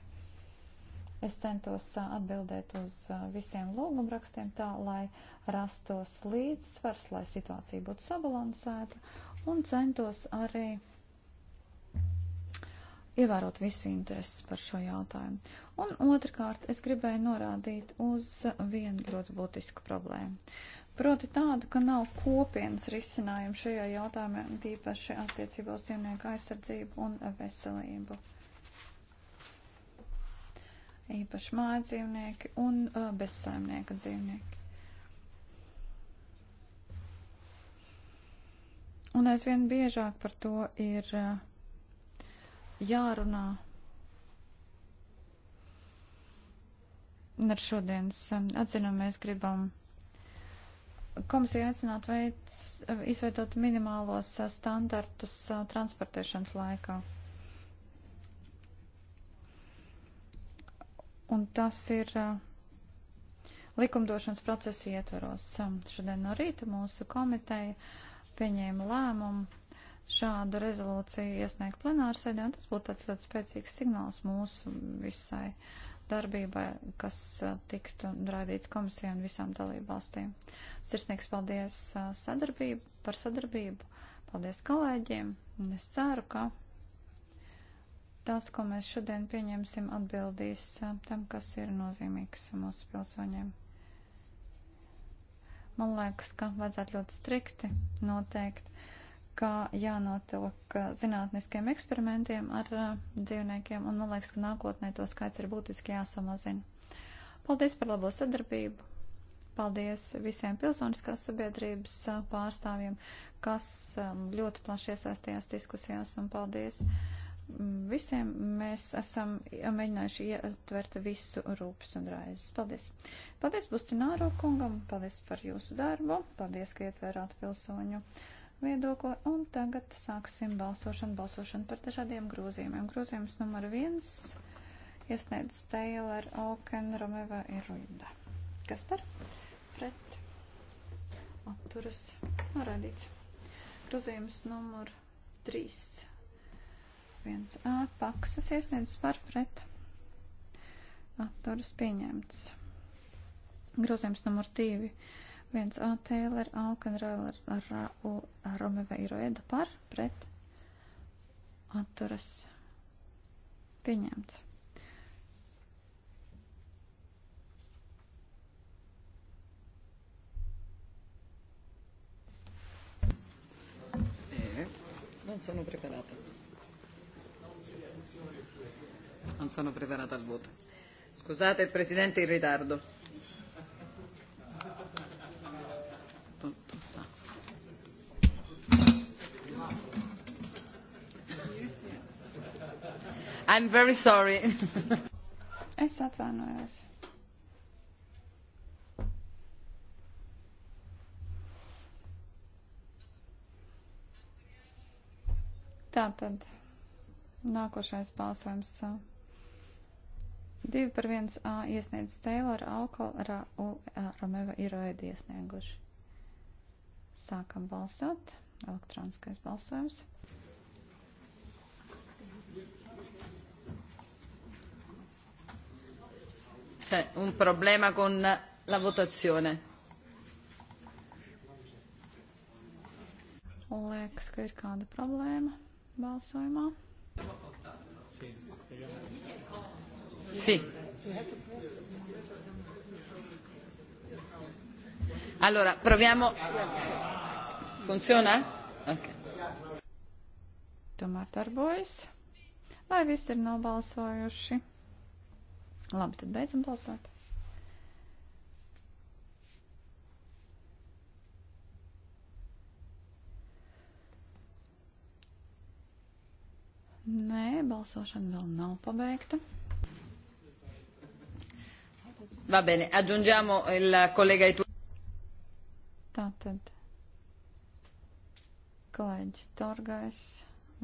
Es centos atbildēt uz visiem lūgumrakstiem tā, lai rastos līdzsvars, lai situācija būtu sabalansēta un centos arī ievērot visu interesi par šo jautājumu. Un otrkārt, es gribēju norādīt uz vienu ļoti būtisku problēmu. Proti tādu, ka nav kopienas risinājumu šajā jautājumā, tīpaši attiecībā uz dzīvnieku aizsardzību un veselību īpaši mājdzīvnieki un uh, bezsaimnieka dzīvnieki. Un aizvien biežāk par to ir uh, jārunā. Un ar šodienas atzinumu mēs gribam komisiju aicināt veids, izveidot minimālos standartus transportēšanas laikā. Un tas ir likumdošanas procesa ietvaros. Šodien no rīta mūsu komiteja pieņēma lēmumu šādu rezolūciju iesniegt plenārsēdē, un tas būtu tāds ļoti spēcīgs signāls mūsu visai darbībai, kas tiktu raidīts komisijai un visām dalībvalstīm. Sirsnīgs paldies sadarbību, par sadarbību, paldies kolēģiem, un es ceru, ka tas, ko mēs šodien pieņemsim, atbildīs tam, kas ir nozīmīgs mūsu pilsoņiem. Man liekas, ka vajadzētu ļoti strikti noteikt, ka jānotiek zinātniskiem eksperimentiem ar dzīvniekiem, un man liekas, ka nākotnē to skaits ir būtiski jāsamazina. Paldies par labo sadarbību! Paldies visiem pilsoniskās sabiedrības pārstāvjiem, kas ļoti plaši iesaistījās diskusijās, un paldies visiem mēs esam mēģinājuši ietvert visu rūpes un raizes. Paldies! Paldies Bustināro kungam, paldies par jūsu darbu, paldies, ka ietvērāt pilsoņu viedokli, un tagad sāksim balsošanu, balsošanu par dažādiem grozījumiem. Grozījums numur viens iesniedz Taylor, Oken, Romeva ir Ruida. Kas par? Pret. Atturas. Norādīts. Grozījums numur trīs 1A paksas iesniedzis par pret atturas pieņemts. Grozījums numur 2. 1A Taylor, Auken, Railer, Rau, Romeva, Iroeda par pret atturas pieņemts. Eh? non sono preparata. non sono preparata al voto. Scusate il Presidente in ritardo. I'm very sorry. es atvainojos. Tātad nākošais balsojums. Uh, Divi par viens A iesniedz Taylor, Alkal, Ra, U, Romeva ir raidi e iesnieguši. Sākam balsot. Elektroniskais balsojums. C'è un problema con la votazione. Liekas, ka ir kāda problēma balsojumā. Sì, Sì. Allora, proviamo. Funziona? Okay. Tomēr darbojas. Lai viss ir nobalsojuši. Labi, tad beidzam balsot. Nē, balsošana vēl nav pabeigta. Va bene, aggiungiamo il collega Itu. Tātad kolēģis Torgais,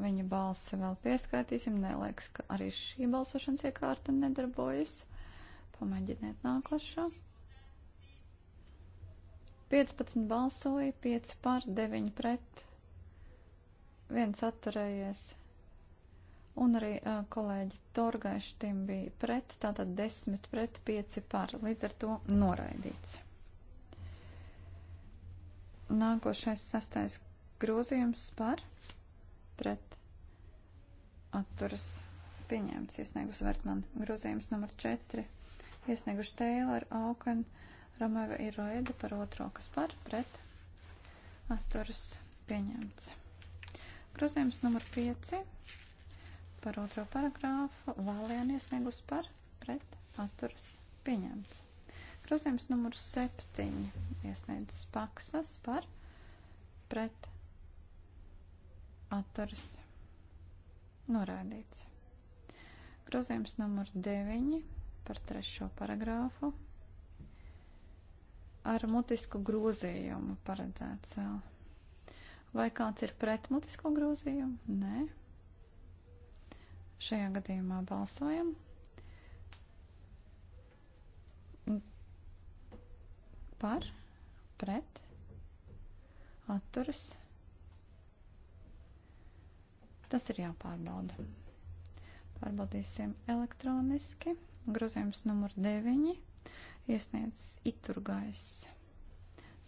viņa balsi vēl pieskaitīsim, neliekas, ka arī šī balsošanas iekārta nedarbojas. Pamēģiniet nākošo. 15 balsoja, 5 par, 9 pret, 1 atturējies un arī uh, kolēģi Torgaiši tim bija pret, tātad 10 pret 5 par, līdz ar to noraidīts. Nākošais sastais grozījums par, pret, atturas pieņēmts, iesniegus Vertman, grozījums numur 4, iesnieguši Taylor, Auken, Romeva ir Roeda par otro, kas par, pret, atturas pieņemts. Grozījums numur 5 par otro paragrāfu Vālēna iesniegus par pret atturas pieņemts. Grozījums numur 7 iesniedzis paksas par pret atturas norādīts. Grozījums numur 9 par trešo paragrāfu ar mutisku grozījumu paredzēts vēl. Vai kāds ir pret mutisko grozījumu? Nē. Šajā gadījumā balsojam. Par, pret, atturas. Tas ir jāpārbauda. Pārbaudīsim elektroniski. Grozījums numur 9 iesniedzis iturgais.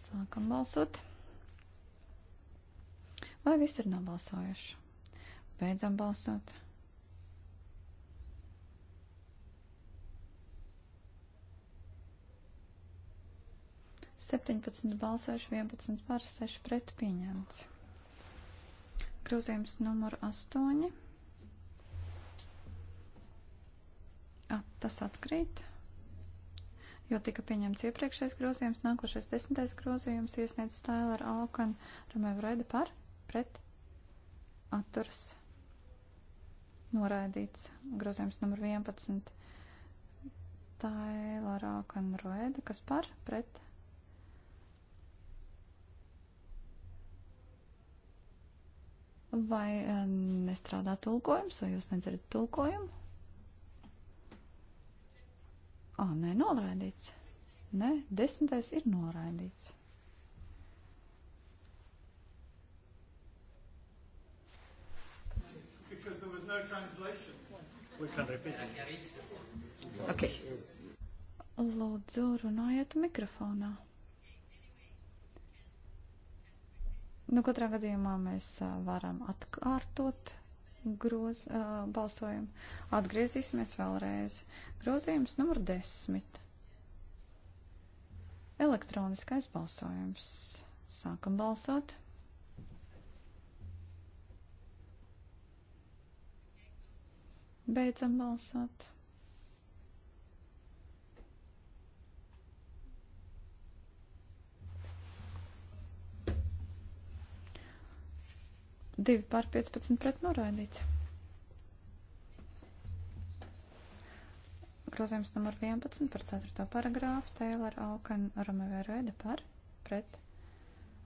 Sākam balsot. Vai viss ir nobalsojuši? Beidzam balsot. 17 balsojuši, 11 par, 6 pret pieņemts. Grozījums numur 8. At, tas atkrīt, jo tika pieņemts iepriekšējais grozījums, nākošais desmitais grozījums iesniedz Tailera Aukan Romēva Raida par, pret, atturs, noraidīts, grozījums numur 11. Tailera Aukan Raida, kas par, pret, atturs Vai eh, nestrādā tulkojums, vai jūs nedzirdat tulkojumu? Ā, nē, noraidīts. Nē, desmitais ir noraidīts. Because there was no translation. We can repeat it. Okay. Lūdzu, runājiet mikrofonā. Nu, katrā gadījumā mēs varam atkārtot groz, uh, balsojumu. Atgriezīsimies vēlreiz. Grozījums numur desmit. Elektroniskais balsojums. Sākam balsot. Beidzam balsot. 2 pār 15 pret noraidīts. Grozījums numur 11 par 4. paragrāfu Taylor Auken Romevē Rēda par pret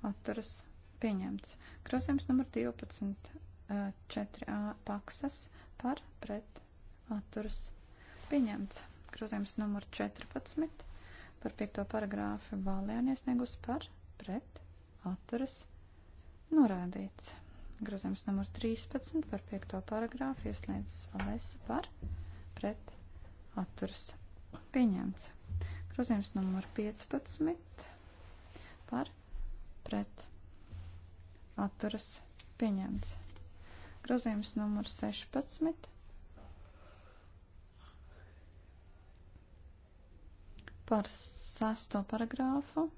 atturas pieņemts. Grozījums numur 12 4a paksas par pret atturas pieņemts. Grozījums numur 14 par 5. paragrāfu Valēniesniegus par pret atturas norādīts. Grozījums numur 13 par 5. paragrāfu iesniedzis Valesa par pret atturas pieņemts. Grozījums numur 15 par pret atturas pieņemts. Grozījums numur 16 par 6. paragrāfu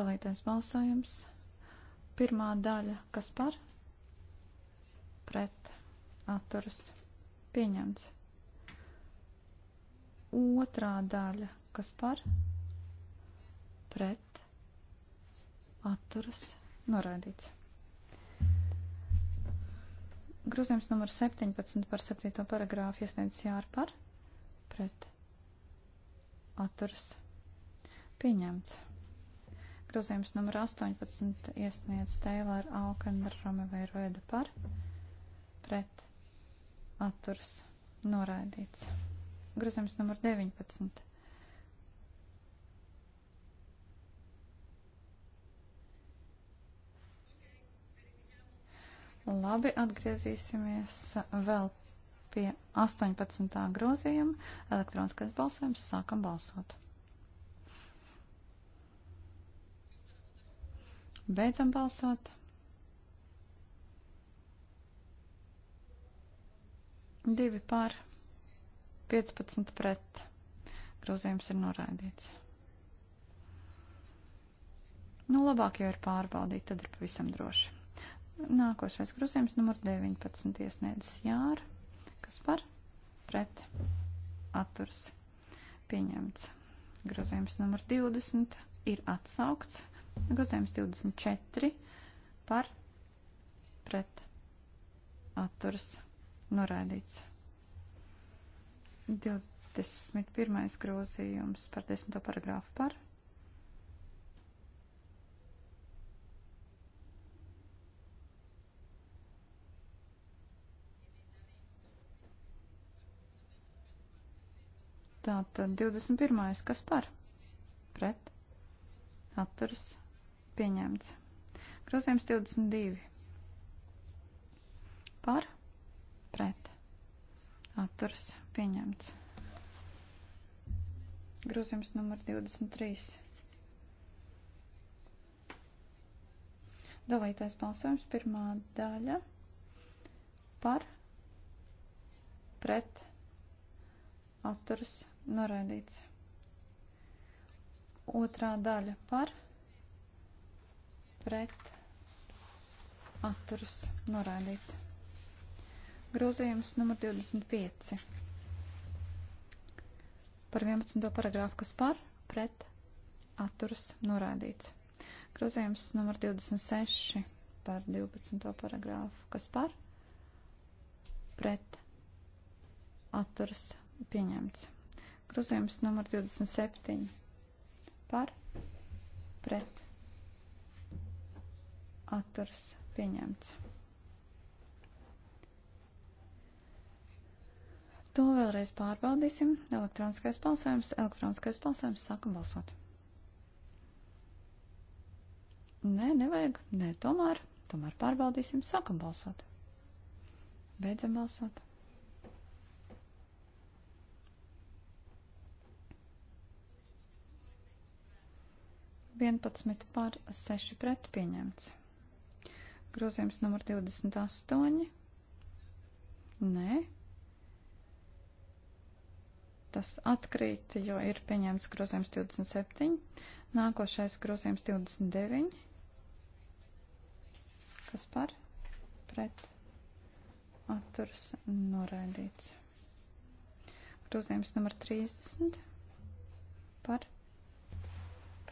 dalītais balsojums. Pirmā daļa, kas par pret atturas pieņemts. Otrā daļa, kas par pret atturas noraidīts. Grozījums numur 17 par 7. paragrāfu iesniedz jār par pret atturas pieņemts. Grozījums numur 18 iesniedz Taylor Alkan Romevēru Eda par pret pret atturs noraidīts. Grozījums numur 19. Labi, atgriezīsimies vēl pie 18. grozījuma. Elektroniskais balsojums. Sākam balsot. Beidzam balsot. 2 pār 15 pret. Grozījums ir noraidīts. Nu, labāk jau ir pārbaudīt, tad ir pavisam droši. Nākošais grozījums numur 19 iesniedzis Jāra. Kas par? Pret. Atturs. Pieņemts. Grozījums numur 20 ir atsaukts. Grozījums 24 par pret. Atturs Norādīts. 21. grozījums par 10. paragrāfu par. Tātad 21. kas par? Pret. Atturas. Pieņemts. Grozījums 22. Par pret atturs pieņemts. Grozījums numur 23. Dalītais balsojums pirmā daļa par pret atturs noraidīts. Otrā daļa par pret atturs noraidīts. Grozījums numur 25. Par 11. paragrāfu, kas par, pret, atturas, norādīts. Grozījums numur 26. Par 12. paragrāfu, kas par, pret, atturas, pieņemts. Grozījums numur 27. Par, pret, atturas, pieņemts. To vēlreiz pārbaudīsim. Elektroniskais balsojums, elektroniskais balsojums, sākam balsot. Nē, nevajag, nē, tomēr, tomēr pārbaudīsim, sākam balsot. Beidzam balsot. Vienpadsmit par seši pret pieņemts. Grozījums numur 28. Nē, tas atkrīt, jo ir pieņemts grozījums 27. Nākošais grozījums 29. Kas par? Pret. Atturs noraidīts. Grozījums numur 30. Par.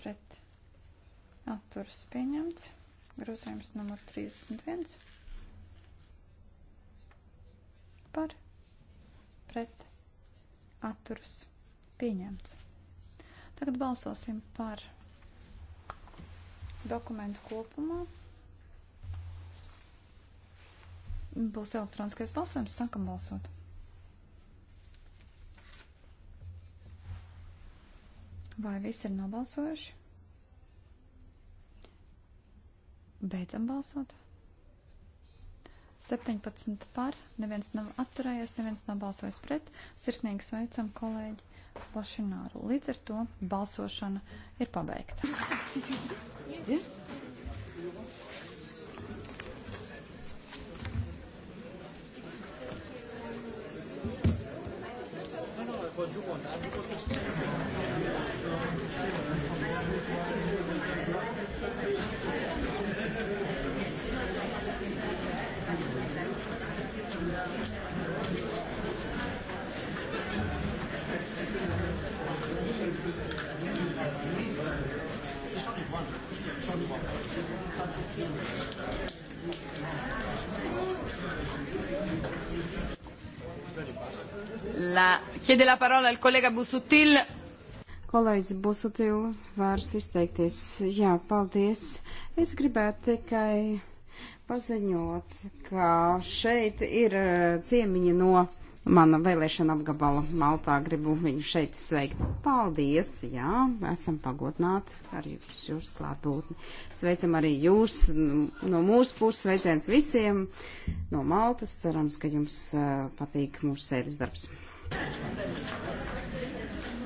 Pret. Atturs pieņemts. Grozījums numur 31. Par. Pret atturas pieņemts. Tagad balsosim par dokumentu kopumā. Būs elektroniskais balsojums, sākam balsot. Vai visi ir nobalsojuši? Beidzam balsot. 17 par, neviens nav atturējies, neviens nav balsojis pret. Sirsnīgi sveicam kolēģi Plašināru. Līdz ar to balsošana ir pabeigta. Yeah. Thank you. La... Chiede la parola il collega Busuttil. Kolēģis Busuttil vairs izteikties. Jā, paldies. Es gribētu tikai paziņot, ka šeit ir e, ciemiņi no mana vēlēšana apgabala Maltā. Gribu viņu šeit sveikt. Paldies, jā, esam pagodināti ar jūs, jūs klātbūtni. Sveicam arī jūs no mūsu puses, sveiciens visiem no Maltas. Cerams, ka jums e, patīk mūsu sēdes darbs. Thank you.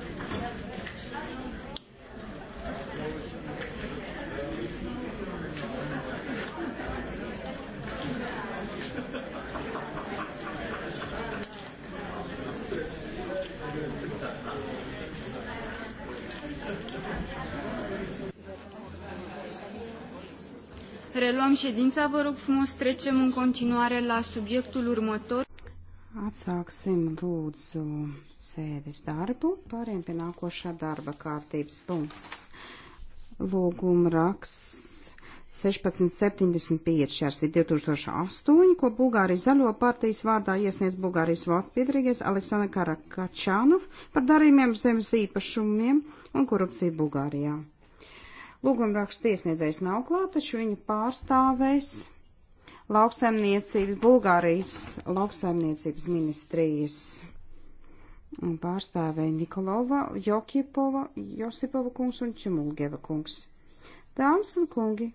Reluăm ședința, vă rog frumos, trecem în continuare la subiectul următor. Atsāksim lūdzu sēdes darbu, pāriem pie nākošā darba kārtības punkts. Lūguma raksts 1675 šķērsvīt 2008, ko Bulgārijas zaļo partijas vārdā iesniedz Bulgārijas valsts piedarīgais Aleksandra Karakačānov par darījumiem zemes īpašumiem un korupciju Bulgārijā. Lūgumraksta tiesniedzējs nav klāt, taču viņa pārstāvēs lauksaimniecības, Bulgārijas lauksaimniecības ministrijas un pārstāvēja Nikolova, Jokipova, Josipova kungs un Čemulgeva kungs. Dāmas un kungi,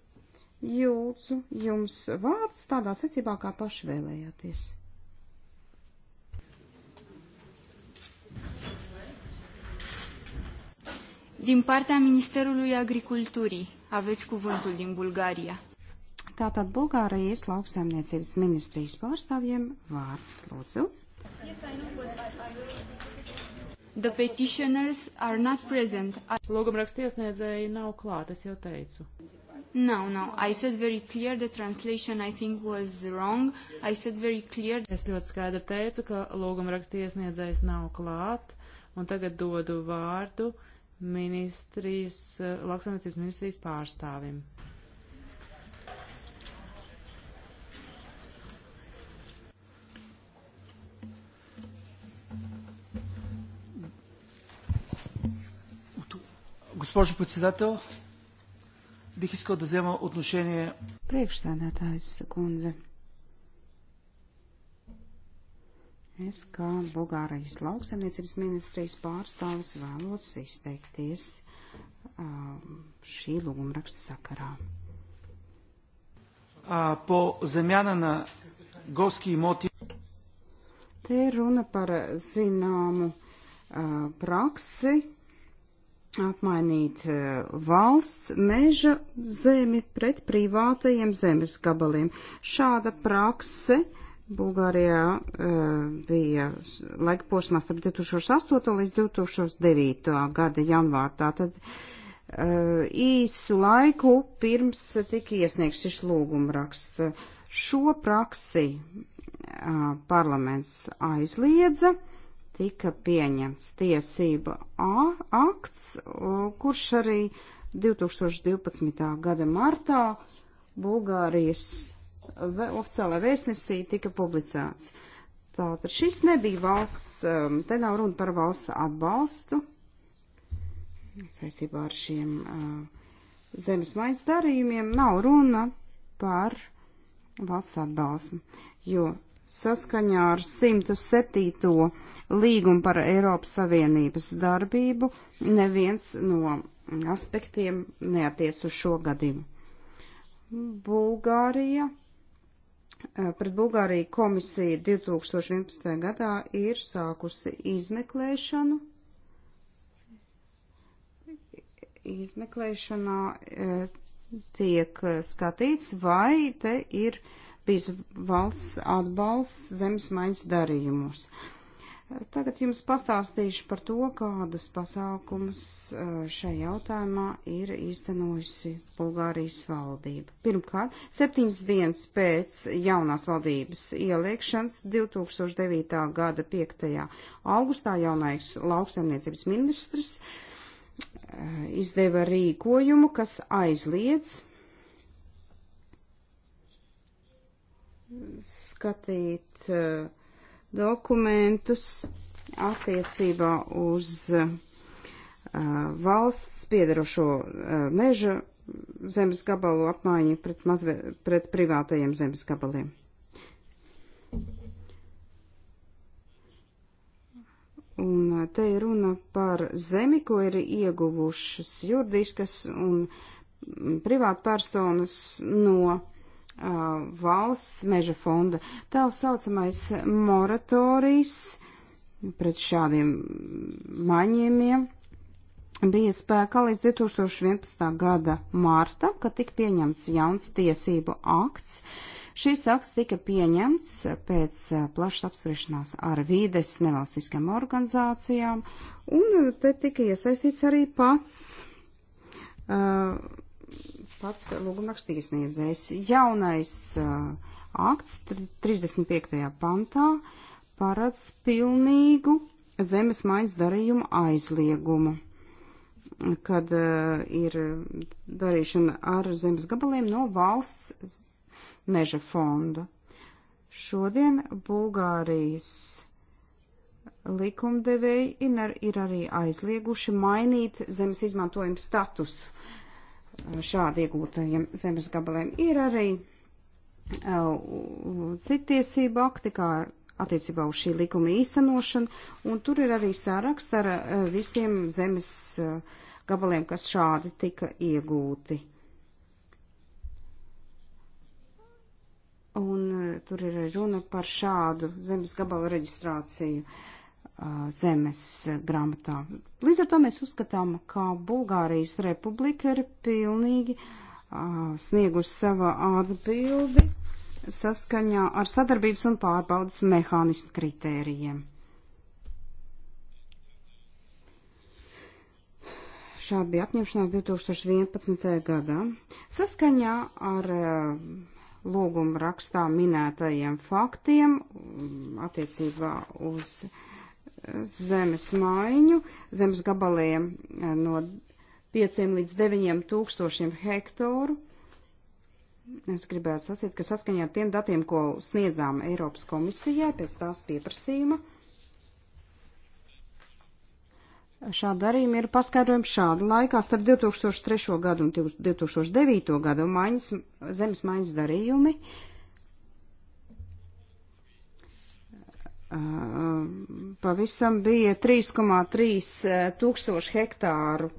jūdzu jums vārds tādā secībā, kā paši vēlējāties. Din partea Ministerului Agriculturii, aveți cuvântul din Bulgaria. Tātad Bulgārijas lauksaimniecības ministrijas pārstāvjiem vārds lūdzu. The petitioners are not present. I... Lūgumraksta iesniedzēji nav klāt, es jau teicu. No, no, I said very clear the translation I think was wrong. I said very clear. Es ļoti skaidri teicu, ka lūgumraksta iesniedzējs nav klāt, un tagad dodu vārdu uh, ministrijas, eh, lauksaimniecības ministrijas pārstāvim. Госпожо председател, бих искал да взема отношение. Приекштанатājs kundze. Es kā Bulgārijas lauksaimniecības ministrijas pārstāvis vēlos izteikties um, šī lūgumraksta sakarā. Po zemjana na goski moti. Te ir runa par zināmu uh, praksi apmainīt uh, valsts meža zemi pret privātajiem zemes gabaliem. Šāda prakse uh, Bulgārijā e, bija laika posmā starp 2008. līdz 2009. gada janvārtā. Tātad e, īsu laiku pirms tika iesniegts šis lūgumraksts. Šo praksi e, parlaments aizliedza tika pieņemts tiesība A akts, kurš arī 2012. gada martā Bulgārijas oficiālā vēstnesī tika publicēts. Tātad šis nebija valsts, um, te nav runa par valsts atbalstu saistībā ar šiem uh, zemes maizes darījumiem, nav runa par valsts atbalstu, jo saskaņā ar 107. līgumu par Eiropas Savienības darbību neviens no aspektiem neaties uz šo gadījumu. Bulgārija Eh, pret Bulgāriju komisija 2011. gadā ir sākusi izmeklēšanu. Izmeklēšanā eh, tiek skatīts, vai te ir bijis valsts atbalsts zemes maiņas darījumus. Uh, Tagad jums pastāstīšu par to, kādus pasākumus šajā jautājumā ir īstenojusi Bulgārijas valdība. Pirmkārt, septiņas dienas pēc jaunās valdības ieliekšanas 2009. gada 5. augustā jaunais lauksaimniecības ministrs izdeva rīkojumu, kas aizliedz skatīt uh, dokumentus attiecībā uz uh, valsts piedarošo uh, meža zemes gabalu apmaiņu pret, mazve, pret privātajiem zemes gabaliem. Un uh, te ir runa par zemi, ko ir ieguvušas juridiskas un mm, privātpersonas no Uh, valsts meža fonda. Tā saucamais moratorijas pret šādiem maņēmiem bija spēkā līdz 2011. gada mārta, kad tika pieņemts jauns tiesību akts. Šis akts tika pieņemts pēc uh, plašas apspriešanās ar vīdes nevalstiskām organizācijām, un te tika iesaistīts arī pats uh, pats lūgumrakstīsniedzējs. Jaunais uh, akts 35. pantā paredz pilnīgu zemes maiņas darījumu aizliegumu, kad uh, ir darīšana ar zemes gabaliem no valsts meža fonda. Šodien Bulgārijas likumdevēji ir, ar, ir arī aizlieguši mainīt zemes izmantojumu statusu šādi iegūtajiem zemes gabaliem. Ir arī uh, citiesība akti, kā attiecībā uz šī likuma īstenošanu, un tur ir arī saraksts ar uh, visiem zemes uh, gabaliem, kas šādi tika iegūti. Un tur ir runa par šādu zemes gabalu reģistrāciju. Uh, zemes grāmatā. Līdz ar to mēs uzskatām, ka Bulgārijas republika ir pilnīgi sniegusi sava atbildi saskaņā ar sadarbības un pārbaudas mehānismu kritērijiem. Šāda bija apņemšanās 2011. gadā. Saskaņā ar lūguma rakstā minētajiem faktiem attiecībā uz uh, zemes mājiņu, zemes gabaliem eh, no 5 līdz 9 tūkstošiem hektāru. Es gribētu sasiet, ka saskaņā ar tiem datiem, ko sniedzām Eiropas komisijai pēc tās pieprasījuma, šādi darījumi ir paskaidrojumi šādi laikā starp 2003. gadu un 2009. gadu maiņas, zemes maiņas darījumi. Uh, pavisam bija 3,3 eh, tūkstoši hektāru uh,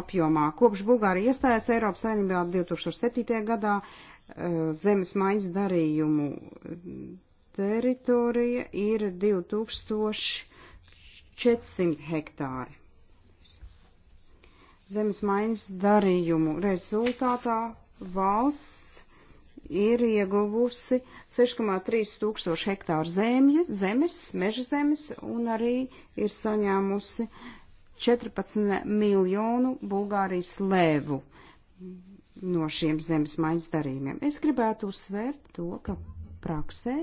apjomā. Kopš Bulgārija iestājās Eiropas saimnībā 2007. gadā uh, zemes maiņas darījumu teritorija ir 2400 hektāri. Zemes maiņas darījumu rezultātā valsts ir ieguvusi 6,3 tūkstoši hektāru zemļa, zemes, meža zemes, un arī ir saņēmusi 14 miljonu Bulgārijas lēvu no šiem zemes maiņas darījumiem. Es gribētu uzsvērt to, ka praksē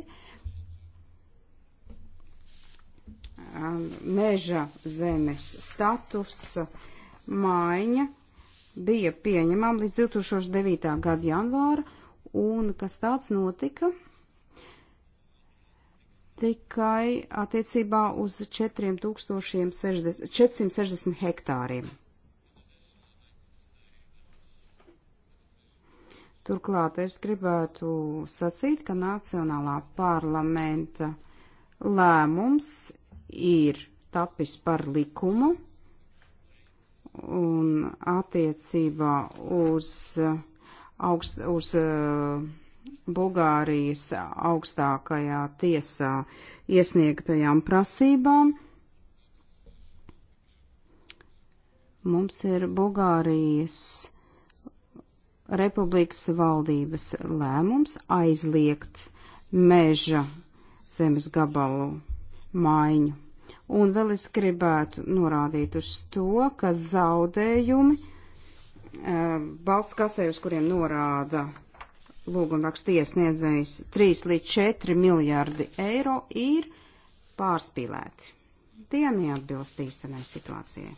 meža zemes status maiņa bija pieņemama līdz 2009. gada janvāra, un kas tāds notika tikai attiecībā uz 4060, 460 hektāriem. Turklāt es gribētu sacīt, ka Nacionālā parlamenta lēmums ir tapis par likumu un attiecībā uz uh, augst, uz uh, Bulgārijas augstākajā tiesā iesniegtajām prasībām. Mums ir Bulgārijas republikas valdības lēmums aizliegt meža zemes gabalu maiņu. Un vēl es gribētu norādīt uz to, ka zaudējumi balsts kasē, uz kuriem norāda lūgumrakstu iesniedzējs 3 līdz 4 miljārdi eiro, ir pārspīlēti. Tie neatbilst īstenai situācijai.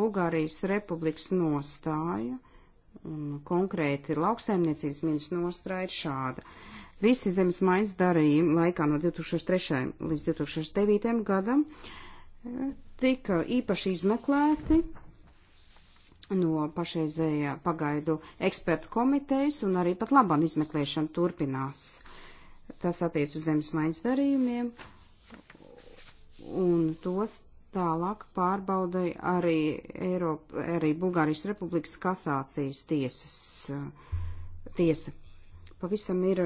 Bulgārijas republikas nostāja un konkrēti lauksaimniecības ministrs nostāja ir šāda. Visi zemes maiņas darījumi laikā no 2003. līdz 2009. gadam tika īpaši izmeklēti no pašreizējā pagaidu ekspertu komitejas un arī pat labam izmeklēšana turpinās. Tas attiec uz zemes maiņas darījumiem un tos tālāk pārbaudai arī, Eiropa, arī Bulgārijas Republikas kasācijas tiesas tiesa. Pavisam ir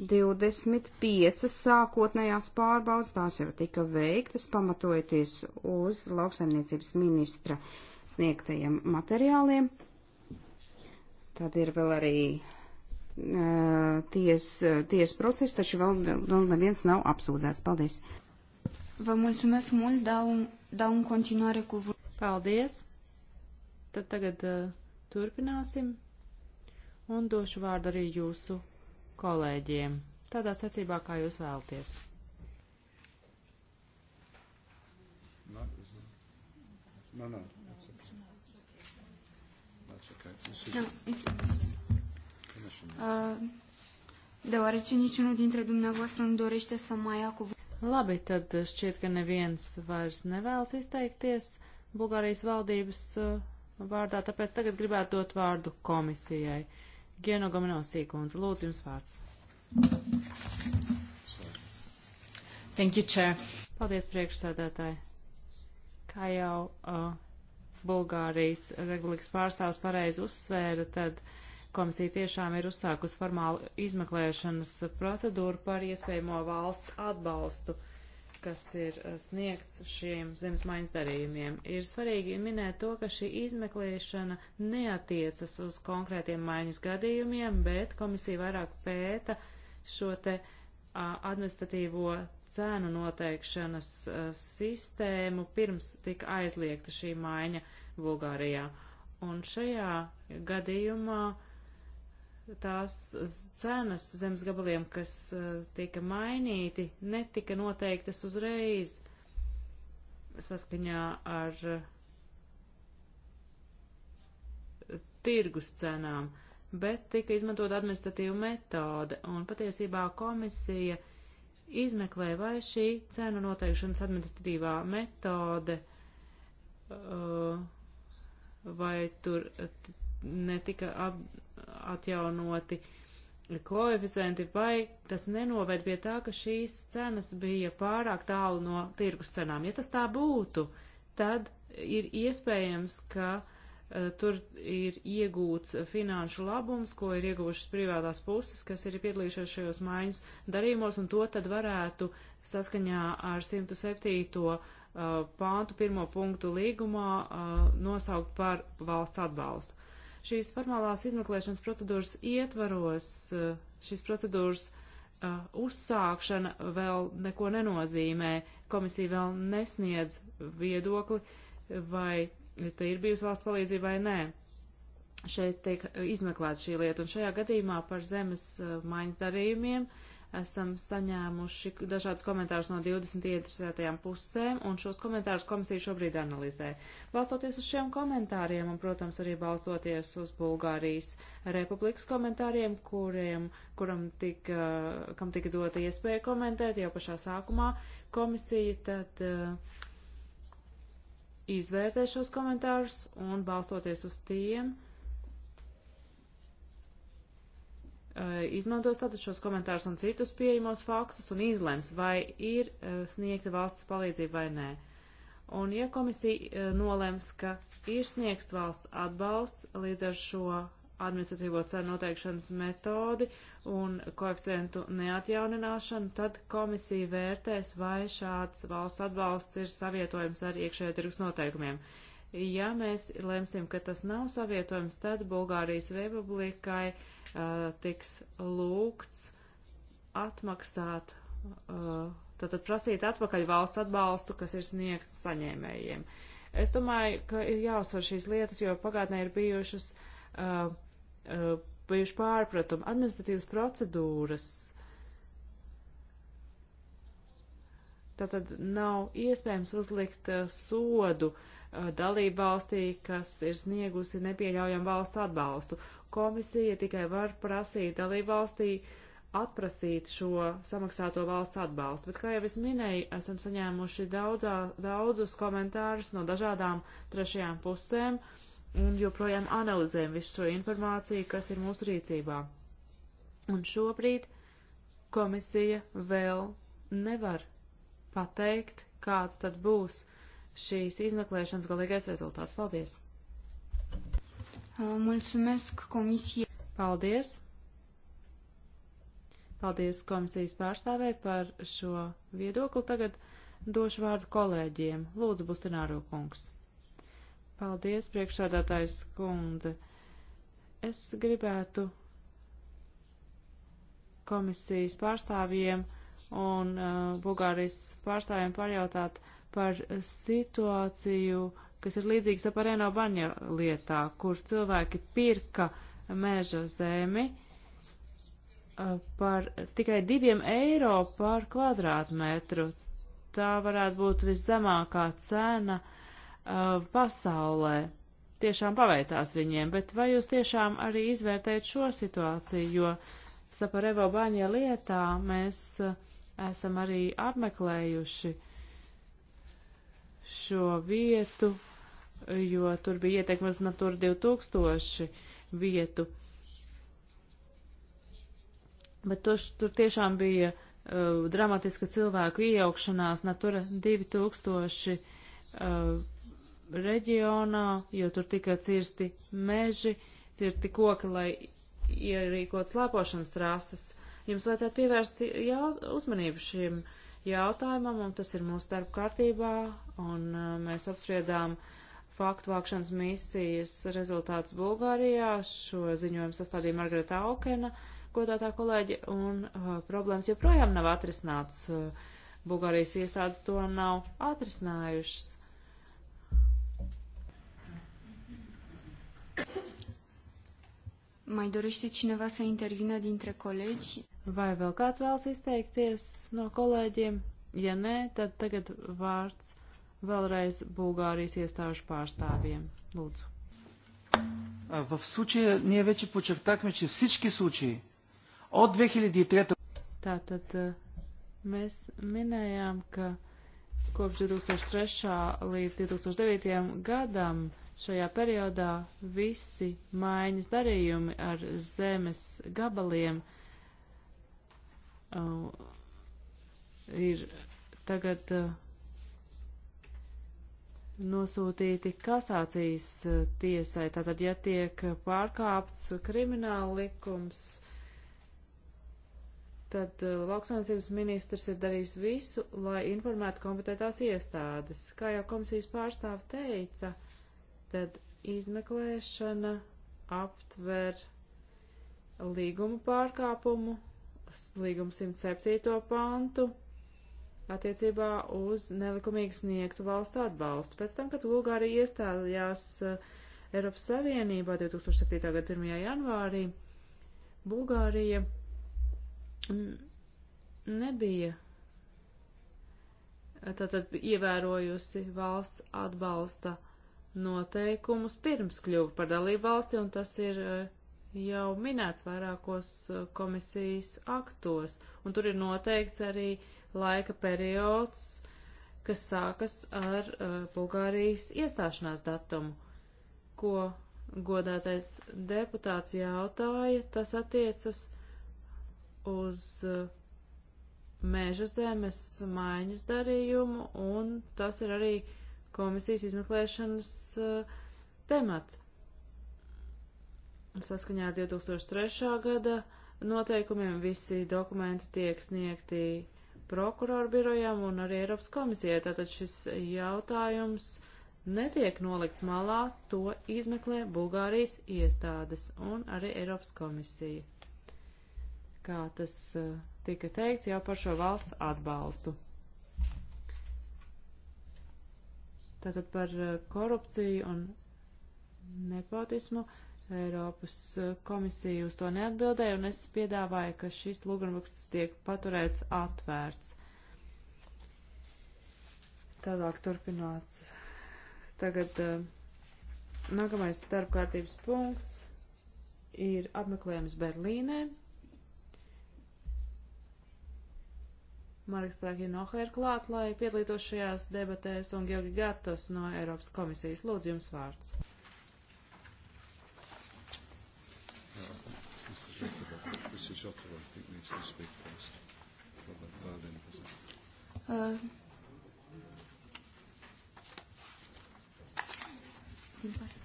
25 sākotnējās pārbaudas, tās jau tika veiktas, pamatojoties uz lauksaimniecības ministra sniegtajiem materiāliem. Tad ir vēl arī uh, ties, ties process, taču vēl, vēl neviens nav apsūdzēts. Paldies! Vă mulțumesc mult, dau, dau în continuare cuvântul. Paldies! Tad tagad uh, turpināsim un došu vārdu arī jūsu kolēģiem, tādā secībā, kā jūs vēlties. No, no. No, it's... Uh, deoarece niciunul dintre dumneavoastră nu dorește să mai ia cuvânt. Labi, tad šķiet, ka neviens vairs nevēlas izteikties Bulgārijas valdības uh, vārdā, tāpēc tagad gribētu dot vārdu komisijai. Uh, Gieno Gomenosī kundze, lūdzu jums vārds. Thank you, Chair. Paldies, priekšsēdētāji. Kā jau uh, Bulgārijas republikas pārstāvs pareizi uzsvēra, tad komisija tiešām ir uzsākusi formālu izmeklēšanas procedūru par iespējamo valsts atbalstu uh, kas ir eh, sniegts šiem zemes maiņas darījumiem. Ir svarīgi minēt to, ka šī izmeklēšana neatiecas uz konkrētiem maiņas gadījumiem, bet komisija vairāk pēta šo te administratīvo cēnu noteikšanas sistēmu pirms tika aizliegta šī maiņa Bulgārijā. Un šajā gadījumā uh, tās cenas zemes gabaliem, kas eh, tika mainīti, netika noteiktas uzreiz saskaņā ar eh, tirgus cenām, bet tika izmantot administratīva metode, un patiesībā komisija izmeklē, vai šī cenu noteikšanas administratīvā metode, eh, vai tur netika apdraudēta atjaunoti koeficienti, vai tas nenoved pie tā, ka šīs cenas bija pārāk tālu no tirgus cenām. Ja tas tā būtu, tad ir iespējams, ka uh, tur ir iegūts finanšu labums, ko ir ieguvušas privātās puses, kas ir piedalījušās šajos maiņas darījumos, un to tad varētu saskaņā ar 107. Uh, eh, pāntu pirmo punktu līgumā uh, nosaukt par valsts atbalstu. Šīs formālās izmeklēšanas procedūras ietvaros eh, šīs procedūras uh, uzsākšana vēl neko nenozīmē. Komisija vēl nesniedz viedokli, vai te ir bijusi valsts palīdzība vai nē. Šeit tiek eh, izmeklēta šī lieta, un šajā gadījumā par zemes uh, maiņas darījumiem uh, esam saņēmuši dažādus komentārus no 20 ieinteresētajām pusēm, un šos komentārus komisija šobrīd analizē. Balstoties uz šiem komentāriem, un, protams, arī balstoties uz Bulgārijas republikas komentāriem, kuriem, kuram tika, kam tika dota iespēja komentēt jau pašā sākumā, komisija tad uh, izvērtē šos komentārus, un balstoties uz tiem, uh, Eh, izmantos tātad šos komentārus un citus pieejamos faktus un izlems, vai ir eh, sniegta valsts palīdzība vai nē. Un ja komisija eh, nolems, ka ir sniegts valsts atbalsts līdz ar šo administratīvo cenu noteikšanas metodi un koeficientu neatjaunināšanu, tad komisija vērtēs, vai šāds valsts atbalsts ir savietojams ar iekšējā tirgus noteikumiem. Uh, Ja mēs lemsim, ka tas nav savietojams, tad Bulgārijas republikai uh, tiks lūgts atmaksāt, uh, tātad prasīt atpakaļ valsts atbalstu, kas ir sniegts saņēmējiem. Es domāju, ka ir jāuzsver šīs lietas, jo pagātnē ir bijušas, uh, uh, bijuši pārpratumi. Administratīvas procedūras uh, tātad nav iespējams uzlikt uh, sodu Uh, dalību valstī, kas ir sniegusi nepieļaujam valsts atbalstu. Komisija tikai var prasīt dalību valstī atprasīt šo samaksāto valsts atbalstu, bet, kā jau es minēju, esam saņēmuši daudzā, daudzus komentārus no dažādām trešajām pusēm un joprojām analizējam visu šo informāciju, kas ir mūsu rīcībā. Un šobrīd komisija vēl nevar pateikt, kāds tad būs uh, šīs izmeklēšanas galīgais rezultāts. Paldies! Uh, mulțumesc komisijai. Paldies! Paldies komisijas pārstāvē par šo viedokli. Tagad došu vārdu kolēģiem. Lūdzu, Bustināro kungs. Paldies, priekšsādātājs kundze. Es gribētu komisijas pārstāvjiem un uh, Bulgārijas pārstāvjiem pajautāt, uh, par situāciju, kas ir līdzīga Saparēno baņa lietā, kur cilvēki pirka meža zemi par tikai diviem eiro par kvadrātmetru. Tā varētu būt viszemākā cena uh, pasaulē. Tiešām paveicās viņiem, bet vai jūs tiešām arī izvērtējat šo situāciju, jo Saparevo baņa lietā mēs uh, esam arī apmeklējuši uh, šo vietu, jo tur bija ietekmes Natura 2000 vietu. Bet tur, tur tiešām bija uh, dramatiska cilvēku iejaukšanās Natura 2000 uh, reģionā, jo tur tika cirsti meži, cirsti koki, lai ierīkot slēpošanas trases. Jums vajadzētu pievērst jā, uzmanību šim uh, jautājumam, un tas ir mūsu darba kārtībā, un uh, mēs apspriedām faktu vākšanas misijas rezultātus Bulgārijā. Šo ziņojumu sastādīja Margareta Aukena, godātā kolēģe, un uh, problēmas joprojām nav atrisināts. Uh, Bulgārijas iestādes to nav atrisinājušas. Mai dorește cineva să intervină dintre colegi? Vai vēl kāds vēlas izteikties no kolēģiem? Ja nē, tad tagad vārds vēlreiz Bulgārijas iestāžu pārstāvjiem. Lūdzu. В случая ние вече подчертахме, че всички случаи от 2003 Tātad э, mēs minējām, ka kopš 2003. līdz 2009. gadam šajā periodā visi maiņas darījumi ar zemes gabaliem uh, uh, ir tagad uh, nosūtīti kasācijas uh, tiesai. Tātad, ja tiek pārkāpts krimināla likums, tad uh, lauksaimniecības ministrs ir darījis visu, lai informētu kompetentās iestādes. Kā jau komisijas pārstāv teica, tad izmeklēšana aptver līguma pārkāpumu līguma 107. pantu attiecībā uz nelikumīgi sniegtu valsts atbalstu. Pēc tam, kad Bulgārija iestājās eh, Eiropas Savienībā 2007. gada 1. janvārī, Bulgārija nebija eh, tātad ievērojusi valsts atbalsta noteikumus pirms kļuva par dalību valsti, un tas ir uh, jau minēts vairākos eh, komisijas aktos, un tur ir noteikts arī laika periods, kas sākas ar uh, Bulgārijas iestāšanās datumu, ko godātais deputāts jautāja, tas attiecas uz uh, eh, mēža zemes maiņas darījumu, un tas ir arī komisijas izmeklēšanas uh, temats. Saskaņā ar 2003. gada noteikumiem visi dokumenti tiek sniegti prokuroru birojam un arī Eiropas komisijai. Tātad šis jautājums netiek nolikts malā, to izmeklē Bulgārijas iestādes un arī Eiropas komisija. Kā tas eh, tika teikts jau par šo valsts atbalstu. Tātad par eh, korupciju un nepotismu. Uh, Eiropas eh, komisija uz to neatbildēja, un es piedāvāju, ka šis lūgumraksts tiek paturēts atvērts. Tālāk turpinās. Tagad eh, nākamais starpkārtības punkts ir apmeklējums Berlīnē. Marks Trahinoha ir klāt, lai piedalītos šajās debatēs, un Georgi Gatos no Eiropas komisijas lūdzu jums vārds. Uh, din partea.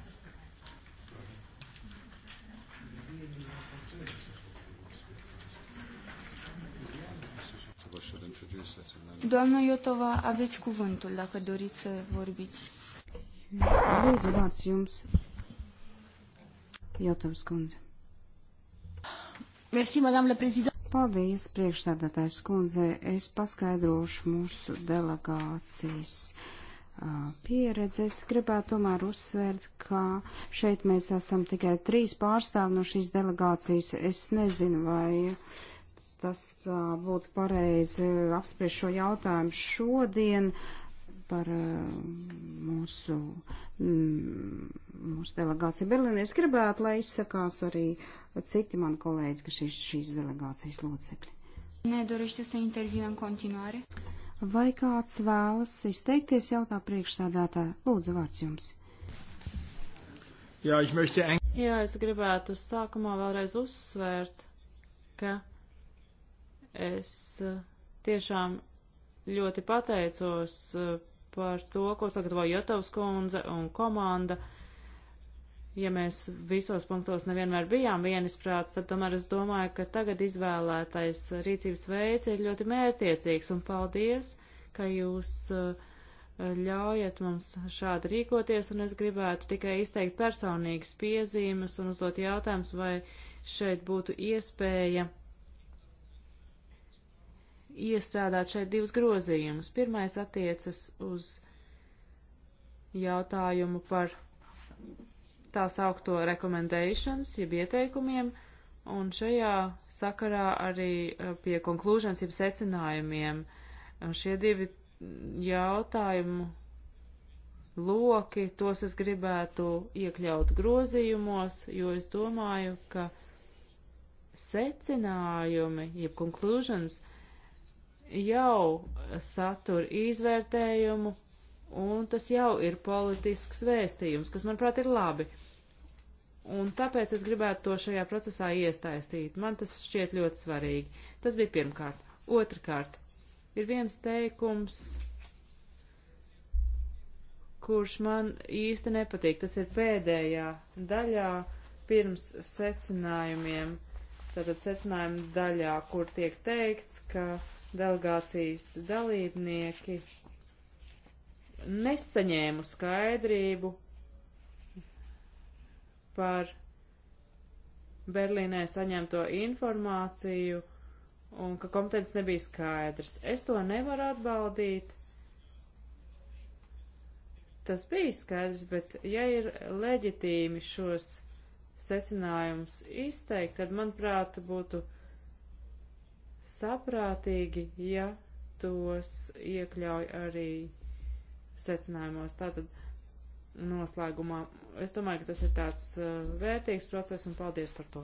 Doamnă Iotova, aveți cuvântul dacă doriți să vorbiți. Lūdzu, vārds jums. Jotovs kundze. Merci, madame la présidente. Paldies, priekšsēdētājs kundze. Es paskaidrošu mūsu delegācijas pieredze. Es gribētu tomēr uzsvērt, ka šeit mēs esam tikai trīs pārstāvi no šīs delegācijas. Es nezinu, vai tas tā būtu pareizi apspriest šo jautājumu šodien. Uh, par eh, mūsu, mm, mūsu delegāciju Berlīnē. Es gribētu, lai izsakās arī citi mani kolēģi, kas ir šīs delegācijas locekļi. Nedorește să intervină în continuare? Vai kāds vēlas izteikties jautā priekšsādātāja? Lūdzu, vārds jums. Jā, es möchte... Jā, es gribētu sākumā vēlreiz uzsvērt, ka es eh, tiešām ļoti pateicos eh, par to, ko sagatavo Jotovs kundze un komanda. Ja mēs visos punktos nevienmēr bijām vienisprāts, tad tomēr es domāju, ka tagad izvēlētais rīcības veids ir ļoti mērtiecīgs un paldies, ka jūs uh, ļaujat mums šādi rīkoties un es gribētu tikai izteikt personīgas piezīmes un uzdot jautājumus, vai šeit būtu iespēja iestrādāt šeit divus grozījumus. Pirmais attiecas uz jautājumu par tās augto recommendations, jeb ieteikumiem, un šajā sakarā arī eh, pie conclusions, jeb secinājumiem. Eh, šie divi jautājumu loki, tos es gribētu iekļaut grozījumos, jo es domāju, ka secinājumi, jeb conclusions, uh, jau satur izvērtējumu, un tas jau ir politisks vēstījums, kas, manuprāt, ir labi. Un tāpēc es gribētu to šajā procesā iesaistīt. Man tas šķiet ļoti svarīgi. Tas bija pirmkārt. Otrakārt, ir viens teikums, kurš man īsti nepatīk. Tas ir pēdējā daļā pirms secinājumiem. Tātad secinājuma daļā, kur tiek teikts, ka uh, delegācijas dalībnieki nesaņēmu skaidrību par Berlīnē saņemto informāciju un ka kompetence nebija skaidrs. Es to nevaru atbaldīt. Tas bija skaidrs, bet ja ir leģitīmi šos secinājumus izteikt, tad, manuprāt, būtu saprātīgi, ja tos iekļauj arī secinājumos. Tātad noslēgumā es domāju, ka tas ir tāds uh, vērtīgs process un paldies par to.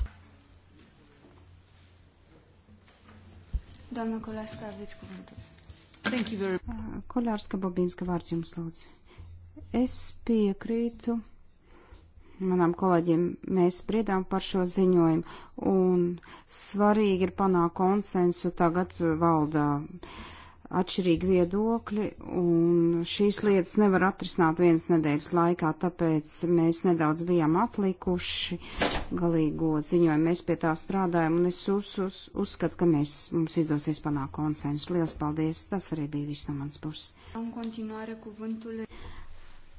Doamna Kolarska, aveți cuvântul. Thank you very much. Kolarska Bobinska, vārds jums lūdzu. Es piekrītu manam kolēģim mēs spriedām par šo ziņojumu, un svarīgi ir panākt konsensu, tagad valdā atšķirīgi viedokļi, un šīs lietas nevar atrisināt vienas nedēļas laikā, tāpēc mēs nedaudz bijām atlikuši galīgo ziņojumu. Mēs pie tā strādājam, un es uz, uz, uzskatu, ka mēs, mums izdosies panākt konsensu. Lielas paldies! Tas arī bija viss no manas puses.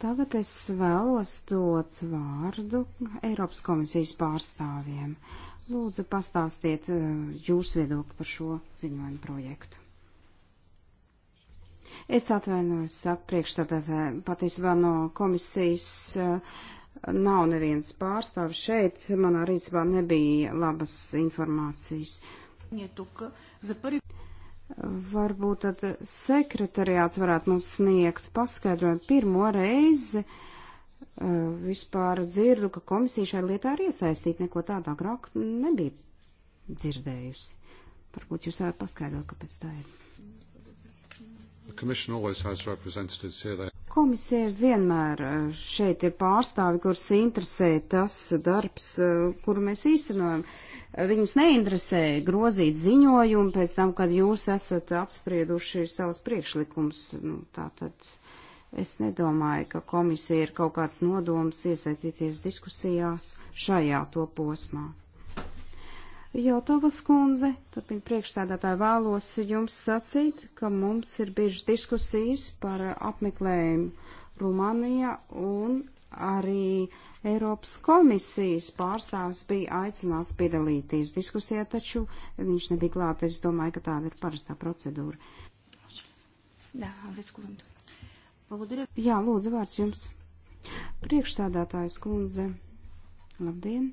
Tagad es vēlos dot vārdu Eiropas komisijas pārstāvjiem. Lūdzu, pastāstiet eh, jūsu viedokli par šo ziņojumu projektu. Es atvainojos, saka priekšstādātāji, patiesībā no komisijas eh, nav neviens pārstāvis šeit, manā rīcībā nebija labas informācijas. Netuka, Varbūt tad sekretariāts varētu mums sniegt paskaidrojumu pirmo reizi. Eh, vispār dzirdu, ka komisija šai lietā ir iesaistīta, neko tādu agrāk nebija dzirdējusi. Varbūt jūs varat paskaidrot, kāpēc tā ir. Komisija vienmēr e, šeit ir pārstāvi, kurus interesē tas darbs, e, kuru mēs īstenojam. E, Viņus neinteresē grozīt ziņojumu pēc tam, kad jūs esat apsprieduši savus priekšlikumus. Nu, tātad es nedomāju, ka komisija ir kaut kāds nodoms iesaistīties diskusijās šajā to posmā. Jotovas kundze, turpina priekšsēdētāji, vēlos jums sacīt, ka mums ir bijušas diskusijas par apmeklējumu Rumānijā un arī Eiropas komisijas pārstāvs bija aicināts piedalīties diskusijā, taču viņš nebija klāt. Es domāju, ka tāda ir parastā procedūra. Jā, lūdzu, vārds jums. Priekšsēdētājs kundze, labdien!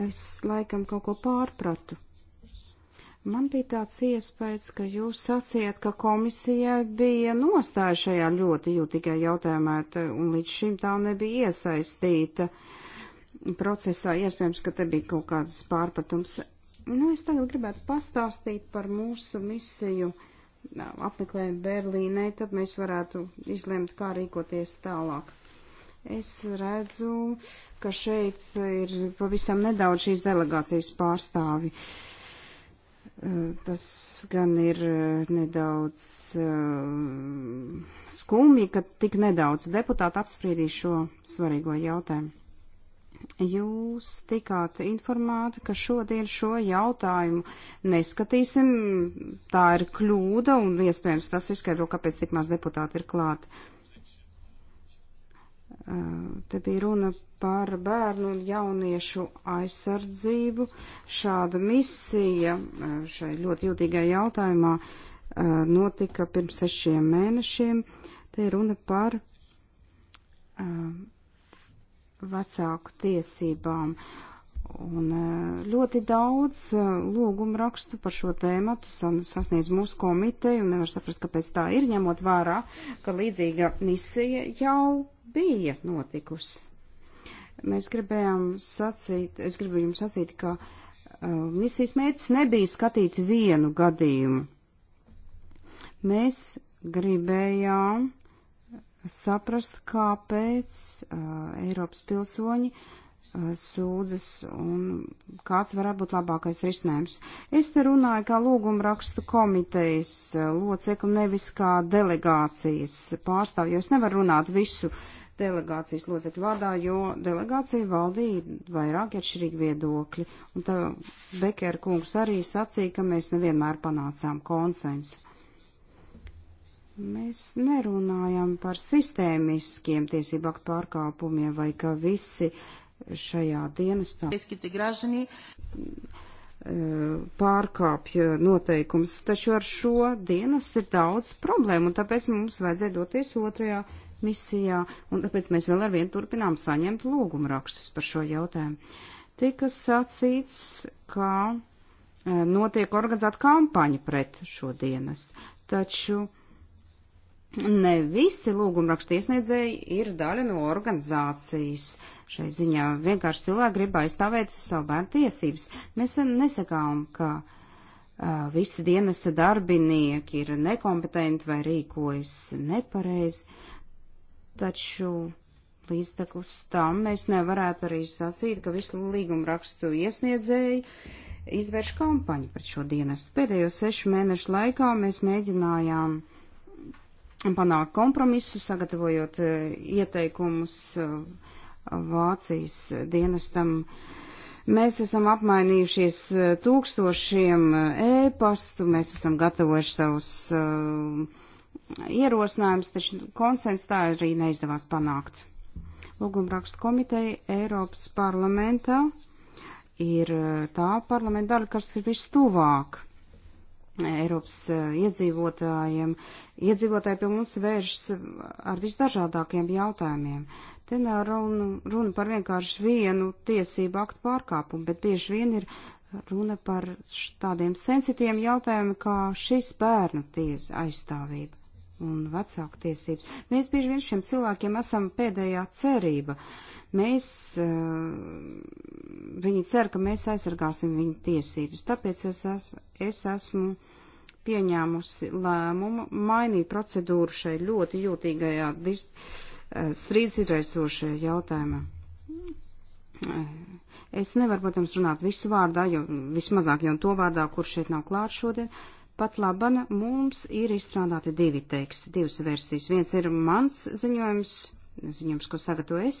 Es laikam kaut ko pārpratu. Man bija tāds iespējas, ka jūs sacījāt, ka komisija bija nostāja šajā ļoti jūtīgajā jautājumā, un līdz šim tā nebija iesaistīta procesā. Iespējams, ka te bija kaut kāds pārpratums. Nu, es tagad gribētu pastāstīt par mūsu misiju apmeklējumu Berlīnē, tad mēs varētu izlemt, kā rīkoties tālāk. Es redzu, ka šeit ir pavisam nedaudz šīs delegācijas pārstāvi. Tas gan ir eh, nedaudz eh, skumji, ka tik nedaudz deputāti apspriedīs šo svarīgo jautājumu jūs tikāt informēti, ka šodien šo jautājumu neskatīsim. Tā ir kļūda un iespējams tas izskaidro, kāpēc tik maz deputāti ir klāt. Eh, te bija runa par bērnu un jauniešu aizsardzību. Šāda misija eh, šai ļoti jūtīgai jautājumā eh, notika pirms sešiem mēnešiem. Te ir runa par vecāku tiesībām. Un ļoti daudz lūgumu rakstu par šo tēmatu sasniedz mūsu komiteju un nevar saprast, kāpēc tā ir, ņemot vērā, ka līdzīga misija jau bija notikusi. Mēs gribējām sacīt, es gribu jums sacīt, ka uh, misijas mērķis nebija skatīt vienu gadījumu. Mēs gribējām saprast, kāpēc uh, Eiropas pilsoņi uh, sūdzas un kāds varētu būt labākais risinājums. Es te runāju kā lūgumrakstu komitejas uh, locekli, nevis kā delegācijas pārstāvju, jo es nevaru runāt visu uh, delegācijas locekļu vārdā, jo delegācija valdīja vairāk atšķirīgi viedokļi. Un tā Bekēra kungs arī sacīja, ka mēs nevienmēr panācām konsensu. Mēs nerunājam par sistēmiskiem tiesību aktu pārkāpumiem vai ka visi šajā dienestā e, pārkāpja noteikums, taču ar šo dienas ir daudz problēmu, un tāpēc mums vajadzēja doties otrajā misijā, un tāpēc mēs vēl arvien turpinām saņemt lūgumu rakstus par šo jautājumu. Tika sacīts, ka e, notiek organizēta kampaņa pret šo dienas, taču ne visi lūgumrakstu iesniedzēji ir daļa no organizācijas. Šai ziņā vienkārši cilvēki grib aizstāvēt savu bērnu tiesības. Mēs nesakām, ka uh, visi dienesta darbinieki ir nekompetenti vai rīkojas nepareizi taču līdztekus tam mēs nevarētu arī sacīt, ka visu līgumu rakstu iesniedzēji izvērš kampaņu pret šo dienestu. Pēdējo sešu mēnešu laikā mēs mēģinājām panākt kompromisu, sagatavojot e, ieteikumus e, Vācijas dienestam. Mēs esam apmainījušies e, tūkstošiem ēpastu, e mēs esam gatavojuši savus uh, ierosinājums, taču konsensus tā arī neizdevās panākt. Lūgumrakstu komiteja Eiropas parlamentā ir e, tā parlamenta daļa, kas ir vistuvāk Eiropas e, iedzīvotājiem. Iedzīvotāji pie mums vēršas ar visdažādākiem jautājumiem. Te nav runa, runa par vienkārši vienu tiesību aktu pārkāpumu, bet bieži vien ir runa par tādiem sensitīviem jautājumiem kā šis bērnu tiesa aizstāvība un vecāku tiesības. Mēs bieži vien šiem cilvēkiem esam pēdējā cerība. Mēs, eh, viņi cer, ka mēs aizsargāsim viņu tiesības. Tāpēc es, es, es esmu pieņēmusi lēmumu mainīt procedūru šai ļoti jūtīgajā eh, strīdus izraisošajā jautājumā. Eh, es nevaru, protams, runāt visu vārdā, jo vismazāk jau to vārdā, kurš šeit nav klāts šodien, Pat labana mums ir izstrādāti divi teksti, divas versijas. Viens ir mans ziņojums, ziņojums, ko sagatavoju es,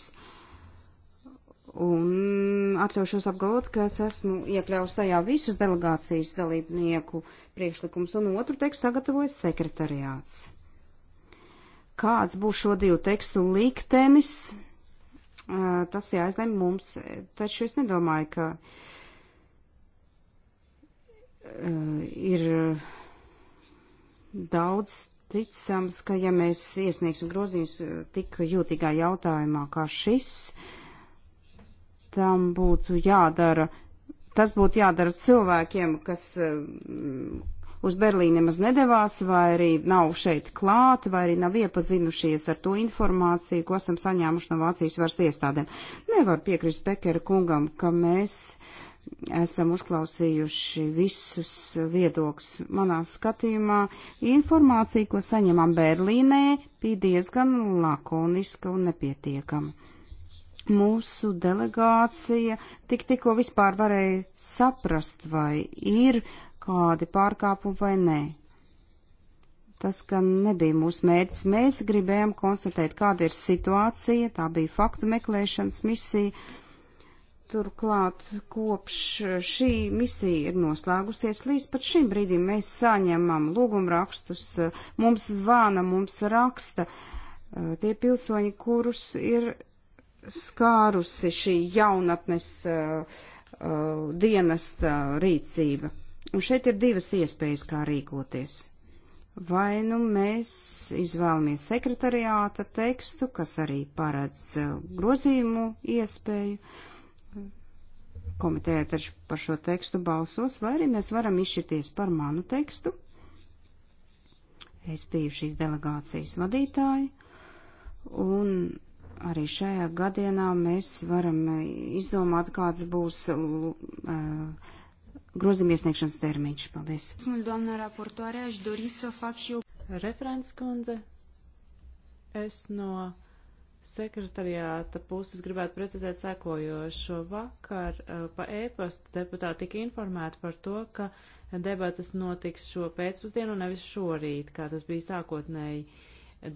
un atļaušos apgalvot, ka es esmu iekļaus tajā visus delegācijas dalībnieku priekšlikums, un otru tekstu sagatavojas sekretariāts. Kāds būs šo divu tekstu liktenis, tas jāizlem mums, taču es nedomāju, ka Eh, ir eh, daudz ticams, ka ja mēs iesniegsim grozījums eh, tik jūtīgā jautājumā kā šis, tam būtu jādara, tas būtu jādara cilvēkiem, kas uz Berlīni nemaz nedavās, vai arī nav šeit klāt, vai arī nav iepazinušies ar to informāciju, ko esam saņēmuši no Vācijas varas iestādēm. Nevar piekrist Bekera kungam, ka mēs esam uzklausījuši visus viedokļus. Manā skatījumā informācija, ko saņemam Berlīnē, bija diezgan lakoniska un nepietiekama. Mūsu delegācija tik tikko vispār varēja saprast, vai ir kādi pārkāpumi vai nē. Tas gan nebija mūsu mērķis. Mēs gribējām konstatēt, kāda ir situācija. Tā bija faktu meklēšanas misija Turklāt kopš šī misija ir noslēgusies, līdz pat šim brīdim mēs saņemam lūgumrakstus, mums zvana, mums raksta eh, tie pilsoņi, kurus ir skārusi šī jaunatnes uh, uh, dienesta rīcība. Un šeit ir divas iespējas, kā rīkoties. Vai nu mēs izvēlamies sekretariāta tekstu, kas arī paredz grozījumu iespēju, uh, komiteja taču par šo tekstu balsos, vai arī mēs varam izšķirties par manu tekstu. Es biju šīs delegācijas vadītāja, un arī šajā gadienā mēs varam izdomāt, kāds būs uh, grozījuma iesniegšanas termiņš. Paldies! Referents kundze, es no sekretariāta puses gribētu precizēt sekojošo. Vakar eh, pa ēpastu deputāti tika informēti par to, ka debatas notiks šo pēcpusdienu, nevis šorīt, kā tas bija sākotnēji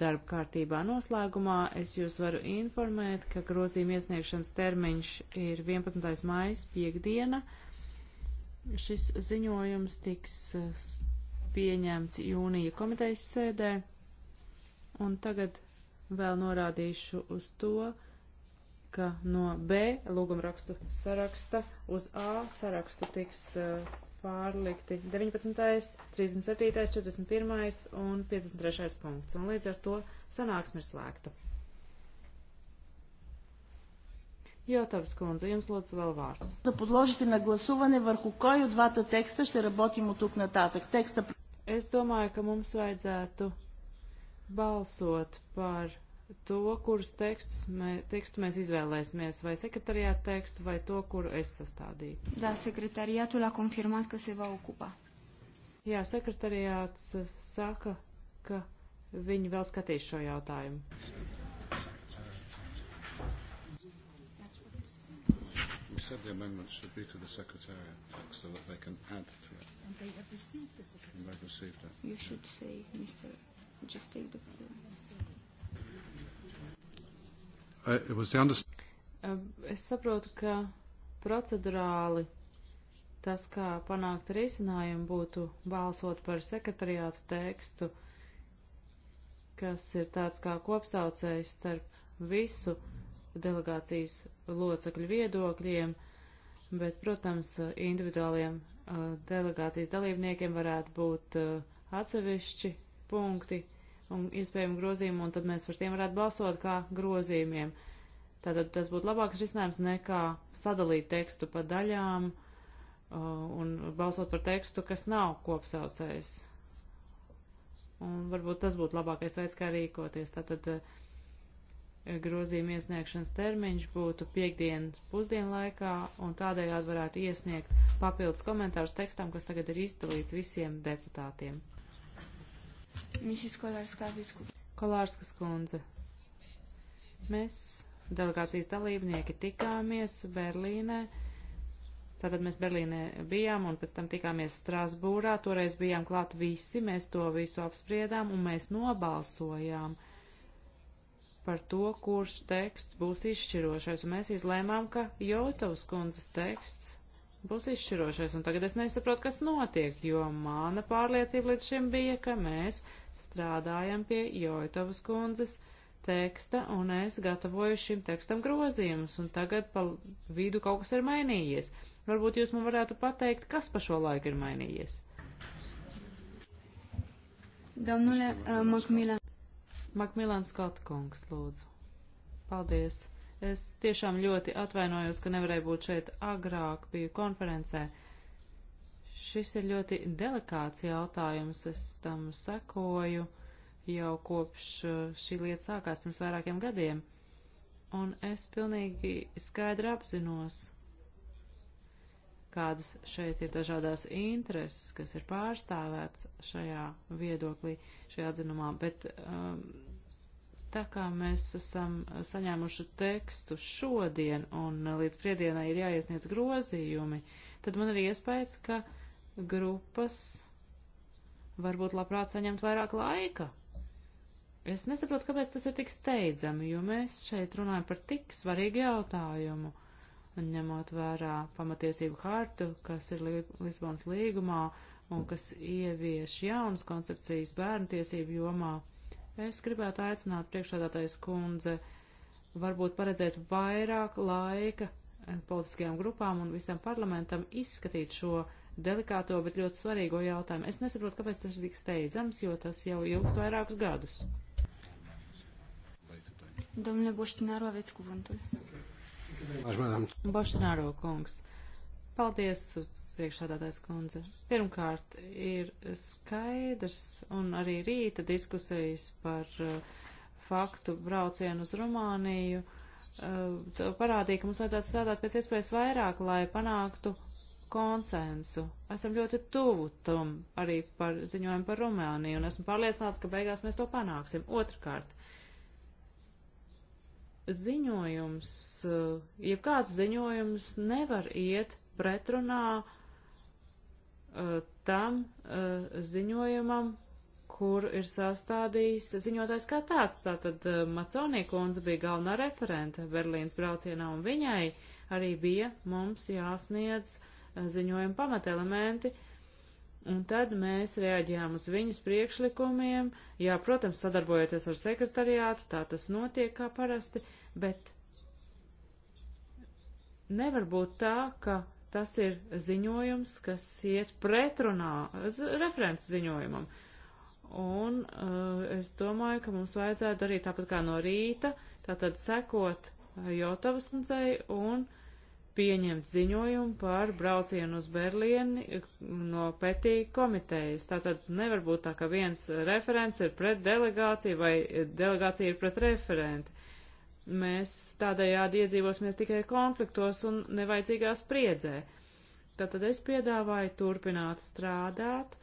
darba kārtībā noslēgumā. Es jūs varu informēt, ka grozījuma iesniegšanas termiņš ir 11. maijas piekdiena. Šis ziņojums tiks eh, pieņemts jūnija komitejas sēdē. Un tagad Vēl norādīšu uz to, ka no B lūgumrakstu saraksta uz A sarakstu tiks uh, pārlikti 19., 37., 41. un 53. punkts, un līdz ar to sanāksme ir slēgta. Jotavs kundze, jums lūdzu vēl vārds. Да подложите на гласуване върху кой от двата текста ще работим от тук нататък. Текста... Es domāju, ka mums vajadzētu balsot par to, kurus tekstus mē, tekstu mēs izvēlēsimies, vai sekretariātu tekstu, vai to, kuru es sastādīju. Da, sekretariātu la confirmat, ka se va ocupa. Jā, sekretariāts uh, saka, ka viņi vēl skatīs šo jautājumu. We said the amendments should be to the Secretariat so that they can add to it. And they have received the Secretariat. And they've received it. You should say, Mr. Just take the floor. Uh, it was the under... Uh, es saprotu, ka procedurāli tas, kā panākt risinājumu, būtu balsot par sekretariātu tekstu, kas ir tāds kā kopsaucējs starp visu delegācijas locekļu viedokļiem, bet, protams, individuāliem uh, delegācijas dalībniekiem varētu būt uh, atsevišķi punkti un iespējami grozījumi, un tad mēs par tiem varētu balsot kā grozījumiem. Tātad tas būtu labāks risinājums nekā sadalīt tekstu pa daļām uh, un balsot par tekstu, kas nav kopsaucējs. Un varbūt tas būtu labākais veids, kā rīkoties. Tātad uh, grozījuma iesniegšanas termiņš būtu piekdien pusdienu laikā, un tādējādi varētu iesniegt papildus komentārus tekstam, kas tagad ir izdalīts visiem deputātiem. Mrs. Kolārskas kundze. Mēs, delegācijas dalībnieki, tikāmies Berlīnē. Tātad mēs Berlīnē bijām un pēc tam tikāmies Strasbūrā. Toreiz bijām klāt visi, mēs to visu apspriedām un mēs nobalsojām par to, kurš teksts būs izšķirošais. Un mēs izlēmām, ka Jotovs kundzes teksts būs izšķirošais. Un tagad es nesaprotu, kas notiek, jo mana pārliecība līdz šim bija, ka mēs strādājam pie Jojtovas kundzes teksta, un es gatavoju šim tekstam grozījumus, un tagad pa vidu kaut kas ir mainījies. Varbūt jūs man varētu pateikt, kas pa šo laiku ir mainījies? Domnule uh, Makmilan. Makmilan Skotkungs, lūdzu. Paldies. Es tiešām ļoti atvainojos, ka nevarēju būt šeit agrāk, biju konferencē. Šis ir ļoti delikāts jautājums, es tam sekoju jau kopš uh, šī lieta sākās pirms vairākiem gadiem, un es pilnīgi skaidri apzinos, kādas šeit ir dažādās intereses, kas ir pārstāvēts šajā viedoklī, šajā atzinumā, bet um, Tā kā mēs esam saņēmuši tekstu šodien un līdz priedienai ir jāiesniedz grozījumi, tad man ir iespējas, ka grupas varbūt labprāt saņemt vairāk laika. Es nesaprotu, kāpēc tas ir tik steidzami, jo mēs šeit runājam par tik svarīgu jautājumu. Un ņemot vērā pamatiesību hartu, kas ir Lisbonas līgumā un kas ievieš jaunas koncepcijas bērnu tiesību jomā, Es gribētu aicināt priekšādātais kundze varbūt paredzēt vairāk laika eh, politiskajām grupām un visam parlamentam izskatīt šo delikāto, bet ļoti svarīgo jautājumu. Es nesaprotu, kāpēc tas ir tik steidzams, jo tas jau ilgs vairākus gadus. Domnule Boštināro, veic kuvântul. Boštināro kungs, paldies priekšādātais kundze. Pirmkārt, ir skaidrs un arī rīta diskusijas par uh, faktu braucienu uz Rumāniju uh, parādīja, ka mums vajadzētu strādāt pēc iespējas vairāk, lai panāktu konsensu. Esam ļoti tuvu tam arī par ziņojumu par Rumāniju, un esmu pārliecināts, ka beigās mēs to panāksim. Otrkārt, ziņojums, uh, jebkāds ziņojums nevar iet pretrunā Eh, tam eh, ziņojumam, kur ir sastādījis ziņotājs kā tāds. Tātad eh, Maconija kundze bija galvenā referente Berlīnas braucienā, un viņai arī bija mums jāsniedz ziņojuma pamatelementi. Un tad mēs reaģējām uz viņas priekšlikumiem, jā, protams, sadarbojoties ar sekretariātu, tā tas notiek kā parasti, bet nevar būt tā, ka tas ir ziņojums, kas iet pretrunā referents ziņojumam. Un uh, es domāju, ka mums vajadzētu darīt tāpat kā no rīta, tātad sekot Jotavas kundzei un pieņemt ziņojumu par braucienu uz Berlieni no petī komitejas. Tātad nevar būt tā, ka viens referents ir pret delegāciju vai delegācija ir pret referenti. Mēs tādējādi iedzīvosimies tikai konfliktos un nevajadzīgā spriedzē. Tātad es piedāvāju turpināt strādāt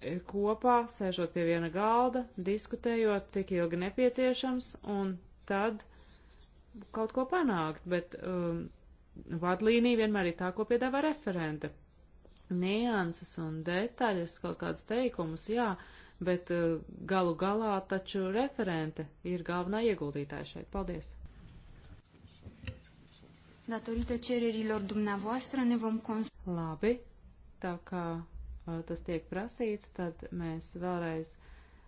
e, kopā, sēžot pie viena galda, diskutējot, cik ilgi nepieciešams, un tad kaut ko panākt, bet um, vadlīnija vienmēr ir tā, ko piedāvā referente. Nianses un detaļas, kaut kādas teikumus, jā, uh, bet eh, galu galā taču referente ir galvenā ieguldītāja šeit. Paldies! Datorită cererilor dumneavoastră ne vom Labi, tā kā eh, tas tiek prasīts, tad mēs vēlreiz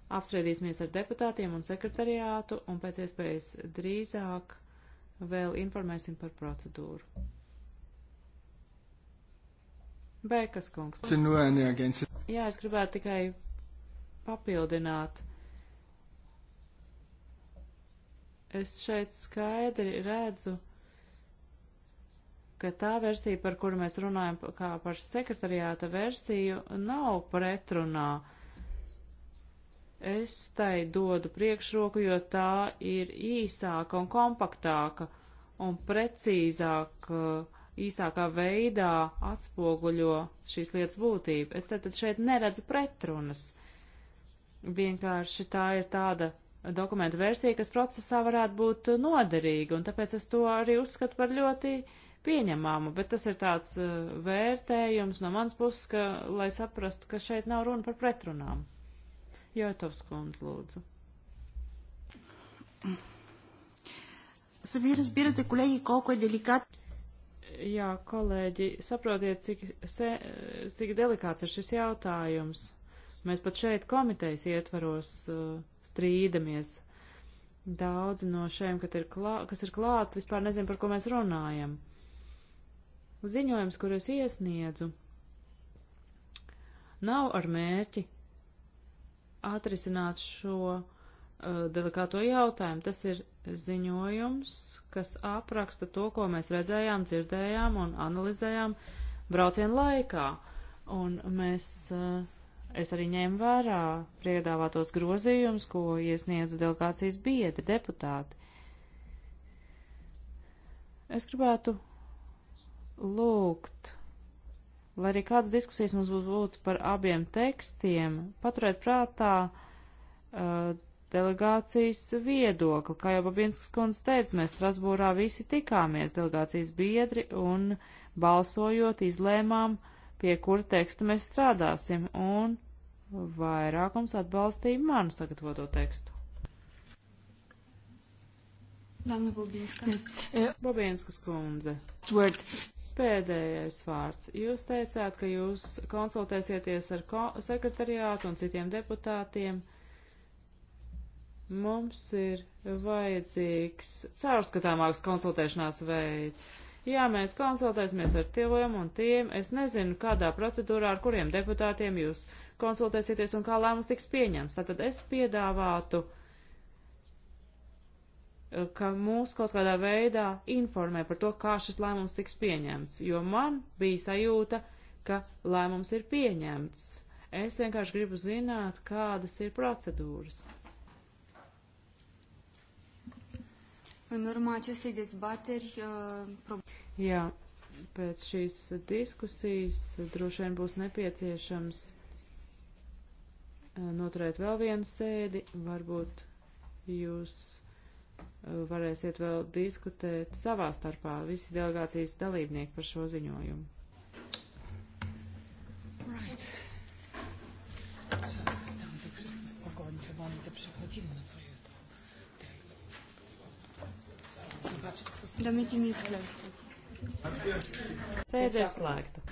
apspriedīsimies ar deputātiem un sekretariātu un pēc iespējas drīzāk vēl informēsim par procedūru. Bēkas kungs. Jā, es gribētu tikai papildināt. Es šeit skaidri redzu, ka tā versija, par kuru mēs runājam kā par sekretariāta versiju, nav pretrunā. Es tai dodu priekšroku, jo tā ir īsāka un kompaktāka un precīzāk, īsākā veidā atspoguļo šīs lietas būtību. Es tad šeit neredzu pretrunas. Vienkārši tā ir tāda dokumenta versija, kas procesā varētu būt noderīga, un tāpēc es to arī uzskatu par ļoti pieņemamu, bet tas ir tāds uh, vērtējums no mans puses, ka, lai saprastu, ka šeit nav runa par pretrunām. Jotovs kundz, lūdzu. Сами разбирате, колеги, колко е деликатно jā, kolēģi, saprotiet, cik, se, cik delikāts ir šis jautājums. Mēs pat šeit komitejas ietvaros uh, strīdamies. Daudzi no šiem, ir klā, kas ir klāt, vispār nezin, par ko mēs runājam. Ziņojums, kur es iesniedzu, nav ar mērķi atrisināt šo uh, delikāto jautājumu. Tas ir ziņojums, kas apraksta to, ko mēs redzējām, dzirdējām un analizējām braucienu laikā. Un mēs uh, es arī ņēmu vērā priedāvātos grozījumus, ko iesniedz delegācijas biedri, deputāti. Es gribētu lūgt, lai arī kādas diskusijas mums būtu par abiem tekstiem, paturēt prātā uh, delegācijas viedokli. Kā jau Babinskas kundze teica, mēs Strasbūrā visi tikāmies, delegācijas biedri, un balsojot izlēmām, pie kura teksta mēs strādāsim, un vairākums atbalstīja manu sagatavoto tekstu. Dāna Bobinska. Bobinskas kundze. Word. Pēdējais vārds. Jūs teicāt, ka jūs konsultēsieties ar ko sekretariātu un citiem deputātiem. Mums ir vajadzīgs caurskatāmāks konsultēšanās veids. Jā, mēs konsultēsimies ar tiem un tiem. Es nezinu, kādā procedūrā, ar kuriem deputātiem jūs konsultēsieties un kā lēmums tiks pieņems. Tātad es piedāvātu, eh, ka mūs kaut kādā veidā informē par to, kā šis lēmums tiks pieņemts, jo man bija sajūta, ka lēmums ir pieņemts. Es vienkārši gribu zināt, kādas ir procedūras. În urma acestei dezbateri, uh, Jā, pēc šīs diskusijas droši vien būs nepieciešams eh, noturēt vēl vienu sēdi. Varbūt jūs eh, varēsiet vēl diskutēt savā starpā visi delegācijas dalībnieki par šo ziņojumu. Right. So, The meeting is closed. Sēde ir slēgta.